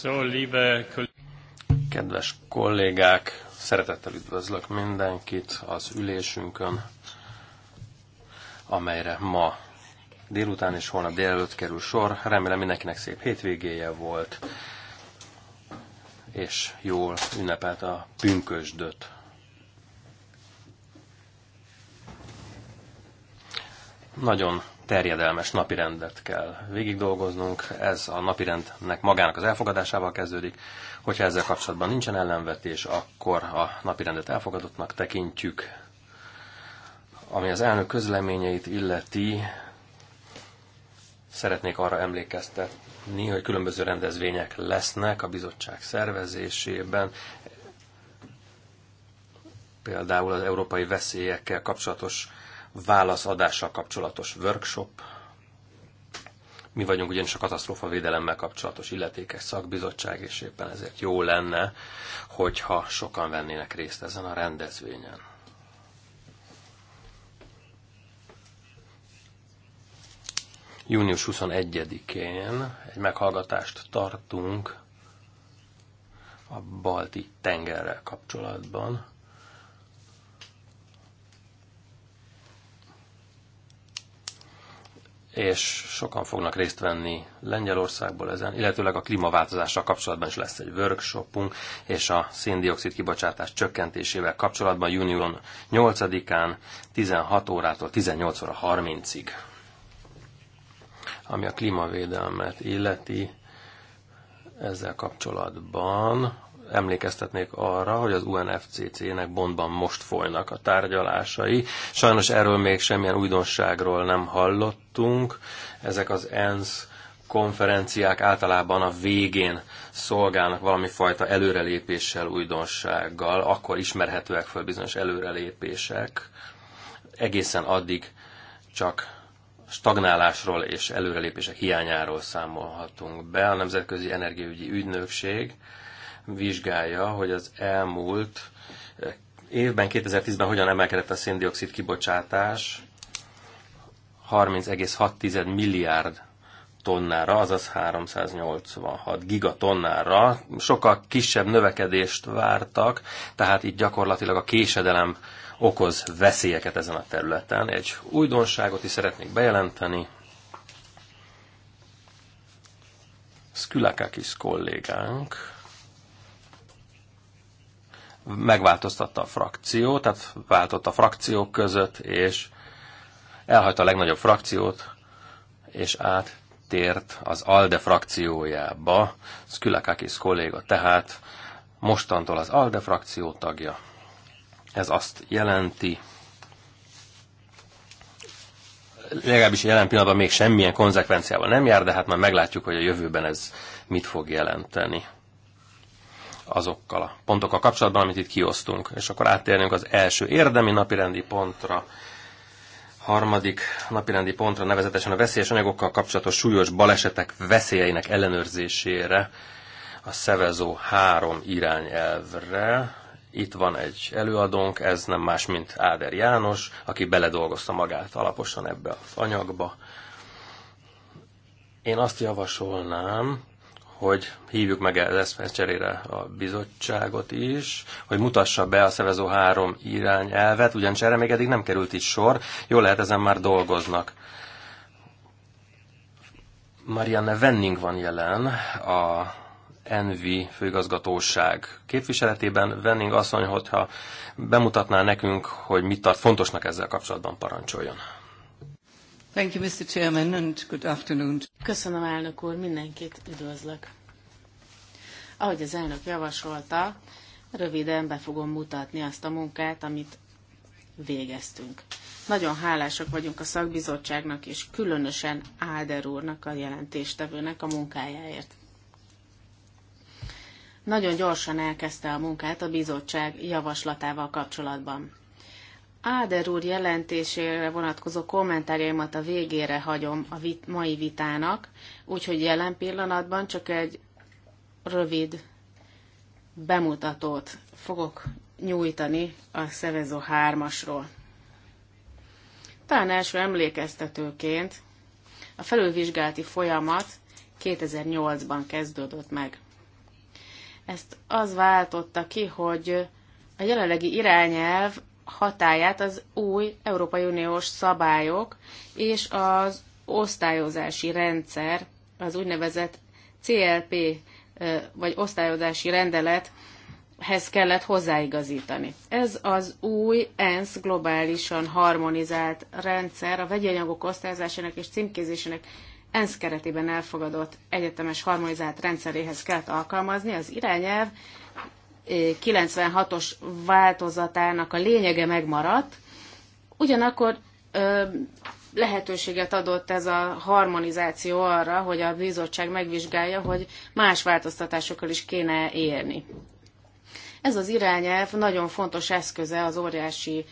So, liebe Kedves kollégák, szeretettel üdvözlök mindenkit az ülésünkön, amelyre ma délután és holnap délelőtt kerül sor. Remélem mindenkinek szép hétvégéje volt, és jól ünnepelt a pünkösdöt. Nagyon terjedelmes napirendet kell végig dolgoznunk. Ez a napirendnek magának az elfogadásával kezdődik. Hogyha ezzel kapcsolatban nincsen ellenvetés, akkor a napirendet elfogadottnak tekintjük. Ami az elnök közleményeit illeti, szeretnék arra emlékeztetni, hogy különböző rendezvények lesznek a bizottság szervezésében. Például az európai veszélyekkel kapcsolatos válaszadással kapcsolatos workshop. Mi vagyunk ugyanis a katasztrófa védelemmel kapcsolatos illetékes szakbizottság, és éppen ezért jó lenne, hogyha sokan vennének részt ezen a rendezvényen. Június 21-én egy meghallgatást tartunk a balti tengerrel kapcsolatban és sokan fognak részt venni Lengyelországból ezen, illetőleg a klímaváltozással kapcsolatban is lesz egy workshopunk, és a széndiokszid kibocsátás csökkentésével kapcsolatban június 8-án 16 órától 18 óra 30-ig. Ami a klímavédelmet illeti, ezzel kapcsolatban emlékeztetnék arra, hogy az UNFCC-nek Bondban most folynak a tárgyalásai. Sajnos erről még semmilyen újdonságról nem hallottunk. Ezek az ENSZ konferenciák általában a végén szolgálnak valami fajta előrelépéssel, újdonsággal, akkor ismerhetőek föl bizonyos előrelépések. Egészen addig csak stagnálásról és előrelépések hiányáról számolhatunk be. A Nemzetközi Energiaügyi Ügynökség vizsgálja, hogy az elmúlt eh, évben, 2010-ben hogyan emelkedett a széndiokszid kibocsátás 30,6 milliárd tonnára, azaz 386 gigatonnára. Sokkal kisebb növekedést vártak, tehát itt gyakorlatilag a késedelem okoz veszélyeket ezen a területen. Egy újdonságot is szeretnék bejelenteni. Skülakakis kollégánk megváltoztatta a frakció, tehát váltott a frakciók között, és elhagyta a legnagyobb frakciót, és áttért az ALDE frakciójába. Szkülekakis kolléga tehát mostantól az ALDE frakció tagja. Ez azt jelenti, legalábbis jelen pillanatban még semmilyen konzekvenciával nem jár, de hát majd meglátjuk, hogy a jövőben ez mit fog jelenteni azokkal a pontokkal kapcsolatban, amit itt kiosztunk. És akkor áttérnünk az első érdemi napirendi pontra, harmadik napirendi pontra, nevezetesen a veszélyes anyagokkal kapcsolatos súlyos balesetek veszélyeinek ellenőrzésére, a Szevezó három irányelvre. Itt van egy előadónk, ez nem más, mint Áder János, aki beledolgozta magát alaposan ebbe az anyagba. Én azt javasolnám, hogy hívjuk meg az eszmény cserére a bizottságot is, hogy mutassa be a szervező három irányelvet, ugyanis erre még eddig nem került itt sor, jól lehet ezen már dolgoznak. Marianne Venning van jelen a Envi főigazgatóság képviseletében. Wenning asszony, hogyha bemutatná nekünk, hogy mit tart fontosnak ezzel kapcsolatban parancsoljon. Thank you, Mr. Chairman, and good afternoon. Köszönöm, elnök úr, mindenkit üdvözlök. Ahogy az elnök javasolta, röviden be fogom mutatni azt a munkát, amit végeztünk. Nagyon hálásak vagyunk a szakbizottságnak, és különösen Áder úrnak, a jelentéstevőnek a munkájáért. Nagyon gyorsan elkezdte a munkát a bizottság javaslatával kapcsolatban. Áder úr jelentésére vonatkozó kommentárjaimat a végére hagyom a vit- mai vitának, úgyhogy jelen pillanatban csak egy rövid bemutatót fogok nyújtani a Szevezó 3-asról. Talán első emlékeztetőként a felülvizsgálati folyamat 2008-ban kezdődött meg. Ezt az váltotta ki, hogy a jelenlegi irányelv hatáját az új Európai Uniós szabályok és az osztályozási rendszer, az úgynevezett CLP vagy osztályozási rendelethez kellett hozzáigazítani. Ez az új ENSZ globálisan harmonizált rendszer a vegyi anyagok osztályozásának és címkézésének ENSZ keretében elfogadott egyetemes harmonizált rendszeréhez kellett alkalmazni. Az irányelv 96-os változatának a lényege megmaradt, ugyanakkor lehetőséget adott ez a harmonizáció arra, hogy a bizottság megvizsgálja, hogy más változtatásokkal is kéne élni. Ez az irányelv nagyon fontos eszköze az óriási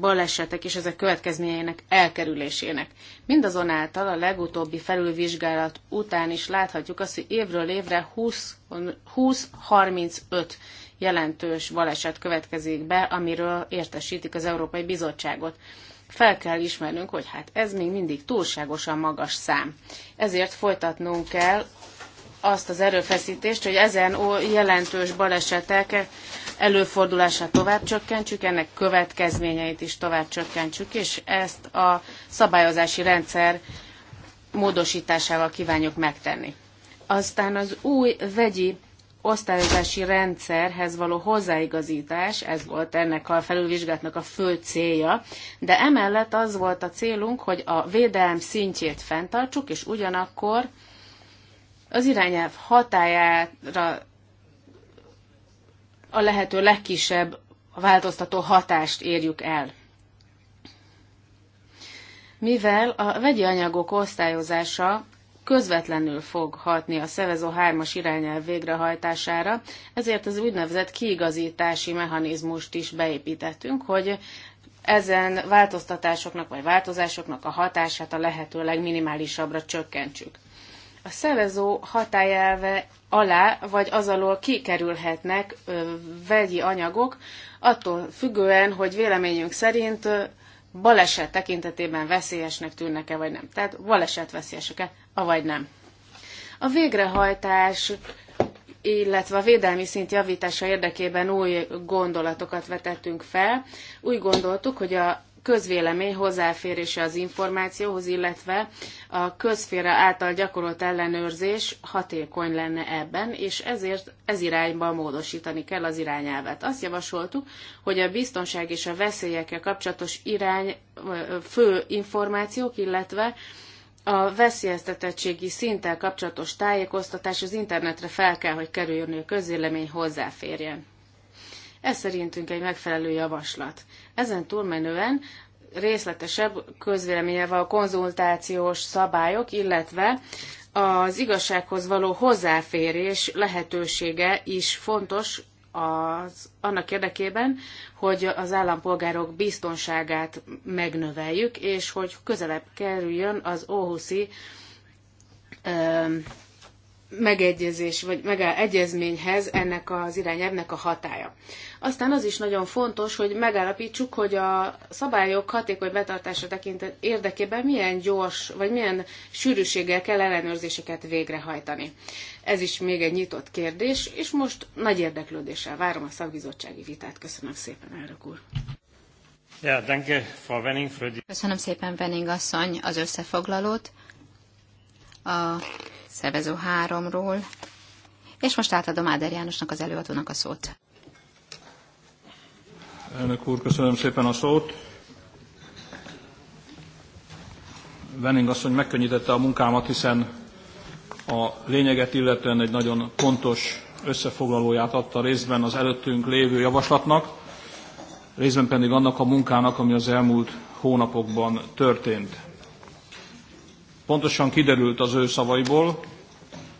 balesetek és ezek következményeinek elkerülésének. Mindazonáltal a legutóbbi felülvizsgálat után is láthatjuk azt, hogy évről évre 20-35 jelentős baleset következik be, amiről értesítik az Európai Bizottságot. Fel kell ismernünk, hogy hát ez még mindig túlságosan magas szám. Ezért folytatnunk kell azt az erőfeszítést, hogy ezen jelentős balesetek előfordulását tovább csökkentsük, ennek következményeit is tovább csökkentsük, és ezt a szabályozási rendszer módosításával kívánjuk megtenni. Aztán az új vegyi osztályozási rendszerhez való hozzáigazítás, ez volt ennek a felülvizsgálatnak a fő célja, de emellett az volt a célunk, hogy a védelem szintjét fenntartsuk, és ugyanakkor az irányelv hatájára a lehető legkisebb változtató hatást érjük el. Mivel a vegyi anyagok osztályozása közvetlenül fog hatni a Szevezó 3-as irányelv végrehajtására, ezért az úgynevezett kiigazítási mechanizmust is beépítettünk, hogy ezen változtatásoknak vagy változásoknak a hatását a lehető legminimálisabbra csökkentsük a szelezó hatájelve alá vagy az alól kikerülhetnek ö, vegyi anyagok, attól függően, hogy véleményünk szerint ö, baleset tekintetében veszélyesnek tűnnek-e vagy nem. Tehát baleset veszélyesek-e, avagy nem. A végrehajtás, illetve a védelmi szint javítása érdekében új gondolatokat vetettünk fel. Úgy gondoltuk, hogy a közvélemény hozzáférése az információhoz, illetve a közféra által gyakorolt ellenőrzés hatékony lenne ebben, és ezért ez irányba módosítani kell az irányelvet. Azt javasoltuk, hogy a biztonság és a veszélyekkel kapcsolatos irány fő információk, illetve a veszélyeztetettségi szinttel kapcsolatos tájékoztatás az internetre fel kell, hogy kerüljön, hogy a közélemény hozzáférjen. Ez szerintünk egy megfelelő javaslat. Ezen túlmenően részletesebb közvéleménye a konzultációs szabályok, illetve az igazsághoz való hozzáférés lehetősége is fontos az, annak érdekében, hogy az állampolgárok biztonságát megnöveljük, és hogy közelebb kerüljön az Óhuszi ö, megegyezés, vagy megáll egyezményhez ennek az irányelvnek a hatája. Aztán az is nagyon fontos, hogy megállapítsuk, hogy a szabályok hatékony betartása tekintet érdekében milyen gyors, vagy milyen sűrűséggel kell ellenőrzéseket végrehajtani. Ez is még egy nyitott kérdés, és most nagy érdeklődéssel várom a szakbizottsági vitát. Köszönöm szépen, elnök úr! Ja, Köszönöm szépen, Venning asszony, az összefoglalót a szervező háromról, és most átadom Áder Jánosnak az előadónak a szót. Elnök úr, köszönöm szépen a szót. Venning asszony megkönnyítette a munkámat, hiszen a lényeget illetően egy nagyon pontos összefoglalóját adta részben az előttünk lévő javaslatnak, részben pedig annak a munkának, ami az elmúlt hónapokban történt. Pontosan kiderült az ő szavaiból,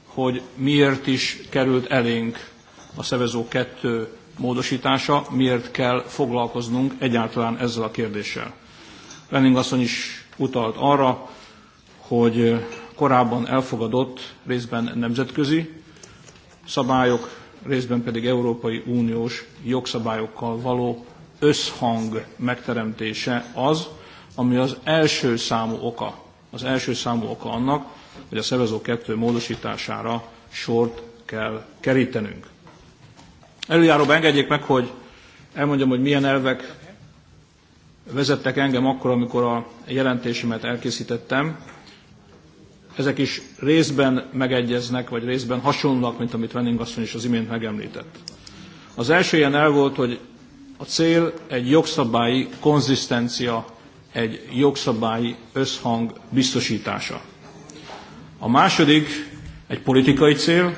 hogy miért is került elénk a Szevezó 2 módosítása, miért kell foglalkoznunk egyáltalán ezzel a kérdéssel. Lenning asszony is utalt arra, hogy korábban elfogadott részben nemzetközi szabályok, részben pedig Európai Uniós jogszabályokkal való összhang megteremtése az, ami az első számú oka, az első számú oka annak, hogy a szervezó kettő módosítására sort kell kerítenünk. Előjáróban engedjék meg, hogy elmondjam, hogy milyen elvek vezettek engem akkor, amikor a jelentésemet elkészítettem. Ezek is részben megegyeznek, vagy részben hasonlak, mint amit Venning asszony is az imént megemlített. Az első ilyen el volt, hogy a cél egy jogszabályi konzisztencia, egy jogszabályi összhang biztosítása. A második egy politikai cél,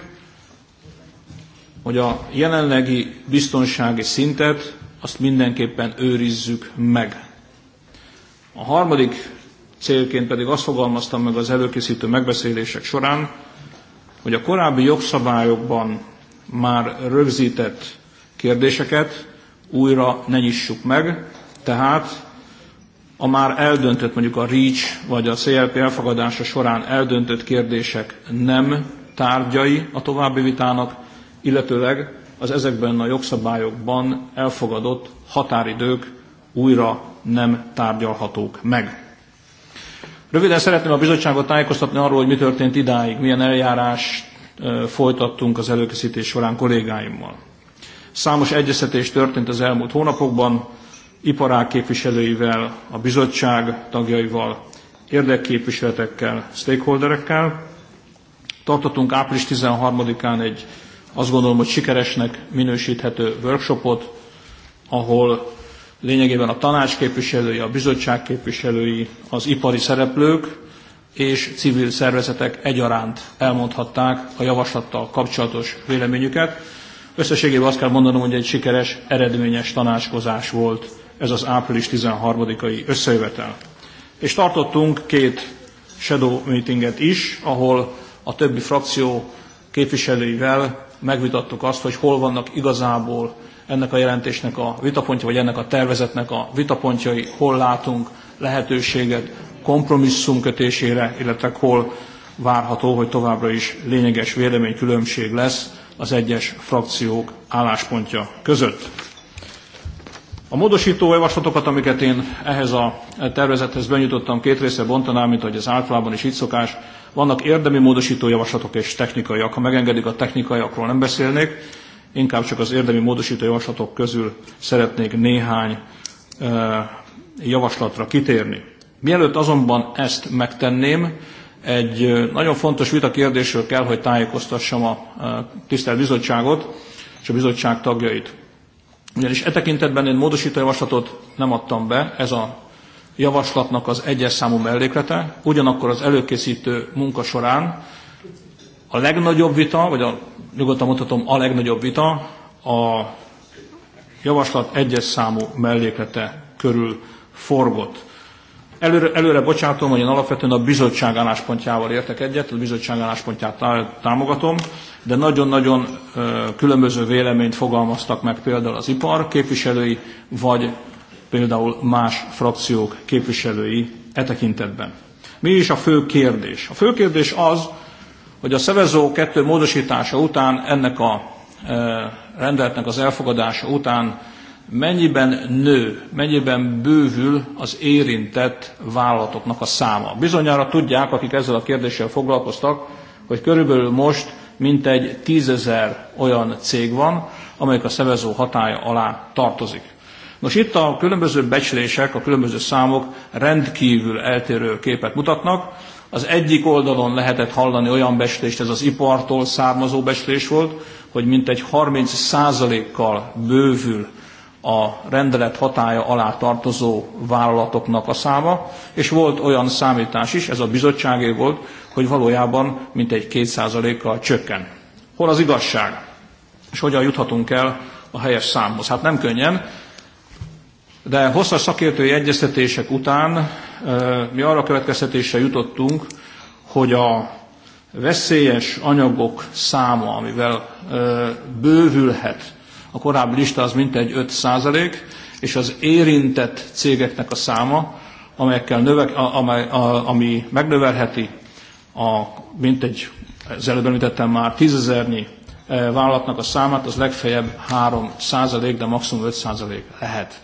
hogy a jelenlegi biztonsági szintet azt mindenképpen őrizzük meg. A harmadik célként pedig azt fogalmaztam meg az előkészítő megbeszélések során, hogy a korábbi jogszabályokban már rögzített kérdéseket újra ne nyissuk meg, tehát a már eldöntött, mondjuk a REACH vagy a CLP elfogadása során eldöntött kérdések nem tárgyai a további vitának, illetőleg az ezekben a jogszabályokban elfogadott határidők újra nem tárgyalhatók meg. Röviden szeretném a bizottságot tájékoztatni arról, hogy mi történt idáig, milyen eljárás folytattunk az előkészítés során kollégáimmal. Számos egyeztetés történt az elmúlt hónapokban, iparák képviselőivel, a bizottság tagjaival, érdekképviseletekkel, stakeholderekkel. Tartottunk április 13-án egy azt gondolom, hogy sikeresnek minősíthető workshopot, ahol lényegében a tanács képviselői, a bizottság képviselői, az ipari szereplők és civil szervezetek egyaránt elmondhatták a javaslattal kapcsolatos véleményüket. Összességében azt kell mondanom, hogy egy sikeres, eredményes tanácskozás volt ez az április 13-ai összejövetel. És tartottunk két shadow meetinget is, ahol a többi frakció képviselőivel megvitattuk azt, hogy hol vannak igazából ennek a jelentésnek a vitapontja, vagy ennek a tervezetnek a vitapontjai, hol látunk lehetőséget kompromisszum kötésére, illetve hol várható, hogy továbbra is lényeges véleménykülönbség lesz az egyes frakciók álláspontja között. A módosító javaslatokat, amiket én ehhez a tervezethez benyújtottam, két részre bontanám, mint ahogy ez általában is így szokás. Vannak érdemi módosító javaslatok és technikaiak. Ha megengedik, a technikaiakról nem beszélnék, inkább csak az érdemi módosító javaslatok közül szeretnék néhány javaslatra kitérni. Mielőtt azonban ezt megtenném, egy nagyon fontos vita kérdésről kell, hogy tájékoztassam a tisztelt bizottságot és a bizottság tagjait. Ugyanis e tekintetben én módosító javaslatot nem adtam be, ez a javaslatnak az egyes számú melléklete, ugyanakkor az előkészítő munka során a legnagyobb vita, vagy a, nyugodtan mondhatom, a legnagyobb vita a javaslat egyes számú melléklete körül forgott. Előre, előre bocsátom, hogy én alapvetően a bizottság álláspontjával értek egyet, a bizottság álláspontját támogatom, de nagyon-nagyon különböző véleményt fogalmaztak meg például az ipar képviselői, vagy például más frakciók képviselői e tekintetben. Mi is a fő kérdés? A fő kérdés az, hogy a szevezó kettő módosítása után, ennek a rendeletnek az elfogadása után mennyiben nő, mennyiben bővül az érintett vállalatoknak a száma. Bizonyára tudják, akik ezzel a kérdéssel foglalkoztak, hogy körülbelül most mintegy tízezer olyan cég van, amelyik a szevezó hatája alá tartozik. Nos, itt a különböző becslések, a különböző számok rendkívül eltérő képet mutatnak. Az egyik oldalon lehetett hallani olyan becslést, ez az ipartól származó becslés volt, hogy mintegy 30%-kal bővül a rendelet hatája alá tartozó vállalatoknak a száma, és volt olyan számítás is, ez a bizottságé volt, hogy valójában mintegy kétszázalékkal kal csökken. Hol az igazság? És hogyan juthatunk el a helyes számhoz? Hát nem könnyen, de hosszas szakértői egyeztetések után mi arra következtetésre jutottunk, hogy a veszélyes anyagok száma, amivel bővülhet a korábbi lista az mintegy 5 százalék, és az érintett cégeknek a száma, amelyekkel növek, amely, a, ami megnövelheti a mintegy, az előbb említettem már tízezernyi eh, vállalatnak a számát, az legfeljebb 3 százalék, de maximum 5 százalék lehet.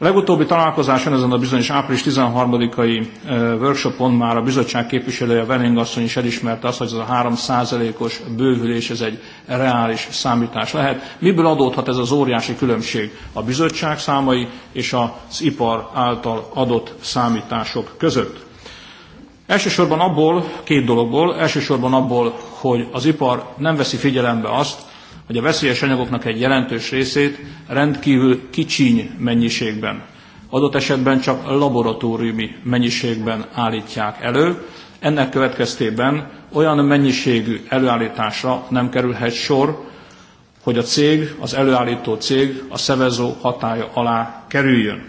A legutóbbi találkozáson ezen a bizonyos április 13-ai workshopon már a bizottság képviselője Velling asszony is elismerte azt, hogy ez a 3%-os bővülés ez egy reális számítás lehet. Miből adódhat ez az óriási különbség a bizottság számai és az ipar által adott számítások között? Elsősorban abból, két dologból, elsősorban abból, hogy az ipar nem veszi figyelembe azt, hogy a veszélyes anyagoknak egy jelentős részét rendkívül kicsiny mennyiségben, adott esetben csak laboratóriumi mennyiségben állítják elő, ennek következtében olyan mennyiségű előállításra nem kerülhet sor, hogy a cég, az előállító cég a szevezó hatája alá kerüljön.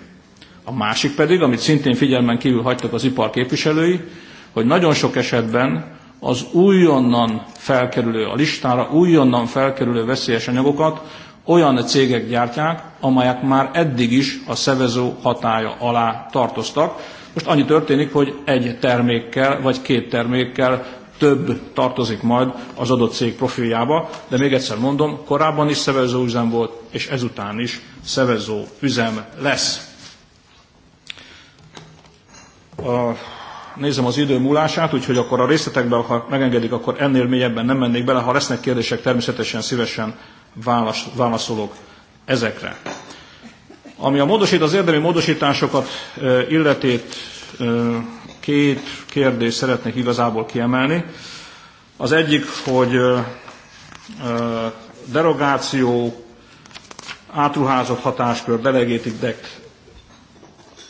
A másik pedig, amit szintén figyelmen kívül hagytak az ipar képviselői, hogy nagyon sok esetben az újonnan felkerülő, a listára újonnan felkerülő veszélyes anyagokat olyan cégek gyártják, amelyek már eddig is a szevező hatája alá tartoztak. Most annyi történik, hogy egy termékkel vagy két termékkel több tartozik majd az adott cég profiljába, de még egyszer mondom, korábban is szevező üzem volt, és ezután is szevező üzem lesz. A nézem az idő múlását, úgyhogy akkor a részletekben, ha megengedik, akkor ennél mélyebben nem mennék bele. Ha lesznek kérdések, természetesen szívesen válasz, válaszolok ezekre. Ami a módosít, az érdemi módosításokat illetét két kérdés szeretnék igazából kiemelni. Az egyik, hogy derogáció, átruházott hatáskör, delegated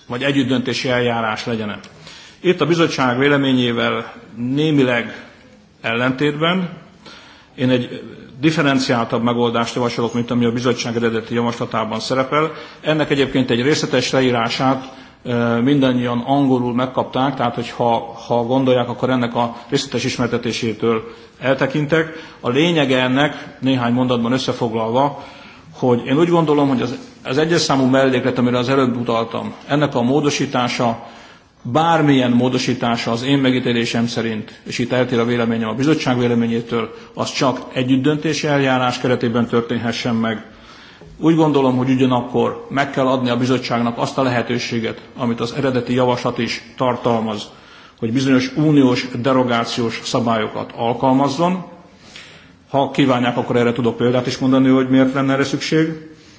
vagy együttdöntési eljárás legyen -e. Itt a bizottság véleményével némileg ellentétben én egy differenciáltabb megoldást javasolok, mint ami a bizottság eredeti javaslatában szerepel. Ennek egyébként egy részletes leírását mindannyian angolul megkapták, tehát hogy ha, ha gondolják, akkor ennek a részletes ismertetésétől eltekintek. A lényege ennek, néhány mondatban összefoglalva, hogy én úgy gondolom, hogy az, az egyes számú melléklet, amire az előbb utaltam, ennek a módosítása bármilyen módosítása az én megítélésem szerint, és itt eltér a véleményem a bizottság véleményétől, az csak együttdöntési eljárás keretében történhessen meg. Úgy gondolom, hogy ugyanakkor meg kell adni a bizottságnak azt a lehetőséget, amit az eredeti javaslat is tartalmaz, hogy bizonyos uniós derogációs szabályokat alkalmazzon. Ha kívánják, akkor erre tudok példát is mondani, hogy miért lenne erre szükség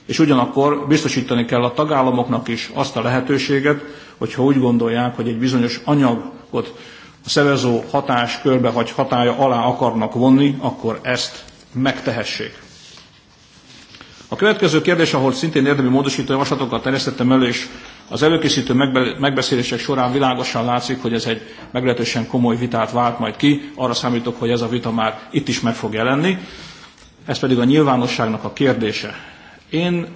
és ugyanakkor biztosítani kell a tagállamoknak is azt a lehetőséget, hogyha úgy gondolják, hogy egy bizonyos anyagot a hatás körbe, vagy hatája alá akarnak vonni, akkor ezt megtehessék. A következő kérdés, ahol szintén érdemi módosító javaslatokat terjesztettem elő, és az előkészítő megbeszélések során világosan látszik, hogy ez egy meglehetősen komoly vitát vált majd ki. Arra számítok, hogy ez a vita már itt is meg fog jelenni. Ez pedig a nyilvánosságnak a kérdése. Én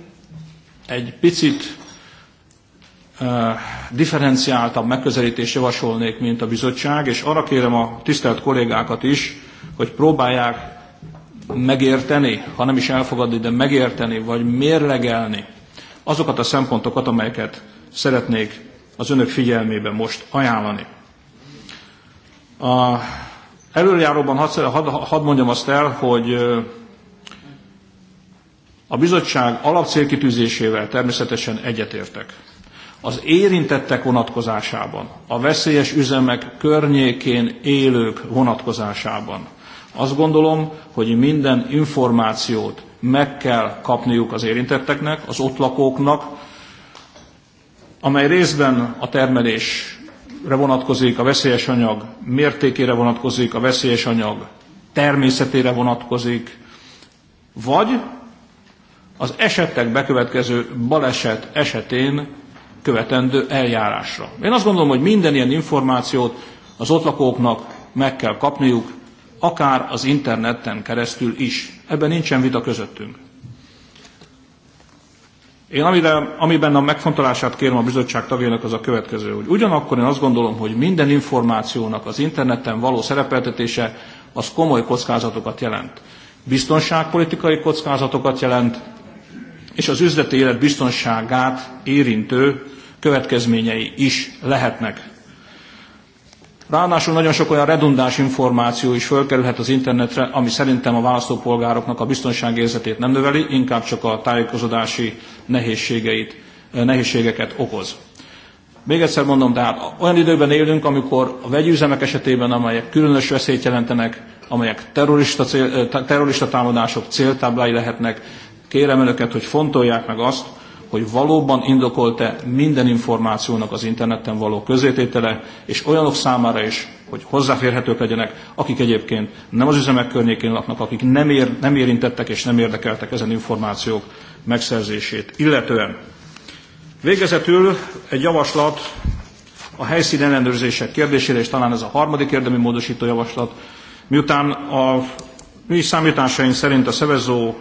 egy picit differenciáltabb megközelítést javasolnék, mint a bizottság, és arra kérem a tisztelt kollégákat is, hogy próbálják megérteni, ha nem is elfogadni, de megérteni, vagy mérlegelni azokat a szempontokat, amelyeket szeretnék az önök figyelmébe most ajánlani. A előjáróban hadd had, mondjam azt el, hogy a bizottság alapcélkitűzésével természetesen egyetértek. Az érintettek vonatkozásában, a veszélyes üzemek környékén élők vonatkozásában azt gondolom, hogy minden információt meg kell kapniuk az érintetteknek, az ott lakóknak, amely részben a termelésre vonatkozik, a veszélyes anyag mértékére vonatkozik, a veszélyes anyag természetére vonatkozik, vagy az esetleg bekövetkező baleset esetén követendő eljárásra. Én azt gondolom, hogy minden ilyen információt az ott lakóknak meg kell kapniuk, akár az interneten keresztül is. Ebben nincsen vita közöttünk. Én amire, amiben a megfontolását kérem a bizottság tagjainak az a következő, hogy ugyanakkor én azt gondolom, hogy minden információnak az interneten való szerepeltetése az komoly kockázatokat jelent. Biztonságpolitikai kockázatokat jelent, és az üzleti élet biztonságát érintő következményei is lehetnek. Ráadásul nagyon sok olyan redundáns információ is fölkerülhet az internetre, ami szerintem a választópolgároknak a biztonságérzetét nem növeli, inkább csak a tájékozódási nehézségeit, eh, nehézségeket okoz. Még egyszer mondom, tehát olyan időben élünk, amikor a vegyüzemek esetében, amelyek különös veszélyt jelentenek, amelyek terrorista, cél, eh, terrorista támadások céltáblái lehetnek, Kérem önöket, hogy fontolják meg azt, hogy valóban indokolt-e minden információnak az interneten való közététele, és olyanok számára is, hogy hozzáférhetők legyenek, akik egyébként nem az üzemek környékén laknak, akik nem, ér, nem érintettek és nem érdekeltek ezen információk megszerzését. Illetően végezetül egy javaslat a helyszín ellenőrzések kérdésére, és talán ez a harmadik érdemi módosító javaslat, miután a mi számításaink szerint a szevezó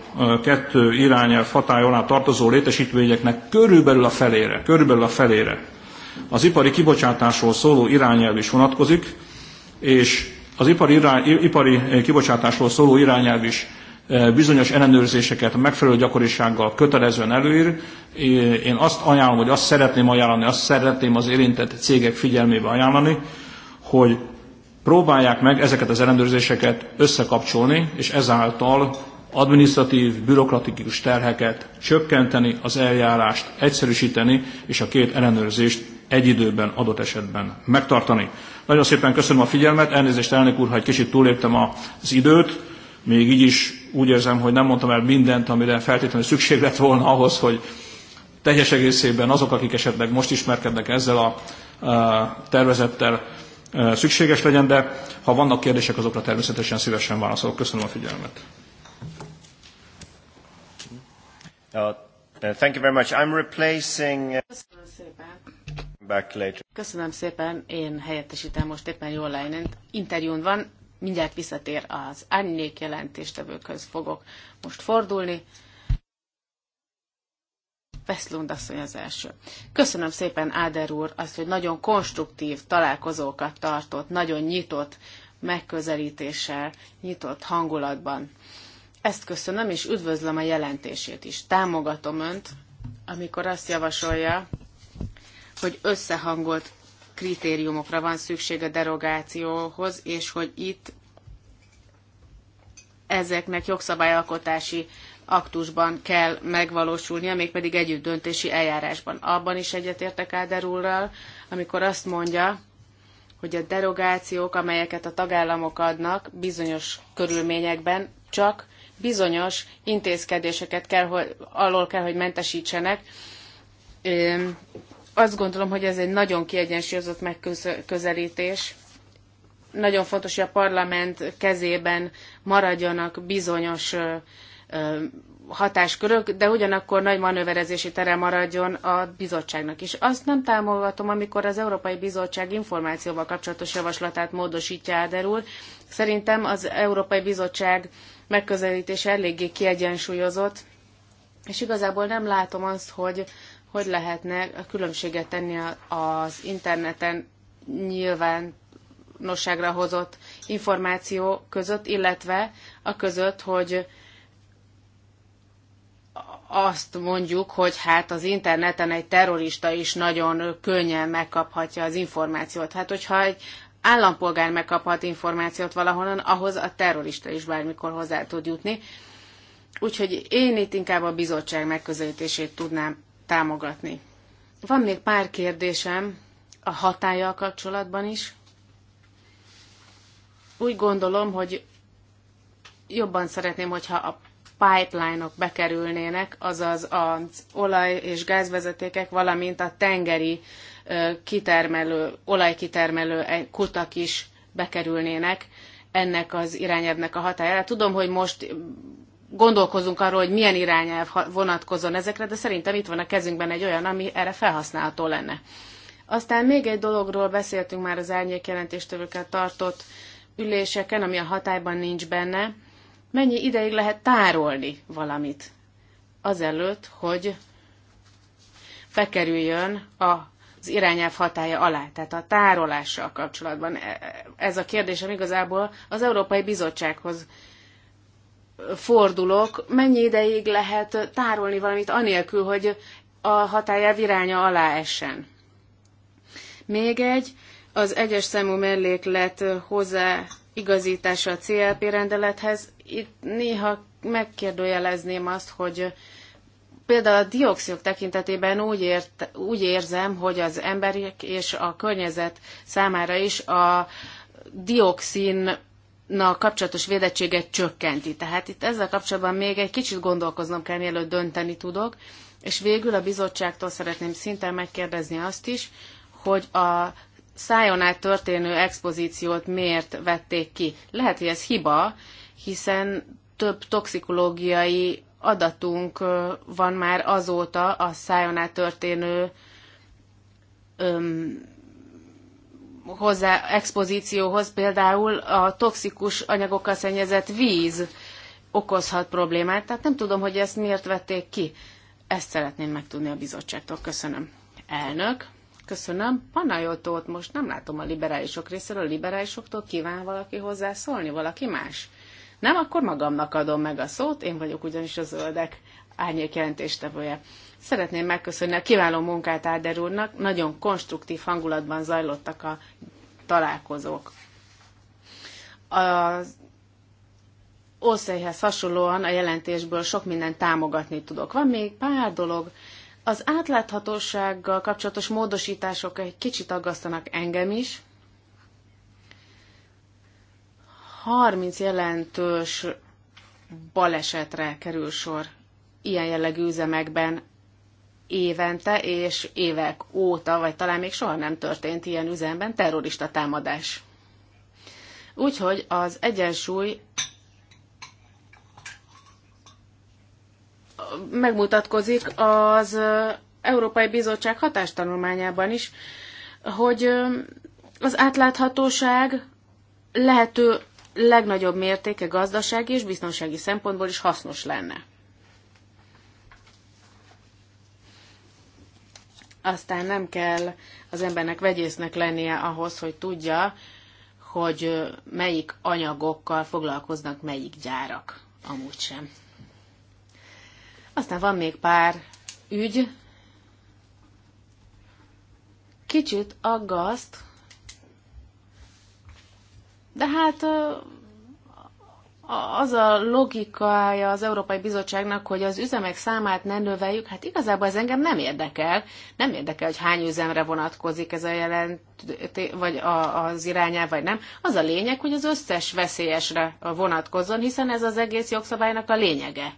kettő irányelv hatály alá tartozó létesítményeknek körülbelül a felére, körülbelül a felére az ipari kibocsátásról szóló irányelv is vonatkozik, és az ipari, irány, ipari kibocsátásról szóló irányelv is bizonyos ellenőrzéseket megfelelő gyakorisággal kötelezően előír. Én azt ajánlom, hogy azt szeretném ajánlani, azt szeretném az érintett cégek figyelmébe ajánlani, hogy próbálják meg ezeket az ellenőrzéseket összekapcsolni, és ezáltal adminisztratív, bürokratikus terheket csökkenteni, az eljárást egyszerűsíteni, és a két ellenőrzést egy időben adott esetben megtartani. Nagyon szépen köszönöm a figyelmet, elnézést elnök úr, ha egy kicsit túléptem az időt, még így is úgy érzem, hogy nem mondtam el mindent, amire feltétlenül szükség lett volna ahhoz, hogy teljes egészében azok, akik esetleg most ismerkednek ezzel a eh, tervezettel, szükséges legyen, de ha vannak kérdések, azokra természetesen szívesen válaszolok. Köszönöm a figyelmet. Uh, uh thank you very much. I'm replacing... Uh, Köszönöm szépen. Back later. Köszönöm szépen. Én helyettesítem most éppen jól lejnent. Interjún van, mindjárt visszatér az árnyék jelentéstevőkhöz fogok most fordulni. Veszlund asszony az első. Köszönöm szépen, Áder úr, azt, hogy nagyon konstruktív találkozókat tartott, nagyon nyitott megközelítéssel, nyitott hangulatban. Ezt köszönöm, és üdvözlöm a jelentését is. Támogatom Önt, amikor azt javasolja, hogy összehangolt kritériumokra van szükség a derogációhoz, és hogy itt ezeknek jogszabályalkotási aktusban kell megvalósulnia, mégpedig együtt döntési eljárásban. Abban is egyetértek Áder úrral, amikor azt mondja, hogy a derogációk, amelyeket a tagállamok adnak bizonyos körülményekben, csak bizonyos intézkedéseket kell, hogy, alól kell, hogy mentesítsenek. Azt gondolom, hogy ez egy nagyon kiegyensúlyozott megközelítés. Nagyon fontos, hogy a parlament kezében maradjanak bizonyos hatáskörök, de ugyanakkor nagy manőverezési tere maradjon a bizottságnak is. Azt nem támogatom, amikor az Európai Bizottság információval kapcsolatos javaslatát módosítja Áder úr. Szerintem az Európai Bizottság megközelítése eléggé kiegyensúlyozott, és igazából nem látom azt, hogy hogy lehetne a különbséget tenni az interneten nyilván nosságra hozott információ között, illetve a között, hogy azt mondjuk, hogy hát az interneten egy terrorista is nagyon könnyen megkaphatja az információt. Hát hogyha egy állampolgár megkaphat információt valahonnan, ahhoz a terrorista is bármikor hozzá tud jutni. Úgyhogy én itt inkább a bizottság megközelítését tudnám támogatni. Van még pár kérdésem a hatája kapcsolatban is. Úgy gondolom, hogy jobban szeretném, hogyha a pipeline-ok -ok bekerülnének, azaz az olaj- és gázvezetékek, valamint a tengeri kitermelő, olajkitermelő kutak is bekerülnének ennek az irányelvnek a hatájára. Tudom, hogy most gondolkozunk arról, hogy milyen irányelv vonatkozon ezekre, de szerintem itt van a kezünkben egy olyan, ami erre felhasználható lenne. Aztán még egy dologról beszéltünk már az árnyék jelentéstevőkkel tartott üléseken, ami a hatályban nincs benne, mennyi ideig lehet tárolni valamit, azelőtt, hogy bekerüljön az irányelv hatája alá, tehát a tárolással kapcsolatban. E, ez a kérdésem igazából az Európai Bizottsághoz fordulok, mennyi ideig lehet tárolni valamit anélkül, hogy a hatája iránya alá essen. Még egy, az egyes számú melléklet hozzá igazítása a CLP rendelethez itt néha megkérdőjelezném azt, hogy például a dioxidok tekintetében úgy, ért, úgy érzem, hogy az emberek és a környezet számára is a dioxin na kapcsolatos védettséget csökkenti. Tehát itt ezzel kapcsolatban még egy kicsit gondolkoznom kell, mielőtt dönteni tudok. És végül a bizottságtól szeretném szintén megkérdezni azt is, hogy a szájon át történő expozíciót miért vették ki. Lehet, hogy ez hiba, hiszen több toxikológiai adatunk van már azóta a szájon át történő öm, hozzá expozícióhoz, például a toxikus anyagokkal szennyezett víz okozhat problémát, tehát nem tudom, hogy ezt miért vették ki. Ezt szeretném megtudni a bizottságtól. Köszönöm. Elnök, köszönöm. Panajotót most nem látom a liberálisok részéről. A liberálisoktól kíván valaki hozzászólni, valaki más? Nem, akkor magamnak adom meg a szót, én vagyok ugyanis a zöldek árnyék jelentéstevője. Szeretném megköszönni a kiváló munkát Áder úrnak, nagyon konstruktív hangulatban zajlottak a találkozók. Az Ószéhez hasonlóan a jelentésből sok mindent támogatni tudok. Van még pár dolog. Az átláthatósággal kapcsolatos módosítások egy kicsit aggasztanak engem is, 30 jelentős balesetre kerül sor ilyen jellegű üzemekben évente és évek óta, vagy talán még soha nem történt ilyen üzemben terrorista támadás. Úgyhogy az egyensúly megmutatkozik az Európai Bizottság hatástanulmányában is, hogy az átláthatóság lehető legnagyobb mértéke gazdasági és biztonsági szempontból is hasznos lenne. Aztán nem kell az embernek vegyésznek lennie ahhoz, hogy tudja, hogy melyik anyagokkal foglalkoznak melyik gyárak. Amúgy sem. Aztán van még pár ügy. Kicsit aggaszt, de hát az a logikája az Európai Bizottságnak, hogy az üzemek számát ne növeljük, hát igazából ez engem nem érdekel. Nem érdekel, hogy hány üzemre vonatkozik ez a jelent, vagy a, az irányá, vagy nem. Az a lényeg, hogy az összes veszélyesre vonatkozzon, hiszen ez az egész jogszabálynak a lényege.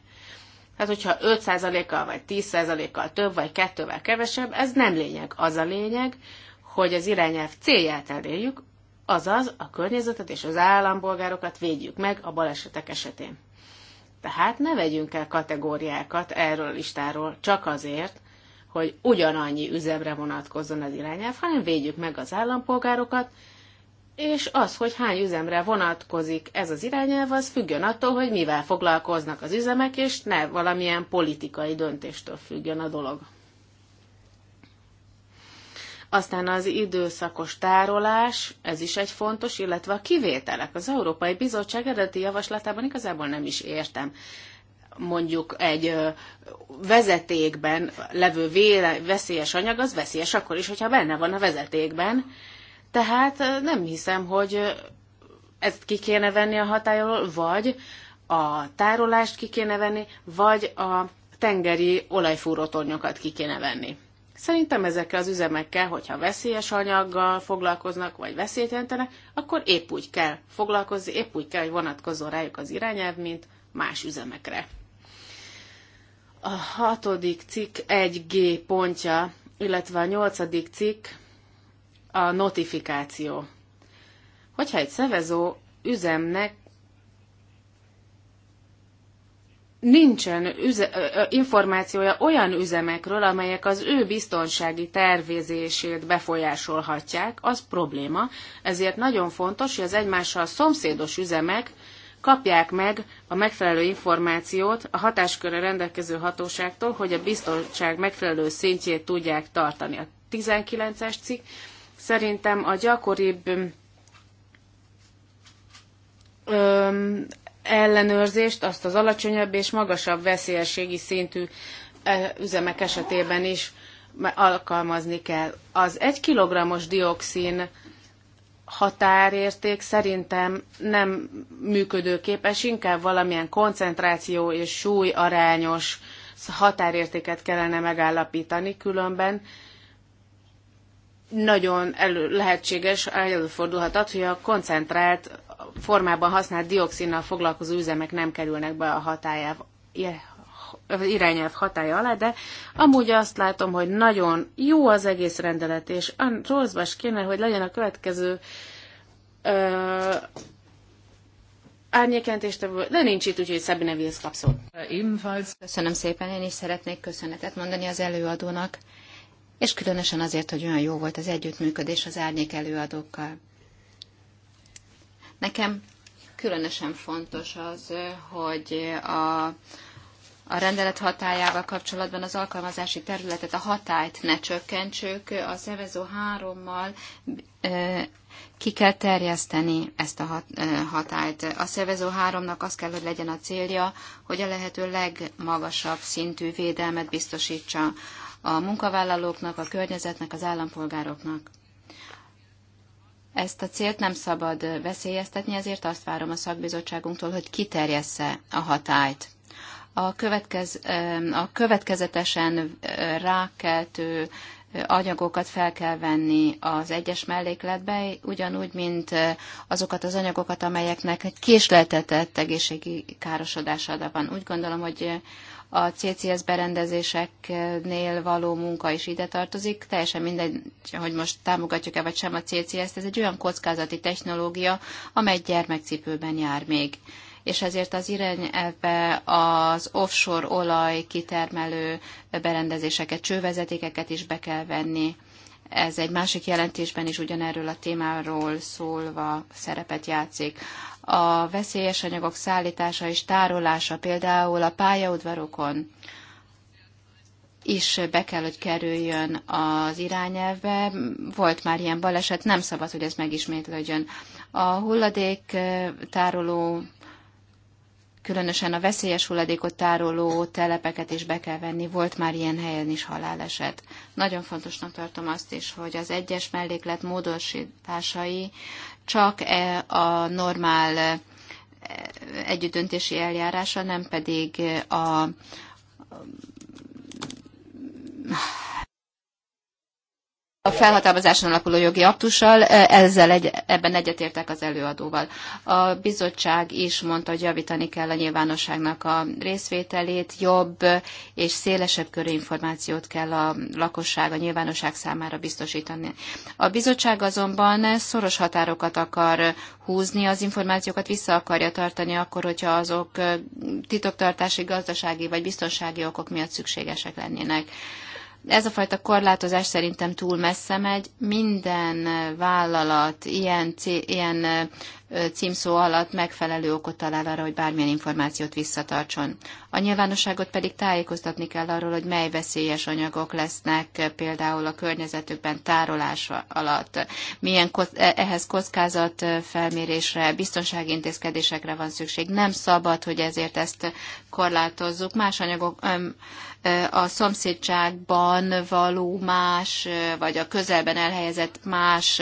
Hát, hogyha 5%-kal, vagy 10%-kal több, vagy kettővel kevesebb, ez nem lényeg. Az a lényeg, hogy az irányelv célját eléljük, Azaz, a környezetet és az állampolgárokat védjük meg a balesetek esetén. Tehát ne vegyünk el kategóriákat erről a listáról csak azért, hogy ugyanannyi üzemre vonatkozzon az irányelv, hanem védjük meg az állampolgárokat, és az, hogy hány üzemre vonatkozik ez az irányelv, az függjön attól, hogy mivel foglalkoznak az üzemek, és ne valamilyen politikai döntéstől függjön a dolog. Aztán az időszakos tárolás, ez is egy fontos, illetve a kivételek. Az Európai Bizottság eredeti javaslatában igazából nem is értem mondjuk egy vezetékben levő veszélyes anyag, az veszélyes akkor is, hogyha benne van a vezetékben. Tehát nem hiszem, hogy ezt ki kéne venni a hatályról, vagy a tárolást ki kéne venni, vagy a tengeri olajfúrótornyokat ki kéne venni. Szerintem ezekkel az üzemekkel, hogyha veszélyes anyaggal foglalkoznak, vagy veszélyt jelentenek, akkor épp úgy kell foglalkozni, épp úgy kell, hogy vonatkozzon rájuk az irányelv, mint más üzemekre. A hatodik cikk 1G pontja, illetve a nyolcadik cikk a notifikáció. Hogyha egy szevezó üzemnek nincsen üze, információja olyan üzemekről, amelyek az ő biztonsági tervezését befolyásolhatják, az probléma. Ezért nagyon fontos, hogy az egymással szomszédos üzemek kapják meg a megfelelő információt a hatáskörre rendelkező hatóságtól, hogy a biztonság megfelelő szintjét tudják tartani. A 19-es cikk szerintem a gyakoribb ellenőrzést, azt az alacsonyabb és magasabb veszélyességi szintű e, üzemek esetében is alkalmazni kell. Az egy kilogrammos dioxin határérték szerintem nem működőképes, inkább valamilyen koncentráció és súly arányos határértéket kellene megállapítani, különben nagyon elő, lehetséges, előfordulhat, hogy a koncentrált formában használt dioxinnal foglalkozó üzemek nem kerülnek be a hatályáv, irányelv hatája alá, de amúgy azt látom, hogy nagyon jó az egész rendelet, és is kéne, hogy legyen a következő ö, árnyékentést, de nincs itt, úgyhogy Szabine Vilsz kap Köszönöm szépen, én is szeretnék köszönetet mondani az előadónak, és különösen azért, hogy olyan jó volt az együttműködés az árnyék előadókkal. Nekem különösen fontos az, hogy a, a rendelet hatájával kapcsolatban az alkalmazási területet, a hatályt ne csökkentsük, a szevezó hárommal ki kell terjeszteni ezt a hatályt. A szervező háromnak az kell, hogy legyen a célja, hogy a lehető legmagasabb szintű védelmet biztosítsa a munkavállalóknak, a környezetnek, az állampolgároknak. Ezt a célt nem szabad veszélyeztetni, ezért azt várom a szakbizottságunktól, hogy kiterjessze a hatályt. A, következ, a következetesen rákeltő anyagokat fel kell venni az egyes mellékletbe, ugyanúgy, mint azokat az anyagokat, amelyeknek egy késleltetett egészségi károsodása van. Úgy gondolom, hogy a CCS berendezéseknél való munka is ide tartozik. Teljesen mindegy, hogy most támogatjuk-e vagy sem a CCS-t, ez egy olyan kockázati technológia, amely gyermekcipőben jár még és ezért az irányelve az offshore olaj kitermelő berendezéseket, csővezetékeket is be kell venni. Ez egy másik jelentésben is ugyanerről a témáról szólva szerepet játszik a veszélyes anyagok szállítása és tárolása például a pályaudvarokon is be kell, hogy kerüljön az irányelvbe. Volt már ilyen baleset, nem szabad, hogy ez megismétlődjön. A hulladék tároló, különösen a veszélyes hulladékot tároló telepeket is be kell venni. Volt már ilyen helyen is haláleset. Nagyon fontosnak tartom azt is, hogy az egyes melléklet módosításai csak a normál eh, együttöntési eljárása, nem pedig a a felhatalmazáson alapuló jogi aktussal, e, ezzel egy, ebben egyetértek az előadóval. A bizottság is mondta, hogy javítani kell a nyilvánosságnak a részvételét, jobb és szélesebb körű információt kell a lakosság, a nyilvánosság számára biztosítani. A bizottság azonban szoros határokat akar húzni, az információkat vissza akarja tartani akkor, hogyha azok e, titoktartási, gazdasági vagy biztonsági okok miatt szükségesek lennének ez a fajta korlátozás szerintem túl messze megy. Minden vállalat ilyen, ilyen címszó alatt megfelelő okot talál arra, hogy bármilyen információt visszatartson. A nyilvánosságot pedig tájékoztatni kell arról, hogy mely veszélyes anyagok lesznek például a környezetükben tárolás alatt, milyen ko- e, ehhez kockázat felmérésre, biztonsági intézkedésekre van szükség. Nem szabad, hogy ezért ezt korlátozzuk. Más anyagok, öm, a szomszédságban való más, vagy a közelben elhelyezett más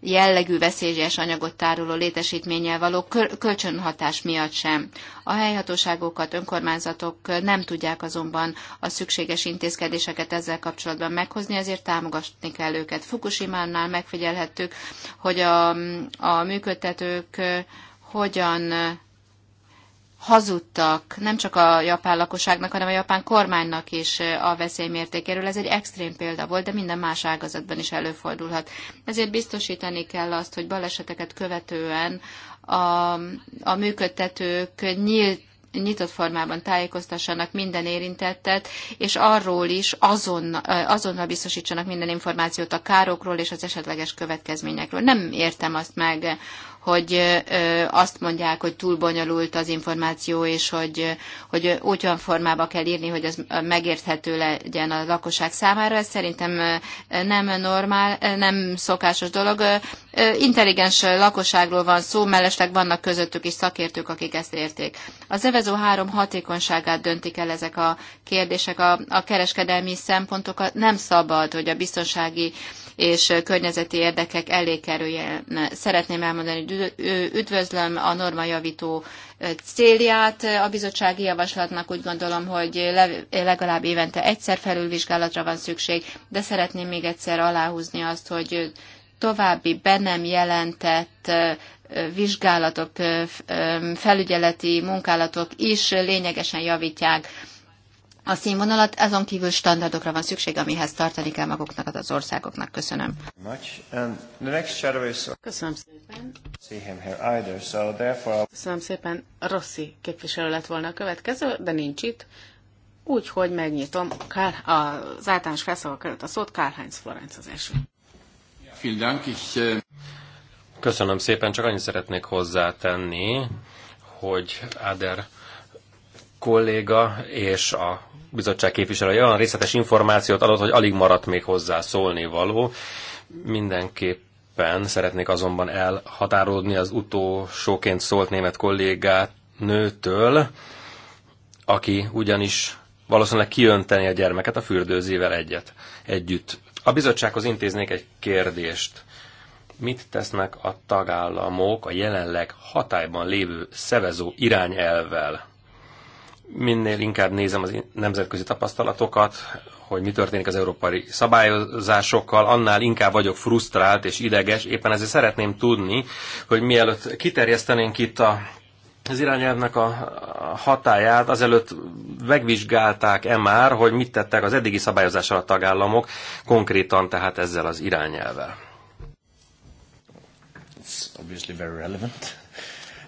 jellegű veszélyes anyagot tároló létesítménnyel való kölcsönhatás miatt sem. A helyhatóságokat, önkormányzatok nem tudják azonban a szükséges intézkedéseket ezzel kapcsolatban meghozni, ezért támogatni kell őket. Fukushima-nál megfigyelhettük, hogy a, a működtetők hogyan hazudtak nem csak a japán lakosságnak, hanem a japán kormánynak is a mértékéről. Ez egy extrém példa volt, de minden más ágazatban is előfordulhat. Ezért biztosítani kell azt, hogy baleseteket követően a, a működtetők nyílt nyitott formában tájékoztassanak minden érintettet, és arról is azon, azonnal biztosítsanak minden információt a károkról és az esetleges következményekről. Nem értem azt meg, hogy azt mondják, hogy túl bonyolult az információ, és hogy, hogy olyan formába kell írni, hogy az megérthető legyen a lakosság számára. Ez szerintem nem normál, nem szokásos dolog. Intelligens lakosságról van szó, mellesleg vannak közöttük is szakértők, akik ezt érték. Az Evezó 3 hatékonyságát döntik el ezek a kérdések, a, a kereskedelmi szempontokat. Nem szabad, hogy a biztonsági és környezeti érdekek elé kerüljen. Szeretném elmondani, hogy üdvözlöm a normajavító célját a bizottsági javaslatnak. Úgy gondolom, hogy legalább évente egyszer felülvizsgálatra van szükség, de szeretném még egyszer aláhúzni azt, hogy további be nem jelentett vizsgálatok, felügyeleti munkálatok is lényegesen javítják a színvonalat, azon kívül standardokra van szükség, amihez tartani kell maguknak az országoknak. Köszönöm. Köszönöm szépen. Köszönöm szépen. Rossi képviselő lett volna a következő, de nincs itt. Úgyhogy megnyitom Kár, az általános felszólalók előtt a szót. Karl-Heinz Florenc az első. Äh, Köszönöm szépen, csak annyit szeretnék hozzátenni, hogy Áder kolléga és a bizottság képviselő olyan részletes információt adott, hogy alig maradt még hozzá szólni való. Mindenképpen szeretnék azonban elhatárolódni az utolsóként szólt német kollégát nőtől, aki ugyanis valószínűleg kiönteni a gyermeket a fürdőzével egyet, együtt. A bizottsághoz intéznék egy kérdést. Mit tesznek a tagállamok a jelenleg hatályban lévő szevezó irányelvvel? minél inkább nézem az nemzetközi tapasztalatokat, hogy mi történik az európai szabályozásokkal, annál inkább vagyok frusztrált és ideges. Éppen ezért szeretném tudni, hogy mielőtt kiterjesztenénk itt a az irányelvnek a hatáját azelőtt megvizsgálták-e már, hogy mit tettek az eddigi szabályozás a tagállamok, konkrétan tehát ezzel az irányelvel? It's obviously very relevant.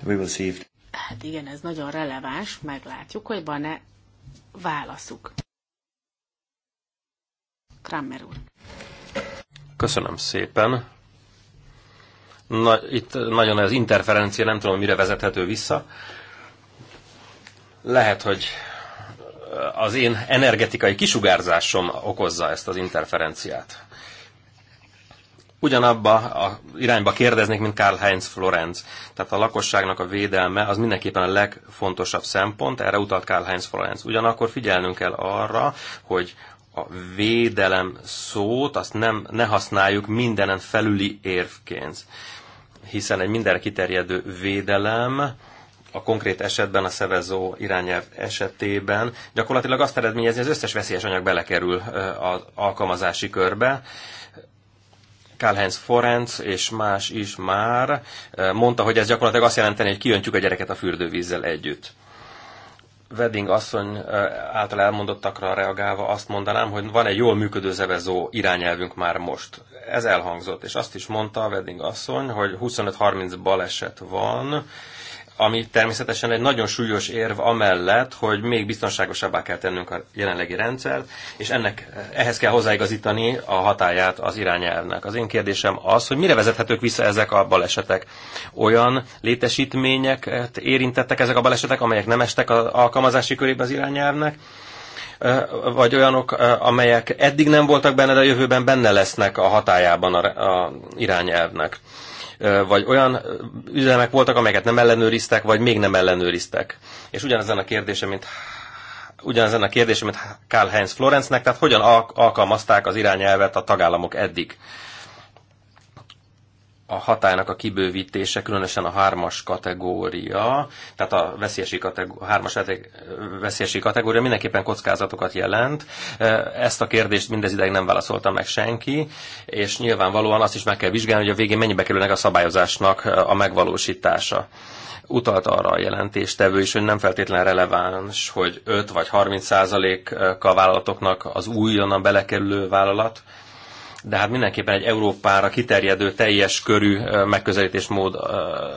We will see if... Hát igen, ez nagyon releváns, meglátjuk, hogy van-e válaszuk. Kramer úr. Köszönöm szépen. Na, itt nagyon az interferencia, nem tudom, mire vezethető vissza. Lehet, hogy az én energetikai kisugárzásom okozza ezt az interferenciát ugyanabba a irányba kérdeznék, mint Karl Heinz Florenz. Tehát a lakosságnak a védelme az mindenképpen a legfontosabb szempont, erre utalt Karl Heinz Florenz. Ugyanakkor figyelnünk kell arra, hogy a védelem szót azt nem, ne használjuk mindenen felüli érvként, hiszen egy mindenre kiterjedő védelem a konkrét esetben, a szevezó irányelv esetében gyakorlatilag azt eredményezi, hogy az összes veszélyes anyag belekerül az alkalmazási körbe, Karl-Heinz Forenc és más is már eh, mondta, hogy ez gyakorlatilag azt jelenteni, hogy kiöntjük a gyereket a fürdővízzel együtt. Wedding asszony eh, által elmondottakra reagálva azt mondanám, hogy van egy jól működő zevezó irányelvünk már most. Ez elhangzott, és azt is mondta a Wedding asszony, hogy 25-30 baleset van, ami természetesen egy nagyon súlyos érv amellett, hogy még biztonságosabbá kell tennünk a jelenlegi rendszert, és ennek, ehhez kell hozzáigazítani a hatáját az irányelvnek. Az én kérdésem az, hogy mire vezethetők vissza ezek a balesetek? Olyan létesítményeket érintettek ezek a balesetek, amelyek nem estek az alkalmazási körébe az irányelvnek, vagy olyanok, amelyek eddig nem voltak benne, de a jövőben benne lesznek a hatájában a, irányelvnek vagy olyan üzemek voltak, amelyeket nem ellenőriztek, vagy még nem ellenőriztek. És ugyanezen a kérdése, mint ugyanezen a kérdése, mint Karl Heinz Florencnek, tehát hogyan alkalmazták az irányelvet a tagállamok eddig a hatálynak a kibővítése, különösen a hármas kategória, tehát a veszélyesi kategória, hármas veszélyesi kategória mindenképpen kockázatokat jelent. Ezt a kérdést mindez ideig nem válaszolta meg senki, és nyilvánvalóan azt is meg kell vizsgálni, hogy a végén mennyibe kerülnek a szabályozásnak a megvalósítása utalt arra a jelentéstevő is, hogy nem feltétlen releváns, hogy 5 vagy 30 százalék a vállalatoknak az újonnan belekerülő vállalat, de hát mindenképpen egy Európára kiterjedő, teljes körű megközelítésmód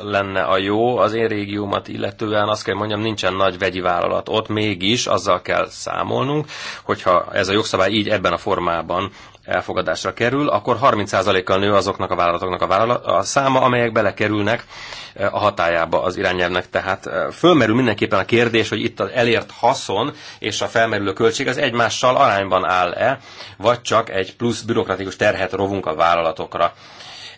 lenne a jó. Az én régiómat illetően azt kell mondjam, nincsen nagy vegyi vállalat ott, mégis azzal kell számolnunk, hogyha ez a jogszabály így ebben a formában elfogadásra kerül, akkor 30%-kal nő azoknak a vállalatoknak a, vállalat, a száma, amelyek belekerülnek eh, a hatájába az irányelvnek. Tehát eh, fölmerül mindenképpen a kérdés, hogy itt az elért haszon és a felmerülő költség az egymással arányban áll-e, vagy csak egy plusz bürokratikus terhet rovunk a vállalatokra.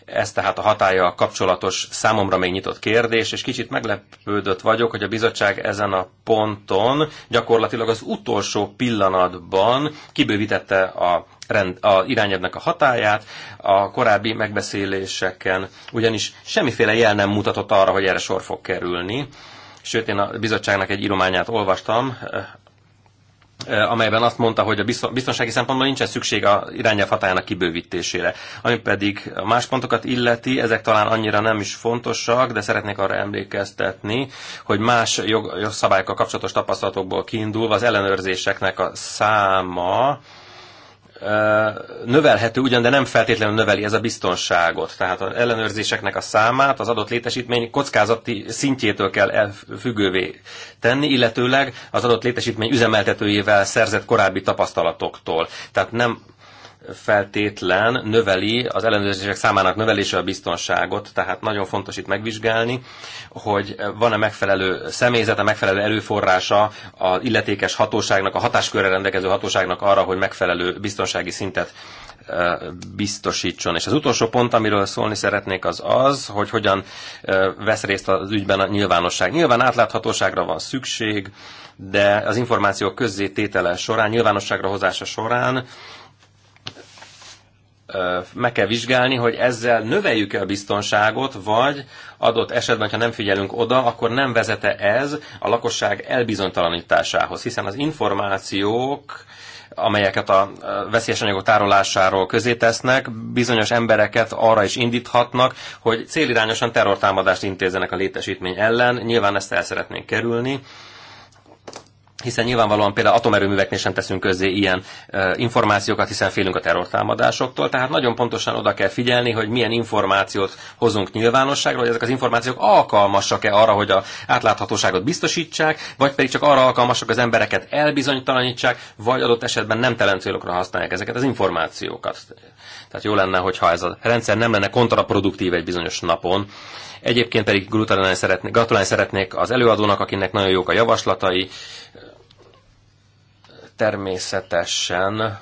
Ez tehát a hatája a kapcsolatos számomra még nyitott kérdés, és kicsit meglepődött vagyok, hogy a bizottság ezen a ponton gyakorlatilag az utolsó pillanatban kibővítette a rend, a irányadnak a hatáját a korábbi megbeszéléseken, ugyanis semmiféle jel nem mutatott arra, hogy erre sor fog kerülni. Sőt, én a bizottságnak egy írományát olvastam, eh, amelyben azt mondta, hogy a biztonsági szempontból nincsen szükség a irányelv hatájának kibővítésére. Ami pedig a más pontokat illeti, ezek talán annyira nem is fontosak, de szeretnék arra emlékeztetni, hogy más jog, jogszabályokkal kapcsolatos tapasztalatokból kiindulva az ellenőrzéseknek a száma, növelhető ugyan, de nem feltétlenül növeli ez a biztonságot. Tehát az ellenőrzéseknek a számát az adott létesítmény kockázati szintjétől kell függővé tenni, illetőleg az adott létesítmény üzemeltetőjével szerzett korábbi tapasztalatoktól. Tehát nem feltétlen növeli, az ellenőrzések számának növelése a biztonságot, tehát nagyon fontos itt megvizsgálni, hogy van-e megfelelő személyzet, a megfelelő erőforrása az illetékes hatóságnak, a hatáskörre rendelkező hatóságnak arra, hogy megfelelő biztonsági szintet biztosítson. És az utolsó pont, amiről szólni szeretnék, az az, hogy hogyan vesz részt az ügyben a nyilvánosság. Nyilván átláthatóságra van szükség, de az információk közzététele során, nyilvánosságra hozása során meg kell vizsgálni, hogy ezzel növeljük-e a biztonságot, vagy adott esetben, ha nem figyelünk oda, akkor nem vezete ez a lakosság elbizonytalanításához, hiszen az információk amelyeket a veszélyes anyagok tárolásáról közé tesznek, bizonyos embereket arra is indíthatnak, hogy célirányosan terrortámadást intézzenek a létesítmény ellen. Nyilván ezt el szeretnénk kerülni, hiszen nyilvánvalóan például atomerőműveknél sem teszünk közzé ilyen e, információkat, hiszen félünk a terrortámadásoktól, tehát nagyon pontosan oda kell figyelni, hogy milyen információt hozunk nyilvánosságra, hogy ezek az információk alkalmasak-e arra, hogy a átláthatóságot biztosítsák, vagy pedig csak arra alkalmasak, az embereket elbizonytalanítsák, vagy adott esetben nem telen célokra használják ezeket az információkat. Tehát jó lenne, hogyha ez a rendszer nem lenne kontraproduktív egy bizonyos napon. Egyébként pedig gratulálni szeretnék, gratulálni szeretnék az előadónak, akinek nagyon jók a javaslatai, természetesen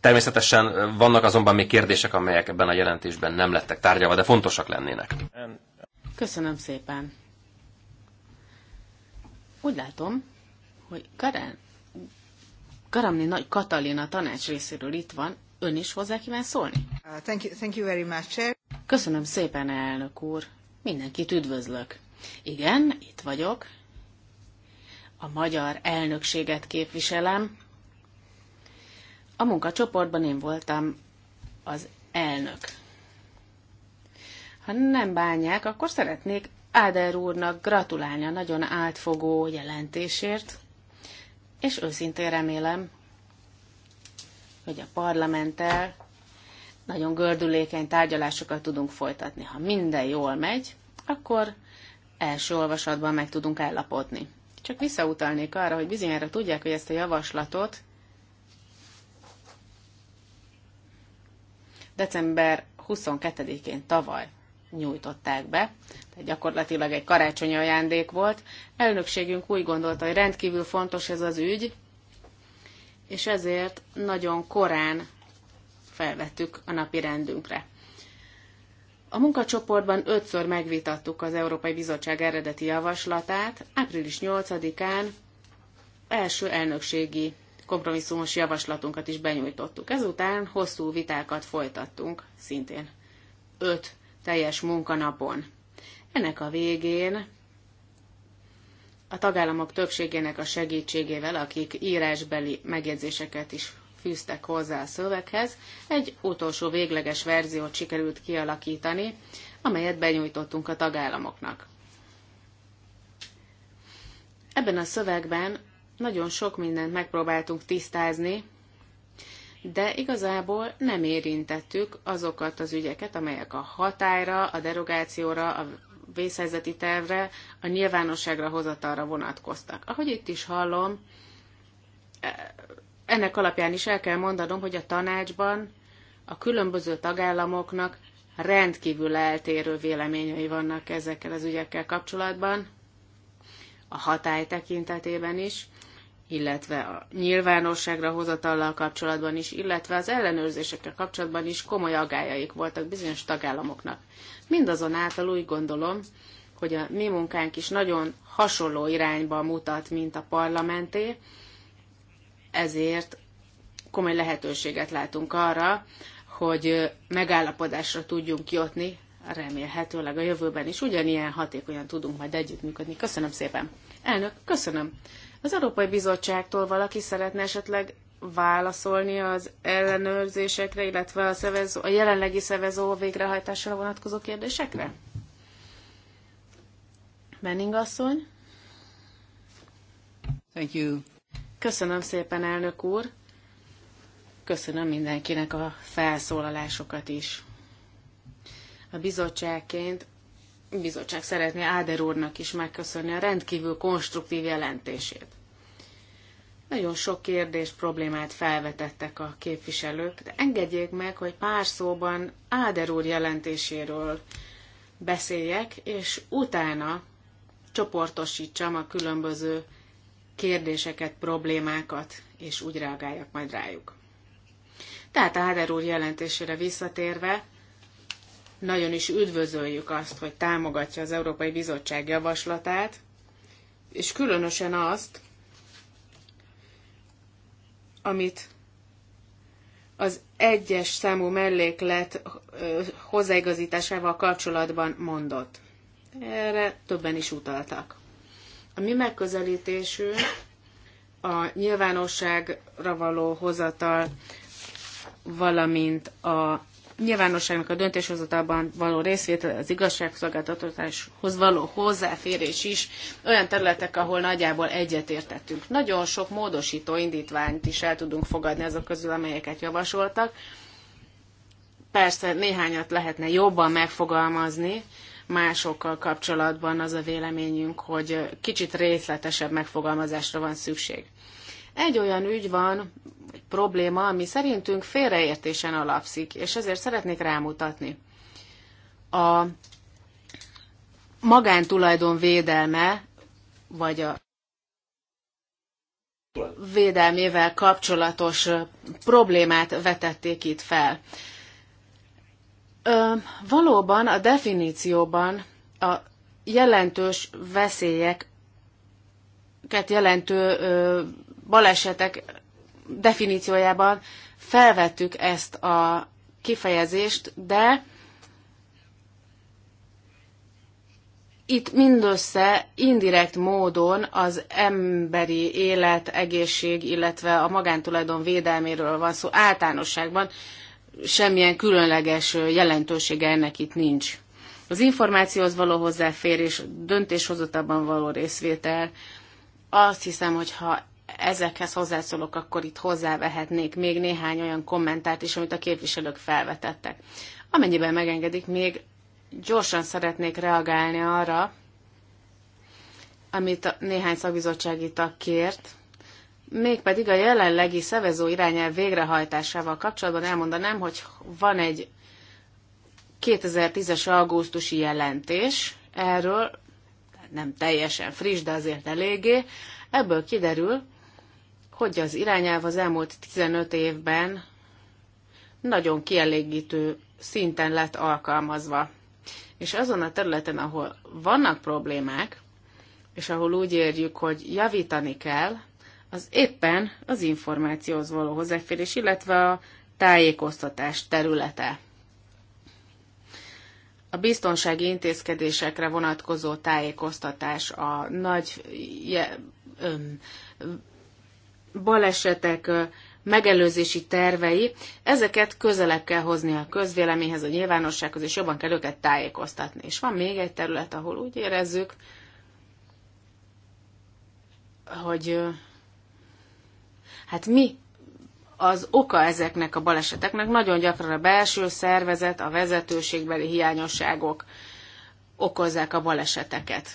Természetesen vannak azonban még kérdések, amelyek ebben a jelentésben nem lettek tárgyalva, de fontosak lennének. Köszönöm szépen. Úgy látom, hogy Karen, Karamni Nagy Katalina tanács részéről itt van, ön is hozzá kíván szólni? Uh, thank you, thank you very much, Köszönöm szépen, elnök úr. Mindenkit üdvözlök. Igen, itt vagyok, a magyar elnökséget képviselem. A munkacsoportban én voltam az elnök. Ha nem bánják, akkor szeretnék Áder úrnak gratulálni a nagyon átfogó jelentésért, és őszintén remélem, hogy a parlamenttel nagyon gördülékeny tárgyalásokat tudunk folytatni. Ha minden jól megy, akkor első olvasatban meg tudunk állapodni. Csak visszautalnék arra, hogy bizonyára tudják, hogy ezt a javaslatot december 22-én tavaly nyújtották be, tehát gyakorlatilag egy karácsonyi ajándék volt. Elnökségünk úgy gondolta, hogy rendkívül fontos ez az ügy, és ezért nagyon korán felvettük a napi rendünkre. A munkacsoportban ötször megvitattuk az Európai Bizottság eredeti javaslatát, április 8-án első elnökségi kompromisszumos javaslatunkat is benyújtottuk. Ezután hosszú vitákat folytattunk, szintén öt teljes munkanapon. Ennek a végén a tagállamok többségének a segítségével, akik írásbeli megjegyzéseket is fűztek hozzá a szöveghez, egy utolsó végleges verziót sikerült kialakítani, amelyet benyújtottunk a tagállamoknak. Ebben a szövegben nagyon sok mindent megpróbáltunk tisztázni, de igazából nem érintettük azokat az ügyeket, amelyek a hatályra, a derogációra, a vészhelyzeti tervre, a nyilvánosságra hozatalra vonatkoztak. Ahogy itt is hallom, ennek alapján is el kell mondanom, hogy a tanácsban a különböző tagállamoknak rendkívül eltérő véleményei vannak ezekkel az ügyekkel kapcsolatban, a hatály tekintetében is, illetve a nyilvánosságra hozatallal kapcsolatban is, illetve az ellenőrzésekkel kapcsolatban is komoly agályaik voltak bizonyos tagállamoknak. Mindazonáltal úgy gondolom, hogy a mi munkánk is nagyon hasonló irányba mutat, mint a parlamenté, ezért komoly lehetőséget látunk arra, hogy megállapodásra tudjunk jutni, remélhetőleg a jövőben is ugyanilyen hatékonyan tudunk majd együttműködni. Köszönöm szépen. Elnök, köszönöm. Az Európai Bizottságtól valaki szeretne esetleg válaszolni az ellenőrzésekre, illetve a, szevezó, a jelenlegi szevezó végrehajtásra vonatkozó kérdésekre? Benning asszony. Thank you. Köszönöm szépen, elnök úr! Köszönöm mindenkinek a felszólalásokat is. A bizottságként a bizottság szeretné Áder úrnak is megköszönni a rendkívül konstruktív jelentését. Nagyon sok kérdés, problémát felvetettek a képviselők, de engedjék meg, hogy pár szóban Áder úr jelentéséről beszéljek, és utána csoportosítsam a különböző kérdéseket, problémákat, és úgy reagáljak majd rájuk. Tehát a Háder úr jelentésére visszatérve, nagyon is üdvözöljük azt, hogy támogatja az Európai Bizottság javaslatát, és különösen azt, amit az egyes számú melléklet hozzáigazításával kapcsolatban mondott. Erre többen is utaltak. A mi megközelítésünk a nyilvánosságra való hozatal, valamint a nyilvánosságnak a döntéshozatalban való részvétel, az igazságszolgáltatáshoz való hozzáférés is olyan területek, ahol nagyjából egyetértettünk. Nagyon sok módosító indítványt is el tudunk fogadni azok közül, amelyeket javasoltak. Persze néhányat lehetne jobban megfogalmazni, másokkal kapcsolatban az a véleményünk, hogy kicsit részletesebb megfogalmazásra van szükség. Egy olyan ügy van, egy probléma, ami szerintünk félreértésen alapszik, és ezért szeretnék rámutatni. A magántulajdon védelme, vagy a védelmével kapcsolatos problémát vetették itt fel. Ö, valóban a definícióban a jelentős veszélyeket jelentő ö, balesetek definíciójában felvettük ezt a kifejezést, de itt mindössze indirekt módon az emberi élet, egészség, illetve a magántulajdon védelméről van szó általánosságban semmilyen különleges jelentősége ennek itt nincs. Az információhoz való hozzáférés, döntéshozatában való részvétel, azt hiszem, hogy ha ezekhez hozzászólok, akkor itt hozzávehetnék még néhány olyan kommentárt is, amit a képviselők felvetettek. Amennyiben megengedik, még gyorsan szeretnék reagálni arra, amit a néhány szakbizottsági tag kért, mégpedig a jelenlegi szevezó irányelv végrehajtásával kapcsolatban elmondanám, hogy van egy 2010-es augusztusi jelentés erről, nem teljesen friss, de azért eléggé, ebből kiderül, hogy az irányelv az elmúlt 15 évben nagyon kielégítő szinten lett alkalmazva. És azon a területen, ahol vannak problémák, és ahol úgy érjük, hogy javítani kell, az éppen az információhoz való hozzáférés, illetve a tájékoztatás területe. A biztonsági intézkedésekre vonatkozó tájékoztatás, a nagy je, ö, balesetek ö, megelőzési tervei, ezeket közelebb kell hozni a közvéleményhez, a nyilvánossághoz, és jobban kell őket tájékoztatni. És van még egy terület, ahol úgy érezzük, hogy Hát mi az oka ezeknek a baleseteknek? Nagyon gyakran a belső szervezet, a vezetőségbeli hiányosságok okozzák a baleseteket.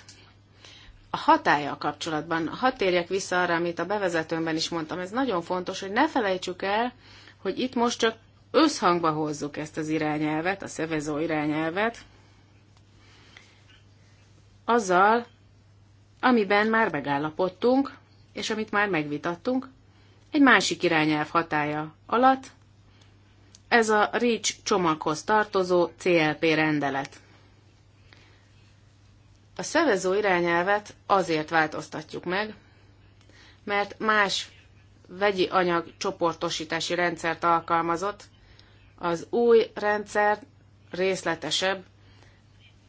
A hatája kapcsolatban, ha térjek vissza arra, amit a bevezetőmben is mondtam, ez nagyon fontos, hogy ne felejtsük el, hogy itt most csak összhangba hozzuk ezt az irányelvet, a szevezó irányelvet, azzal, amiben már megállapodtunk, és amit már megvitattunk, egy másik irányelv hatája alatt, ez a REACH csomaghoz tartozó CLP rendelet. A szevező irányelvet azért változtatjuk meg, mert más vegyi anyag csoportosítási rendszert alkalmazott, az új rendszer részletesebb,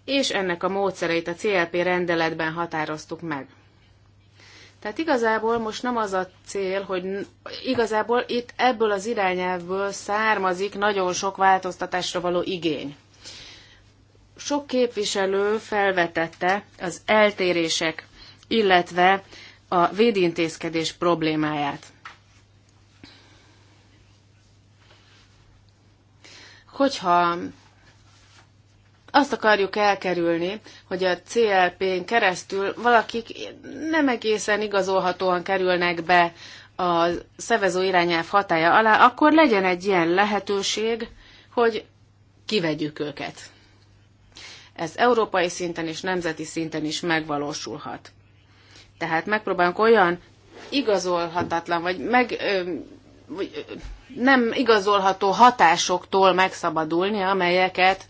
és ennek a módszereit a CLP rendeletben határoztuk meg. Tehát igazából most nem az a cél, hogy igazából itt ebből az irányelvből származik nagyon sok változtatásra való igény. Sok képviselő felvetette az eltérések, illetve a védintézkedés problémáját. Hogyha azt akarjuk elkerülni, hogy a CLP-n keresztül valakik nem egészen igazolhatóan kerülnek be a szevező irányelv hatája alá, akkor legyen egy ilyen lehetőség, hogy kivegyük őket. Ez európai szinten és nemzeti szinten is megvalósulhat. Tehát megpróbálunk olyan igazolhatatlan, vagy meg, ö, vagy, ö, nem igazolható hatásoktól megszabadulni, amelyeket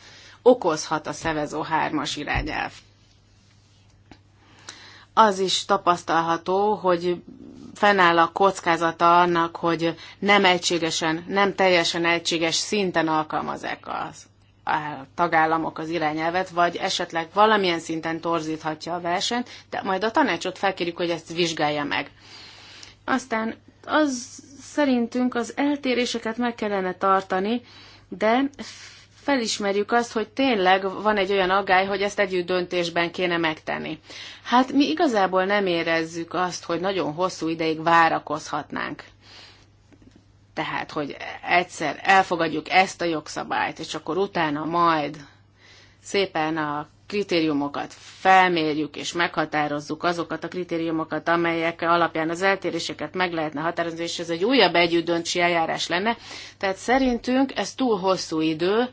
okozhat a szevezó 3-as irányelv. Az is tapasztalható, hogy fennáll a kockázata annak, hogy nem egységesen, nem teljesen egységes szinten alkalmazzák az a tagállamok az irányelvet, vagy esetleg valamilyen szinten torzíthatja a versenyt, de majd a tanácsot felkérjük, hogy ezt vizsgálja meg. Aztán az szerintünk az eltéréseket meg kellene tartani, de felismerjük azt, hogy tényleg van egy olyan aggály, hogy ezt együtt döntésben kéne megtenni. Hát mi igazából nem érezzük azt, hogy nagyon hosszú ideig várakozhatnánk. Tehát, hogy egyszer elfogadjuk ezt a jogszabályt, és akkor utána majd szépen a kritériumokat felmérjük és meghatározzuk azokat a kritériumokat, amelyek alapján az eltéréseket meg lehetne határozni, és ez egy újabb együttdöntési eljárás lenne. Tehát szerintünk ez túl hosszú idő,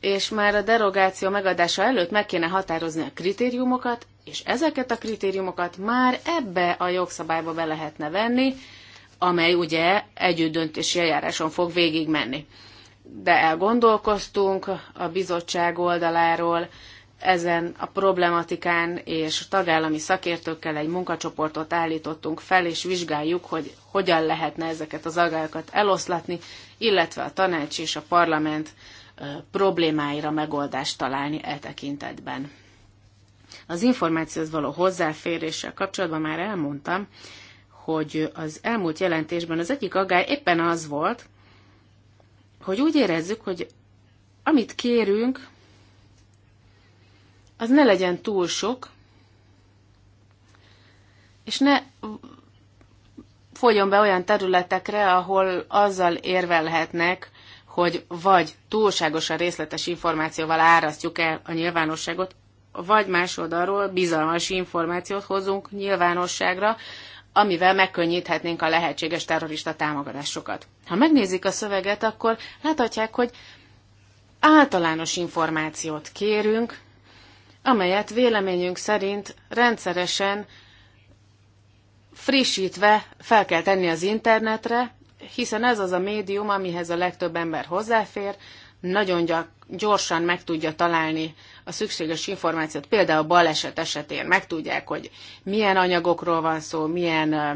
és már a derogáció megadása előtt meg kéne határozni a kritériumokat, és ezeket a kritériumokat már ebbe a jogszabályba be lehetne venni, amely ugye együttdöntési eljáráson fog végigmenni. De elgondolkoztunk a bizottság oldaláról, ezen a problematikán, és tagállami szakértőkkel egy munkacsoportot állítottunk fel, és vizsgáljuk, hogy hogyan lehetne ezeket az agályokat eloszlatni, illetve a tanács és a parlament problémáira megoldást találni e tekintetben. Az információhoz való hozzáféréssel kapcsolatban már elmondtam, hogy az elmúlt jelentésben az egyik agály éppen az volt, hogy úgy érezzük, hogy amit kérünk, az ne legyen túl sok, és ne folyjon be olyan területekre, ahol azzal érvelhetnek, hogy vagy túlságosan részletes információval árasztjuk el a nyilvánosságot, vagy más oldalról bizalmas információt hozunk nyilvánosságra, amivel megkönnyíthetnénk a lehetséges terrorista támogatásokat. Ha megnézik a szöveget, akkor láthatják, hogy általános információt kérünk, amelyet véleményünk szerint rendszeresen frissítve fel kell tenni az internetre, hiszen ez az a médium, amihez a legtöbb ember hozzáfér, nagyon gyorsan meg tudja találni a szükséges információt. Például a baleset esetén megtudják, hogy milyen anyagokról van szó, milyen ö,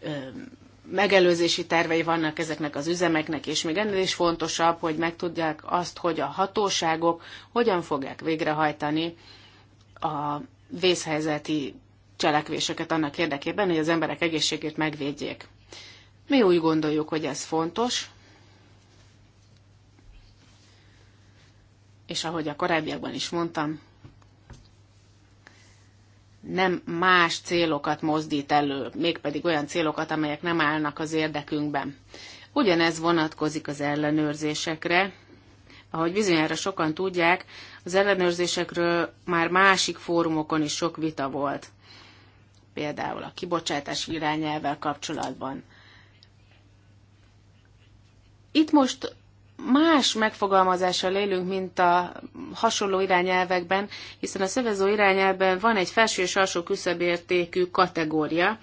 ö, megelőzési tervei vannak ezeknek az üzemeknek, és még ennél is fontosabb, hogy megtudják azt, hogy a hatóságok hogyan fogják végrehajtani a vészhelyzeti cselekvéseket annak érdekében, hogy az emberek egészségét megvédjék. Mi úgy gondoljuk, hogy ez fontos, és ahogy a korábbiakban is mondtam, nem más célokat mozdít elő, mégpedig olyan célokat, amelyek nem állnak az érdekünkben. Ugyanez vonatkozik az ellenőrzésekre. Ahogy bizonyára sokan tudják, az ellenőrzésekről már másik fórumokon is sok vita volt. Például a kibocsátás irányelvvel kapcsolatban, itt most más megfogalmazással élünk, mint a hasonló irányelvekben, hiszen a szövező irányelvben van egy felső és alsó küszöbértékű kategória.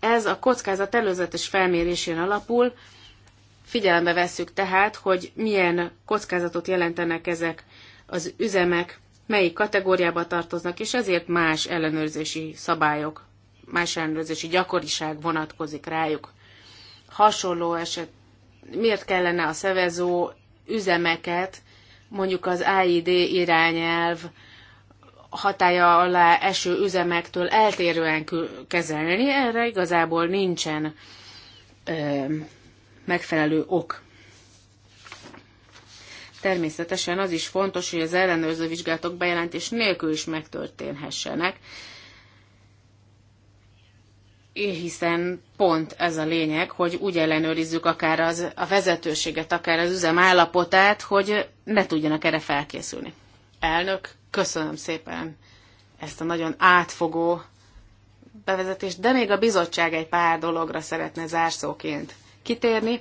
Ez a kockázat előzetes felmérésén alapul, Figyelembe vesszük tehát, hogy milyen kockázatot jelentenek ezek az üzemek, melyik kategóriába tartoznak, és ezért más ellenőrzési szabályok, más ellenőrzési gyakoriság vonatkozik rájuk. Hasonló eset miért kellene a szevezó üzemeket mondjuk az AID irányelv hatája alá eső üzemektől eltérően kezelni, erre igazából nincsen ö, megfelelő ok. Természetesen az is fontos, hogy az ellenőrző vizsgálatok bejelentés nélkül is megtörténhessenek, hiszen pont ez a lényeg, hogy úgy ellenőrizzük akár az, a vezetőséget, akár az üzem állapotát, hogy ne tudjanak erre felkészülni. Elnök, köszönöm szépen ezt a nagyon átfogó bevezetést, de még a bizottság egy pár dologra szeretne zárszóként kitérni.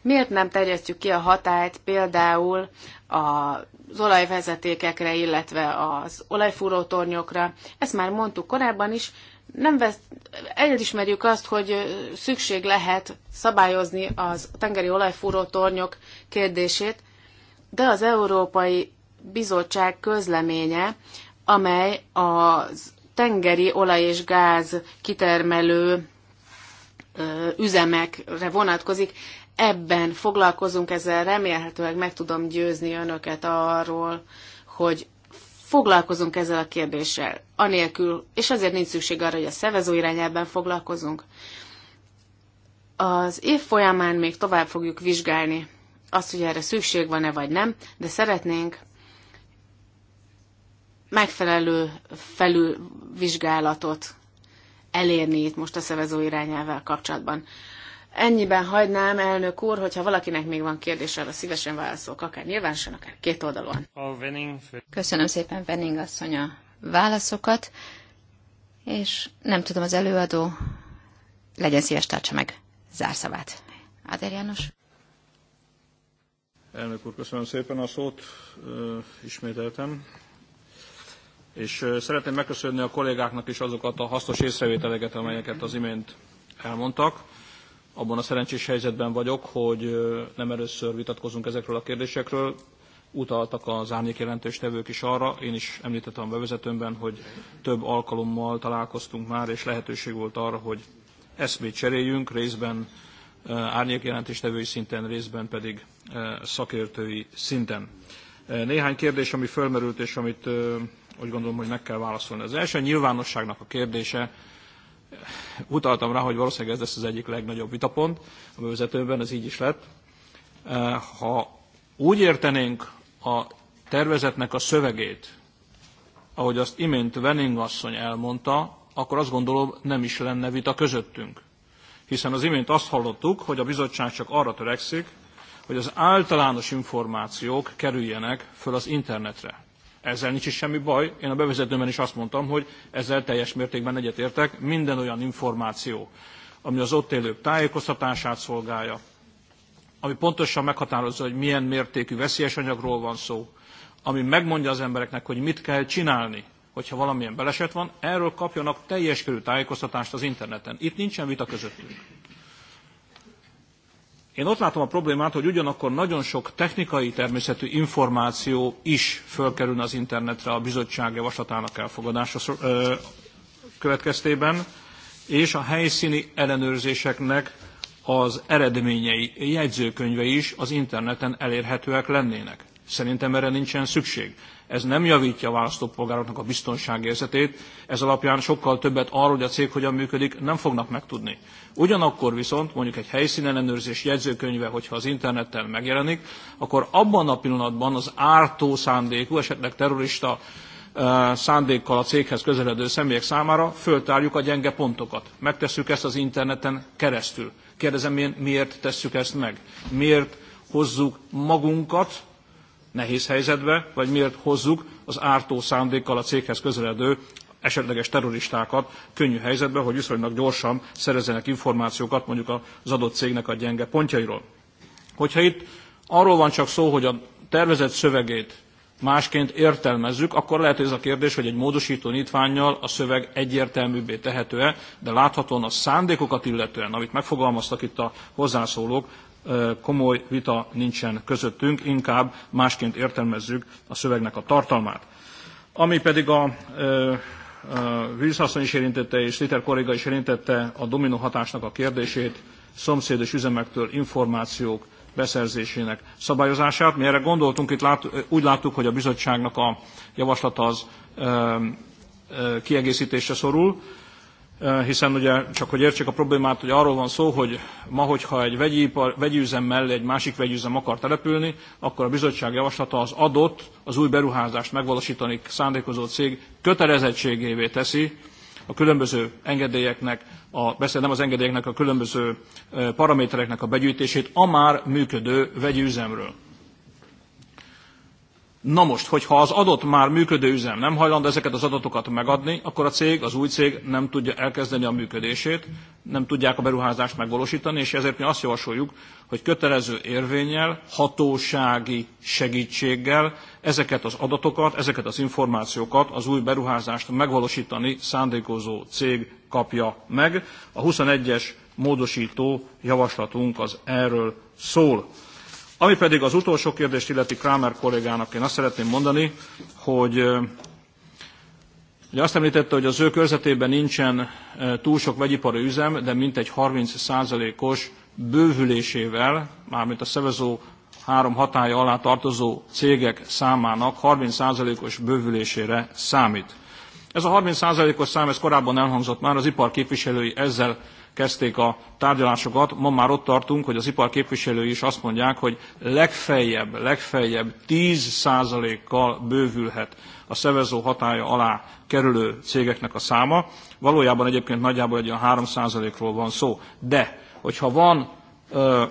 Miért nem terjesztjük ki a hatályt például az olajvezetékekre, illetve az olajfúrótornyokra? Ezt már mondtuk korábban is, nem vesz, elismerjük azt, hogy szükség lehet szabályozni az tengeri olajfúró tornyok kérdését, de az Európai Bizottság közleménye, amely a tengeri olaj és gáz kitermelő üzemekre vonatkozik, ebben foglalkozunk, ezzel remélhetőleg meg tudom győzni önöket arról, hogy foglalkozunk ezzel a kérdéssel, anélkül, és azért nincs szükség arra, hogy a szervező irányában foglalkozunk. Az év folyamán még tovább fogjuk vizsgálni azt, hogy erre szükség van-e vagy nem, de szeretnénk megfelelő felülvizsgálatot elérni itt most a szervező irányával kapcsolatban. Ennyiben hagynám, elnök úr, hogyha valakinek még van kérdése, arra szívesen válaszolok, akár nyilvánosan, akár két oldalon. Köszönöm szépen Venning asszony a válaszokat, és nem tudom, az előadó legyen szíves, tartsa meg zárszavát. Áder János. Elnök úr, köszönöm szépen a szót, ismételtem. És szeretném megköszönni a kollégáknak is azokat a hasznos észrevételeket, amelyeket az imént elmondtak abban a szerencsés helyzetben vagyok, hogy nem először vitatkozunk ezekről a kérdésekről. Utaltak az árnyék jelentős tevők is arra, én is említettem a bevezetőmben, hogy több alkalommal találkoztunk már, és lehetőség volt arra, hogy eszmét cseréljünk, részben árnyékjelentéstevői szinten, részben pedig szakértői szinten. Néhány kérdés, ami fölmerült, és amit úgy gondolom, hogy meg kell válaszolni. Az első a nyilvánosságnak a kérdése, utaltam rá, hogy valószínűleg ez lesz az egyik legnagyobb vitapont a bevezetőben, ez így is lett. Eh, ha úgy értenénk a tervezetnek a szövegét, ahogy azt imént Venning asszony elmondta, akkor azt gondolom nem is lenne vita közöttünk. Hiszen az imént azt hallottuk, hogy a bizottság csak arra törekszik, hogy az általános információk kerüljenek föl az internetre ezzel nincs is semmi baj. Én a bevezetőben is azt mondtam, hogy ezzel teljes mértékben egyetértek. Minden olyan információ, ami az ott élők tájékoztatását szolgálja, ami pontosan meghatározza, hogy milyen mértékű veszélyes anyagról van szó, ami megmondja az embereknek, hogy mit kell csinálni, hogyha valamilyen beleset van, erről kapjanak teljes körű tájékoztatást az interneten. Itt nincsen vita közöttünk. Én ott látom a problémát, hogy ugyanakkor nagyon sok technikai természetű információ is fölkerül az internetre a bizottság javaslatának elfogadása következtében, és a helyszíni ellenőrzéseknek az eredményei, jegyzőkönyve is az interneten elérhetőek lennének. Szerintem erre nincsen szükség. Ez nem javítja a választópolgároknak a biztonságérzetét, ez alapján sokkal többet arról, hogy a cég hogyan működik, nem fognak megtudni. Ugyanakkor viszont mondjuk egy helyszínellenőrzés jegyzőkönyve, hogyha az interneten megjelenik, akkor abban a pillanatban az ártó szándékú, esetleg terrorista eh, szándékkal a céghez közeledő személyek számára föltárjuk a gyenge pontokat. Megtesszük ezt az interneten keresztül. Kérdezem én, miért tesszük ezt meg? Miért hozzuk magunkat nehéz helyzetbe, vagy miért hozzuk az ártó szándékkal a céghez közeledő esetleges terroristákat könnyű helyzetbe, hogy viszonylag gyorsan szerezzenek információkat mondjuk az adott cégnek a gyenge pontjairól. Hogyha itt arról van csak szó, hogy a tervezett szövegét másként értelmezzük, akkor lehet ez a kérdés, hogy egy módosító nyitványjal a szöveg egyértelműbbé tehető-e, de láthatóan a szándékokat illetően, amit megfogalmaztak itt a hozzászólók, komoly vita nincsen közöttünk, inkább másként értelmezzük a szövegnek a tartalmát. Ami pedig a Vilszasszony is érintette, és Liter kolléga is érintette a dominó hatásnak a kérdését, szomszédos üzemektől információk beszerzésének szabályozását. Mi erre gondoltunk, itt lát, úgy láttuk, hogy a bizottságnak a javaslata az ö, ö, kiegészítésre szorul hiszen ugye csak hogy értsék a problémát, hogy arról van szó, hogy ma, hogyha egy vegyipar, vegyüzem mellé egy másik vegyüzem akar települni, akkor a bizottság javaslata az adott, az új beruházást megvalósítani szándékozó cég kötelezettségévé teszi a különböző engedélyeknek, a, beszél nem az engedélyeknek, a különböző paramétereknek a begyűjtését a már működő vegyüzemről. Na most, hogyha az adott már működő üzem nem hajlandó ezeket az adatokat megadni, akkor a cég, az új cég nem tudja elkezdeni a működését, nem tudják a beruházást megvalósítani, és ezért mi azt javasoljuk, hogy kötelező érvényel, hatósági segítséggel ezeket az adatokat, ezeket az információkat az új beruházást megvalósítani szándékozó cég kapja meg. A 21-es módosító javaslatunk az erről szól. Ami pedig az utolsó kérdést illeti Kramer kollégának, én azt szeretném mondani, hogy Ugye azt említette, hogy az ő körzetében nincsen túl sok vegyipari üzem, de mintegy 30%-os bővülésével, mármint a szevezó három hatája alá tartozó cégek számának 30%-os bővülésére számít. Ez a 30%-os szám, ez korábban elhangzott már, az ipar képviselői ezzel kezdték a tárgyalásokat. Ma már ott tartunk, hogy az iparképviselői is azt mondják, hogy legfeljebb, legfeljebb 10%-kal bővülhet a szevezó hatája alá kerülő cégeknek a száma. Valójában egyébként nagyjából egy olyan 3%-ról van szó. De, hogyha van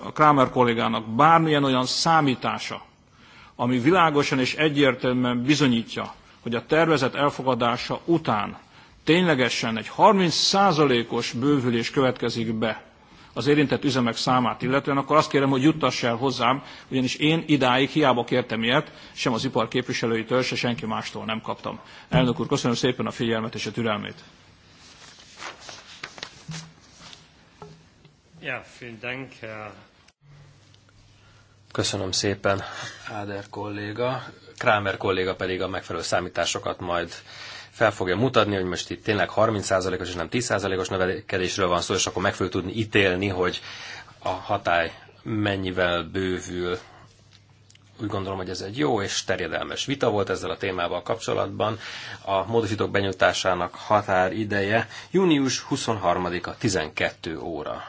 a Kramer kollégának bármilyen olyan számítása, ami világosan és egyértelműen bizonyítja, hogy a tervezet elfogadása után ténylegesen egy 30%-os bővülés következik be az érintett üzemek számát illetően, akkor azt kérem, hogy juttass el hozzám, ugyanis én idáig hiába kértem ilyet, sem az ipar képviselőitől, se senki mástól nem kaptam. Elnök úr, köszönöm szépen a figyelmet és a türelmét. Ja, vielen Dank, Köszönöm szépen, Áder kolléga. Krámer kolléga pedig a megfelelő számításokat majd fel fogja mutatni, hogy most itt tényleg 30%-os és nem 10%-os növekedésről van szó, és akkor meg fogjuk tudni ítélni, hogy a hatály mennyivel bővül. Úgy gondolom, hogy ez egy jó és terjedelmes vita volt ezzel a témával kapcsolatban. A módosítók benyújtásának határideje június 23-a 12 óra